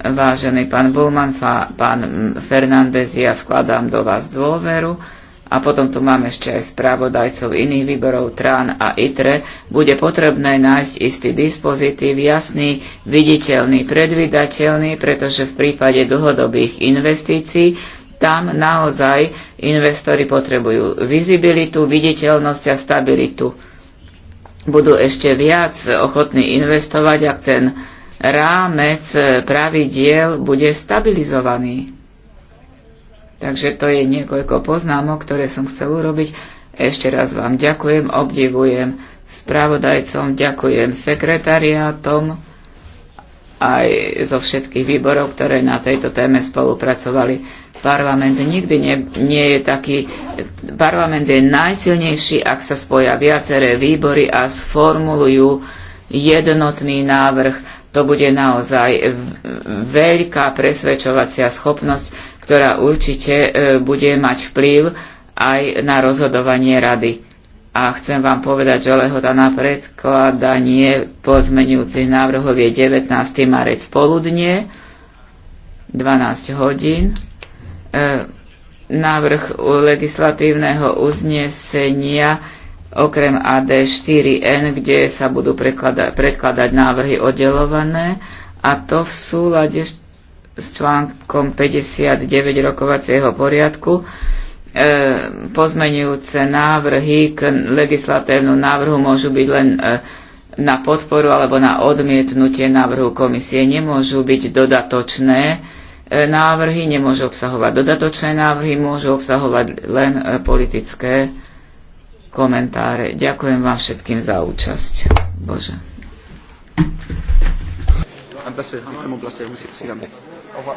Vážený pán Bulman, pán Fernández, ja vkladám do vás dôveru a potom tu máme ešte aj správodajcov iných výborov TRAN a ITRE, bude potrebné nájsť istý dispozitív, jasný, viditeľný, predvydateľný, pretože v prípade dlhodobých investícií tam naozaj investori potrebujú vizibilitu, viditeľnosť a stabilitu. Budú ešte viac ochotní investovať, ak ten rámec pravidiel bude stabilizovaný. Takže to je niekoľko poznámok, ktoré som chcel urobiť. Ešte raz vám ďakujem, obdivujem spravodajcom, ďakujem sekretariátom aj zo všetkých výborov, ktoré na tejto téme spolupracovali. Parlament nikdy nie, nie je taký. Parlament je najsilnejší, ak sa spoja viaceré výbory a sformulujú jednotný návrh. To bude naozaj veľká presvedčovacia schopnosť ktorá určite e, bude mať vplyv aj na rozhodovanie rady. A chcem vám povedať, že lehota na predkladanie pozmenujúcich návrhov je 19. marec poludne, 12 hodín. E, návrh legislatívneho uznesenia okrem AD4N, kde sa budú predkladať návrhy oddelované, a to v súlade s s článkom 59 rokovacieho poriadku e, pozmenujúce návrhy k legislatívnu návrhu môžu byť len e, na podporu alebo na odmietnutie návrhu komisie. Nemôžu byť dodatočné e, návrhy, nemôžu obsahovať dodatočné návrhy, môžu obsahovať len e, politické komentáre. Ďakujem vám všetkým za účasť. Bože. Over.